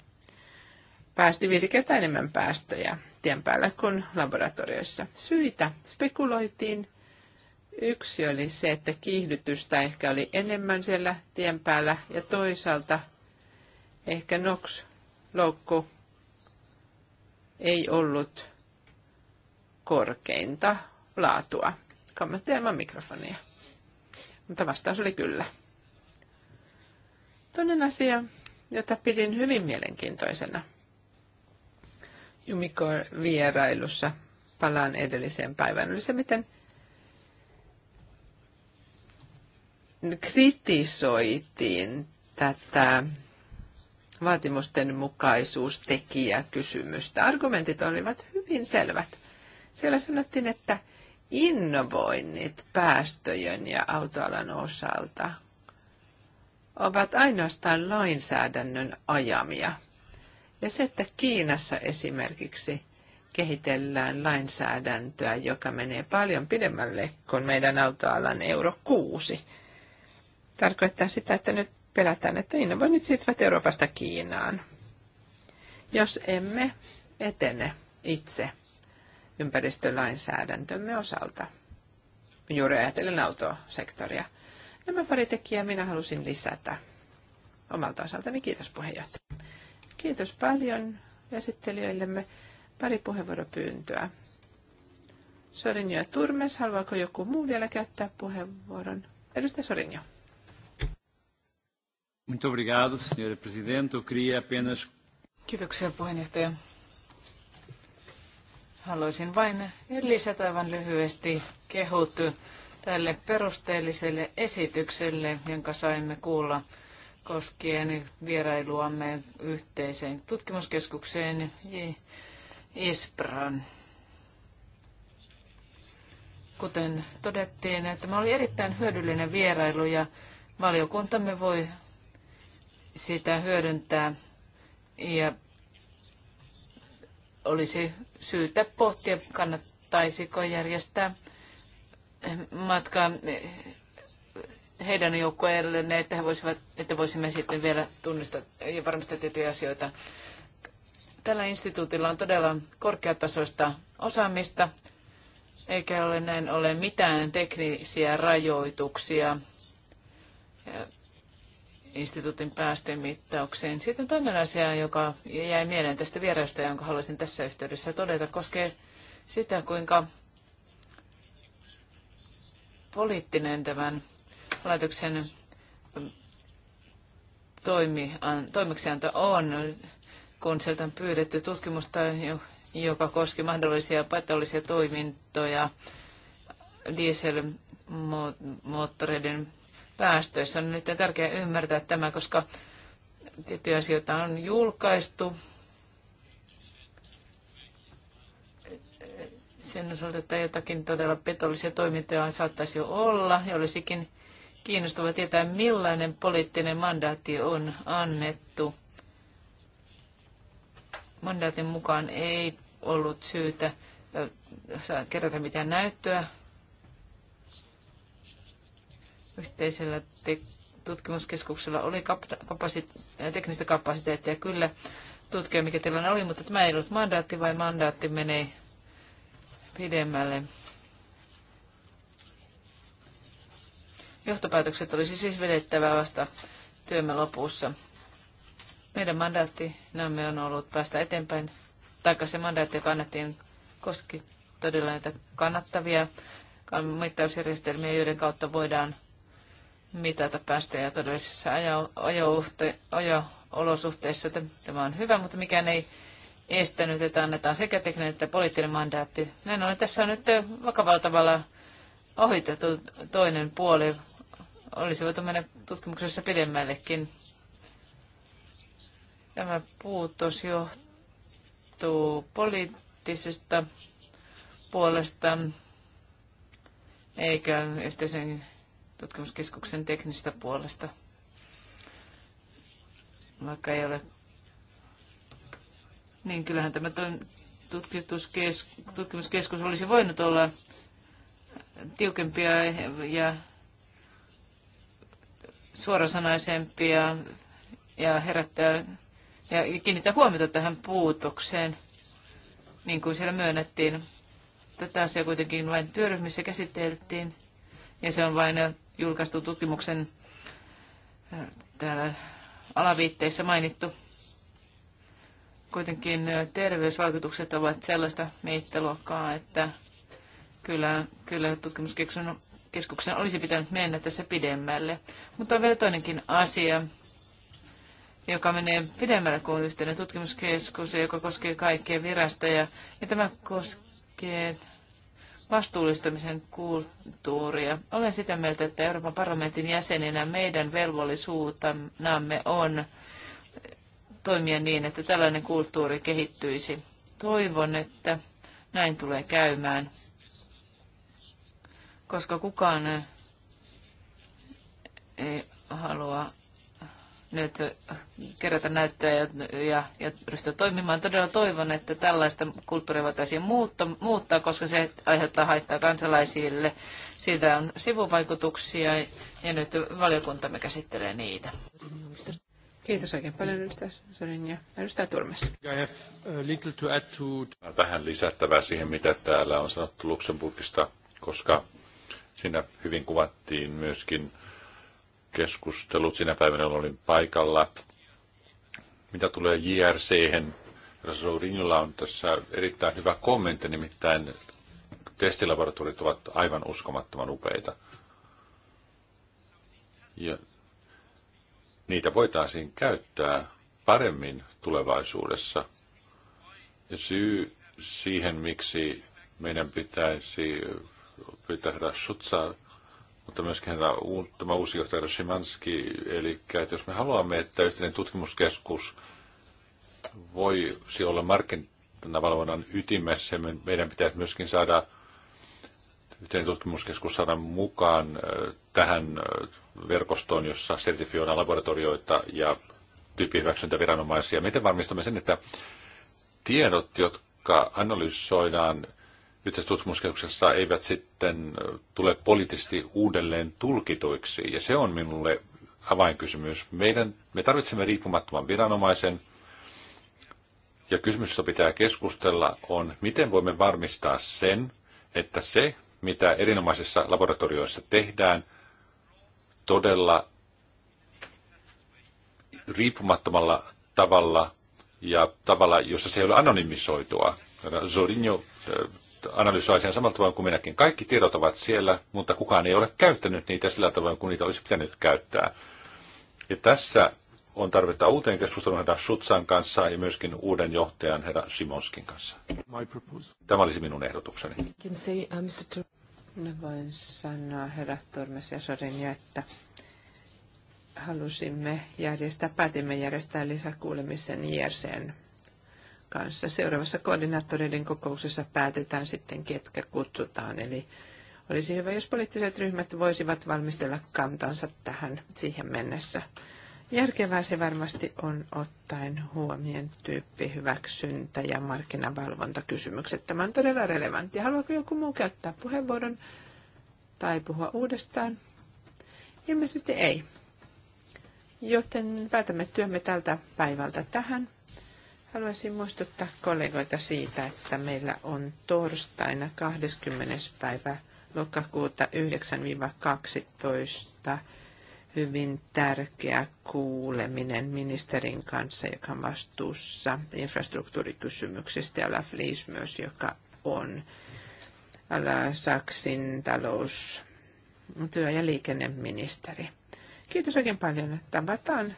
päästi viisi kertaa enemmän päästöjä tien päällä kuin laboratorioissa. Syitä spekuloitiin. Yksi oli se, että kiihdytystä ehkä oli enemmän siellä tien päällä ja toisaalta ehkä NOx-loukku ei ollut korkeinta laatua. Kommentti ilman mikrofonia. Mutta vastaus oli kyllä. Toinen asia, jota pidin hyvin mielenkiintoisena – Jumikor vierailussa. Palaan edelliseen päivään. Oli se, miten kritisoitiin tätä vaatimusten mukaisuustekijä kysymystä. Argumentit olivat hyvin selvät. Siellä sanottiin, että innovoinnit päästöjen ja autoalan osalta ovat ainoastaan lainsäädännön ajamia – ja se, että Kiinassa esimerkiksi kehitellään lainsäädäntöä, joka menee paljon pidemmälle kuin meidän autoalan euro 6. Tarkoittaa sitä, että nyt pelätään, että innovoinnit siirtyvät Euroopasta Kiinaan. Jos emme etene itse ympäristölainsäädäntömme osalta, juuri ajatellen autosektoria. Nämä pari tekijää minä halusin lisätä omalta osaltani. Kiitos puheenjohtaja. Kiitos paljon esittelijöillemme. Pari puheenvuoropyyntöä. Sorinjo ja Turmes, haluaako joku muu vielä käyttää puheenvuoron? Edustaja Sorinjo. Muito obrigado, senhor presidente. Eu queria apenas... Kiitoksia puheenjohtaja. Haluaisin vain lisätä aivan lyhyesti kehut tälle perusteelliselle esitykselle, jonka saimme kuulla koskien vierailuamme yhteiseen tutkimuskeskukseen Ispran, Kuten todettiin, että tämä oli erittäin hyödyllinen vierailu ja valiokuntamme voi sitä hyödyntää ja olisi syytä pohtia, kannattaisiko järjestää matka heidän joukkueelleen, että, he voisivat, että voisimme sitten vielä tunnistaa ja varmistaa tiettyjä asioita. Tällä instituutilla on todella korkeatasoista osaamista, eikä ole näin ole mitään teknisiä rajoituksia instituutin päästömittaukseen. Sitten toinen asia, joka jäi mieleen tästä vierailusta, jonka haluaisin tässä yhteydessä todeta, koskee sitä, kuinka poliittinen tämän laitoksen toimeksianto on, kun sieltä on pyydetty tutkimusta, joka koski mahdollisia patollisia toimintoja dieselmoottoreiden päästöissä. On nyt tärkeää ymmärtää tämä, koska tiettyjä asioita on julkaistu. Sen osalta, että jotakin todella petollisia toimintoja saattaisi jo olla ja olisikin kiinnostava tietää, millainen poliittinen mandaatti on annettu. Mandaatin mukaan ei ollut syytä kerätä mitään näyttöä yhteisellä tutkimuskeskuksella oli kapasite- äh, teknistä kapasiteettia kyllä tutkia, mikä tilanne oli, mutta tämä ei ollut mandaatti, vai mandaatti menee pidemmälle. Johtopäätökset olisi siis vedettävä vasta työmme lopussa. Meidän mandaatti mandaattinamme on ollut päästä eteenpäin, taikka se mandaatti, joka annettiin, koski todella näitä kannattavia mittausjärjestelmiä, joiden kautta voidaan mitata päästöjä todellisissa ajo-olosuhteissa. Tämä on hyvä, mutta mikään ei estänyt, että annetaan sekä tekninen että poliittinen mandaatti. Näin ollen tässä on nyt vakavalla tavalla ohitettu toinen puoli. Olisi voitu mennä tutkimuksessa pidemmällekin. Tämä puutos johtuu poliittisesta puolesta eikä yhteisen tutkimuskeskuksen teknistä puolesta. Vaikka ei ole, niin kyllähän tämä tutkimuskeskus olisi voinut olla tiukempia ja suorasanaisempia ja herättää ja kiinnittää huomiota tähän puutokseen, niin kuin siellä myönnettiin. Tätä asiaa kuitenkin vain työryhmissä käsiteltiin, ja se on vain julkaistu tutkimuksen äh, täällä alaviitteissä mainittu. Kuitenkin äh, terveysvaikutukset ovat sellaista mittaluokkaa, että Kyllä, kyllä tutkimuskeskuksen olisi pitänyt mennä tässä pidemmälle. Mutta on vielä toinenkin asia, joka menee pidemmälle kuin yhteinen tutkimuskeskus, joka koskee kaikkia virastoja. Ja tämä koskee vastuullistamisen kulttuuria. Olen sitä mieltä, että Euroopan parlamentin jäseninä meidän velvollisuutamme on toimia niin, että tällainen kulttuuri kehittyisi. Toivon, että näin tulee käymään koska kukaan ei halua nyt kerätä näyttöä ja, ja, ja ryhtyä toimimaan. Todella toivon, että tällaista kulttuuria voitaisiin muuttaa, muuttaa, koska se aiheuttaa haittaa kansalaisille. Siitä on sivuvaikutuksia ja nyt valiokuntamme käsittelee niitä. Kiitos oikein paljon edustaja Sorin ja edustaja Turmes. Vähän uh, lisättävää siihen, mitä täällä on sanottu Luxemburgista, koska Siinä hyvin kuvattiin myöskin keskustelut sinä päivänä, jolloin olin paikalla. Mitä tulee JRC, Rasurilla on tässä erittäin hyvä kommentti, nimittäin testilaboratoriot ovat aivan uskomattoman upeita. Ja niitä voitaisiin käyttää paremmin tulevaisuudessa. Ja syy siihen, miksi meidän pitäisi pyytää herra Sutsaa, mutta myöskin herra, tämä uusi johtaja Szymanski. Eli että jos me haluamme, että yhteinen tutkimuskeskus voisi olla markkinavalvonnan ytimessä, meidän pitää myöskin saada yhteinen tutkimuskeskus saada mukaan tähän verkostoon, jossa sertifioidaan laboratorioita ja tyyppihyväksyntäviranomaisia. Miten varmistamme sen, että tiedot, jotka analysoidaan yhteistutkimuskeskuksessa eivät sitten tule poliittisesti uudelleen tulkituiksi. Ja se on minulle avainkysymys. Meidän, me tarvitsemme riippumattoman viranomaisen, ja kysymys, jossa pitää keskustella, on, miten voimme varmistaa sen, että se, mitä erinomaisissa laboratorioissa tehdään, todella riippumattomalla tavalla ja tavalla, jossa se ei ole anonymisoitua. Zorinjo analysoi asian samalla tavalla kuin minäkin. Kaikki tiedot ovat siellä, mutta kukaan ei ole käyttänyt niitä sillä tavalla kuin niitä olisi pitänyt käyttää. Ja tässä on tarvetta uuteen keskusteluun herra Schutzan kanssa ja myöskin uuden johtajan herra Simonskin kanssa. Tämä olisi minun ehdotukseni. Uh, voin sanoa herra Turmes ja Sorinja, että halusimme järjestää, päätimme järjestää lisäkuulemisen JRCn kanssa. Seuraavassa koordinaattoreiden kokouksessa päätetään sitten, ketkä kutsutaan. Eli olisi hyvä, jos poliittiset ryhmät voisivat valmistella kantansa tähän siihen mennessä. Järkevää se varmasti on ottaen huomioon tyyppihyväksyntä ja markkinavalvontakysymykset. Tämä on todella relevantti. Haluaako joku muu käyttää puheenvuoron tai puhua uudestaan? Ilmeisesti ei. Joten päätämme työmme tältä päivältä tähän. Haluaisin muistuttaa kollegoita siitä, että meillä on torstaina 20. päivä lokakuuta 9-12 hyvin tärkeä kuuleminen ministerin kanssa, joka on vastuussa infrastruktuurikysymyksistä ja Laflis myös, joka on Saksin talous, työ- ja liikenneministeri. Kiitos oikein paljon, että tavataan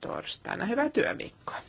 torstaina. Hyvää työviikkoa.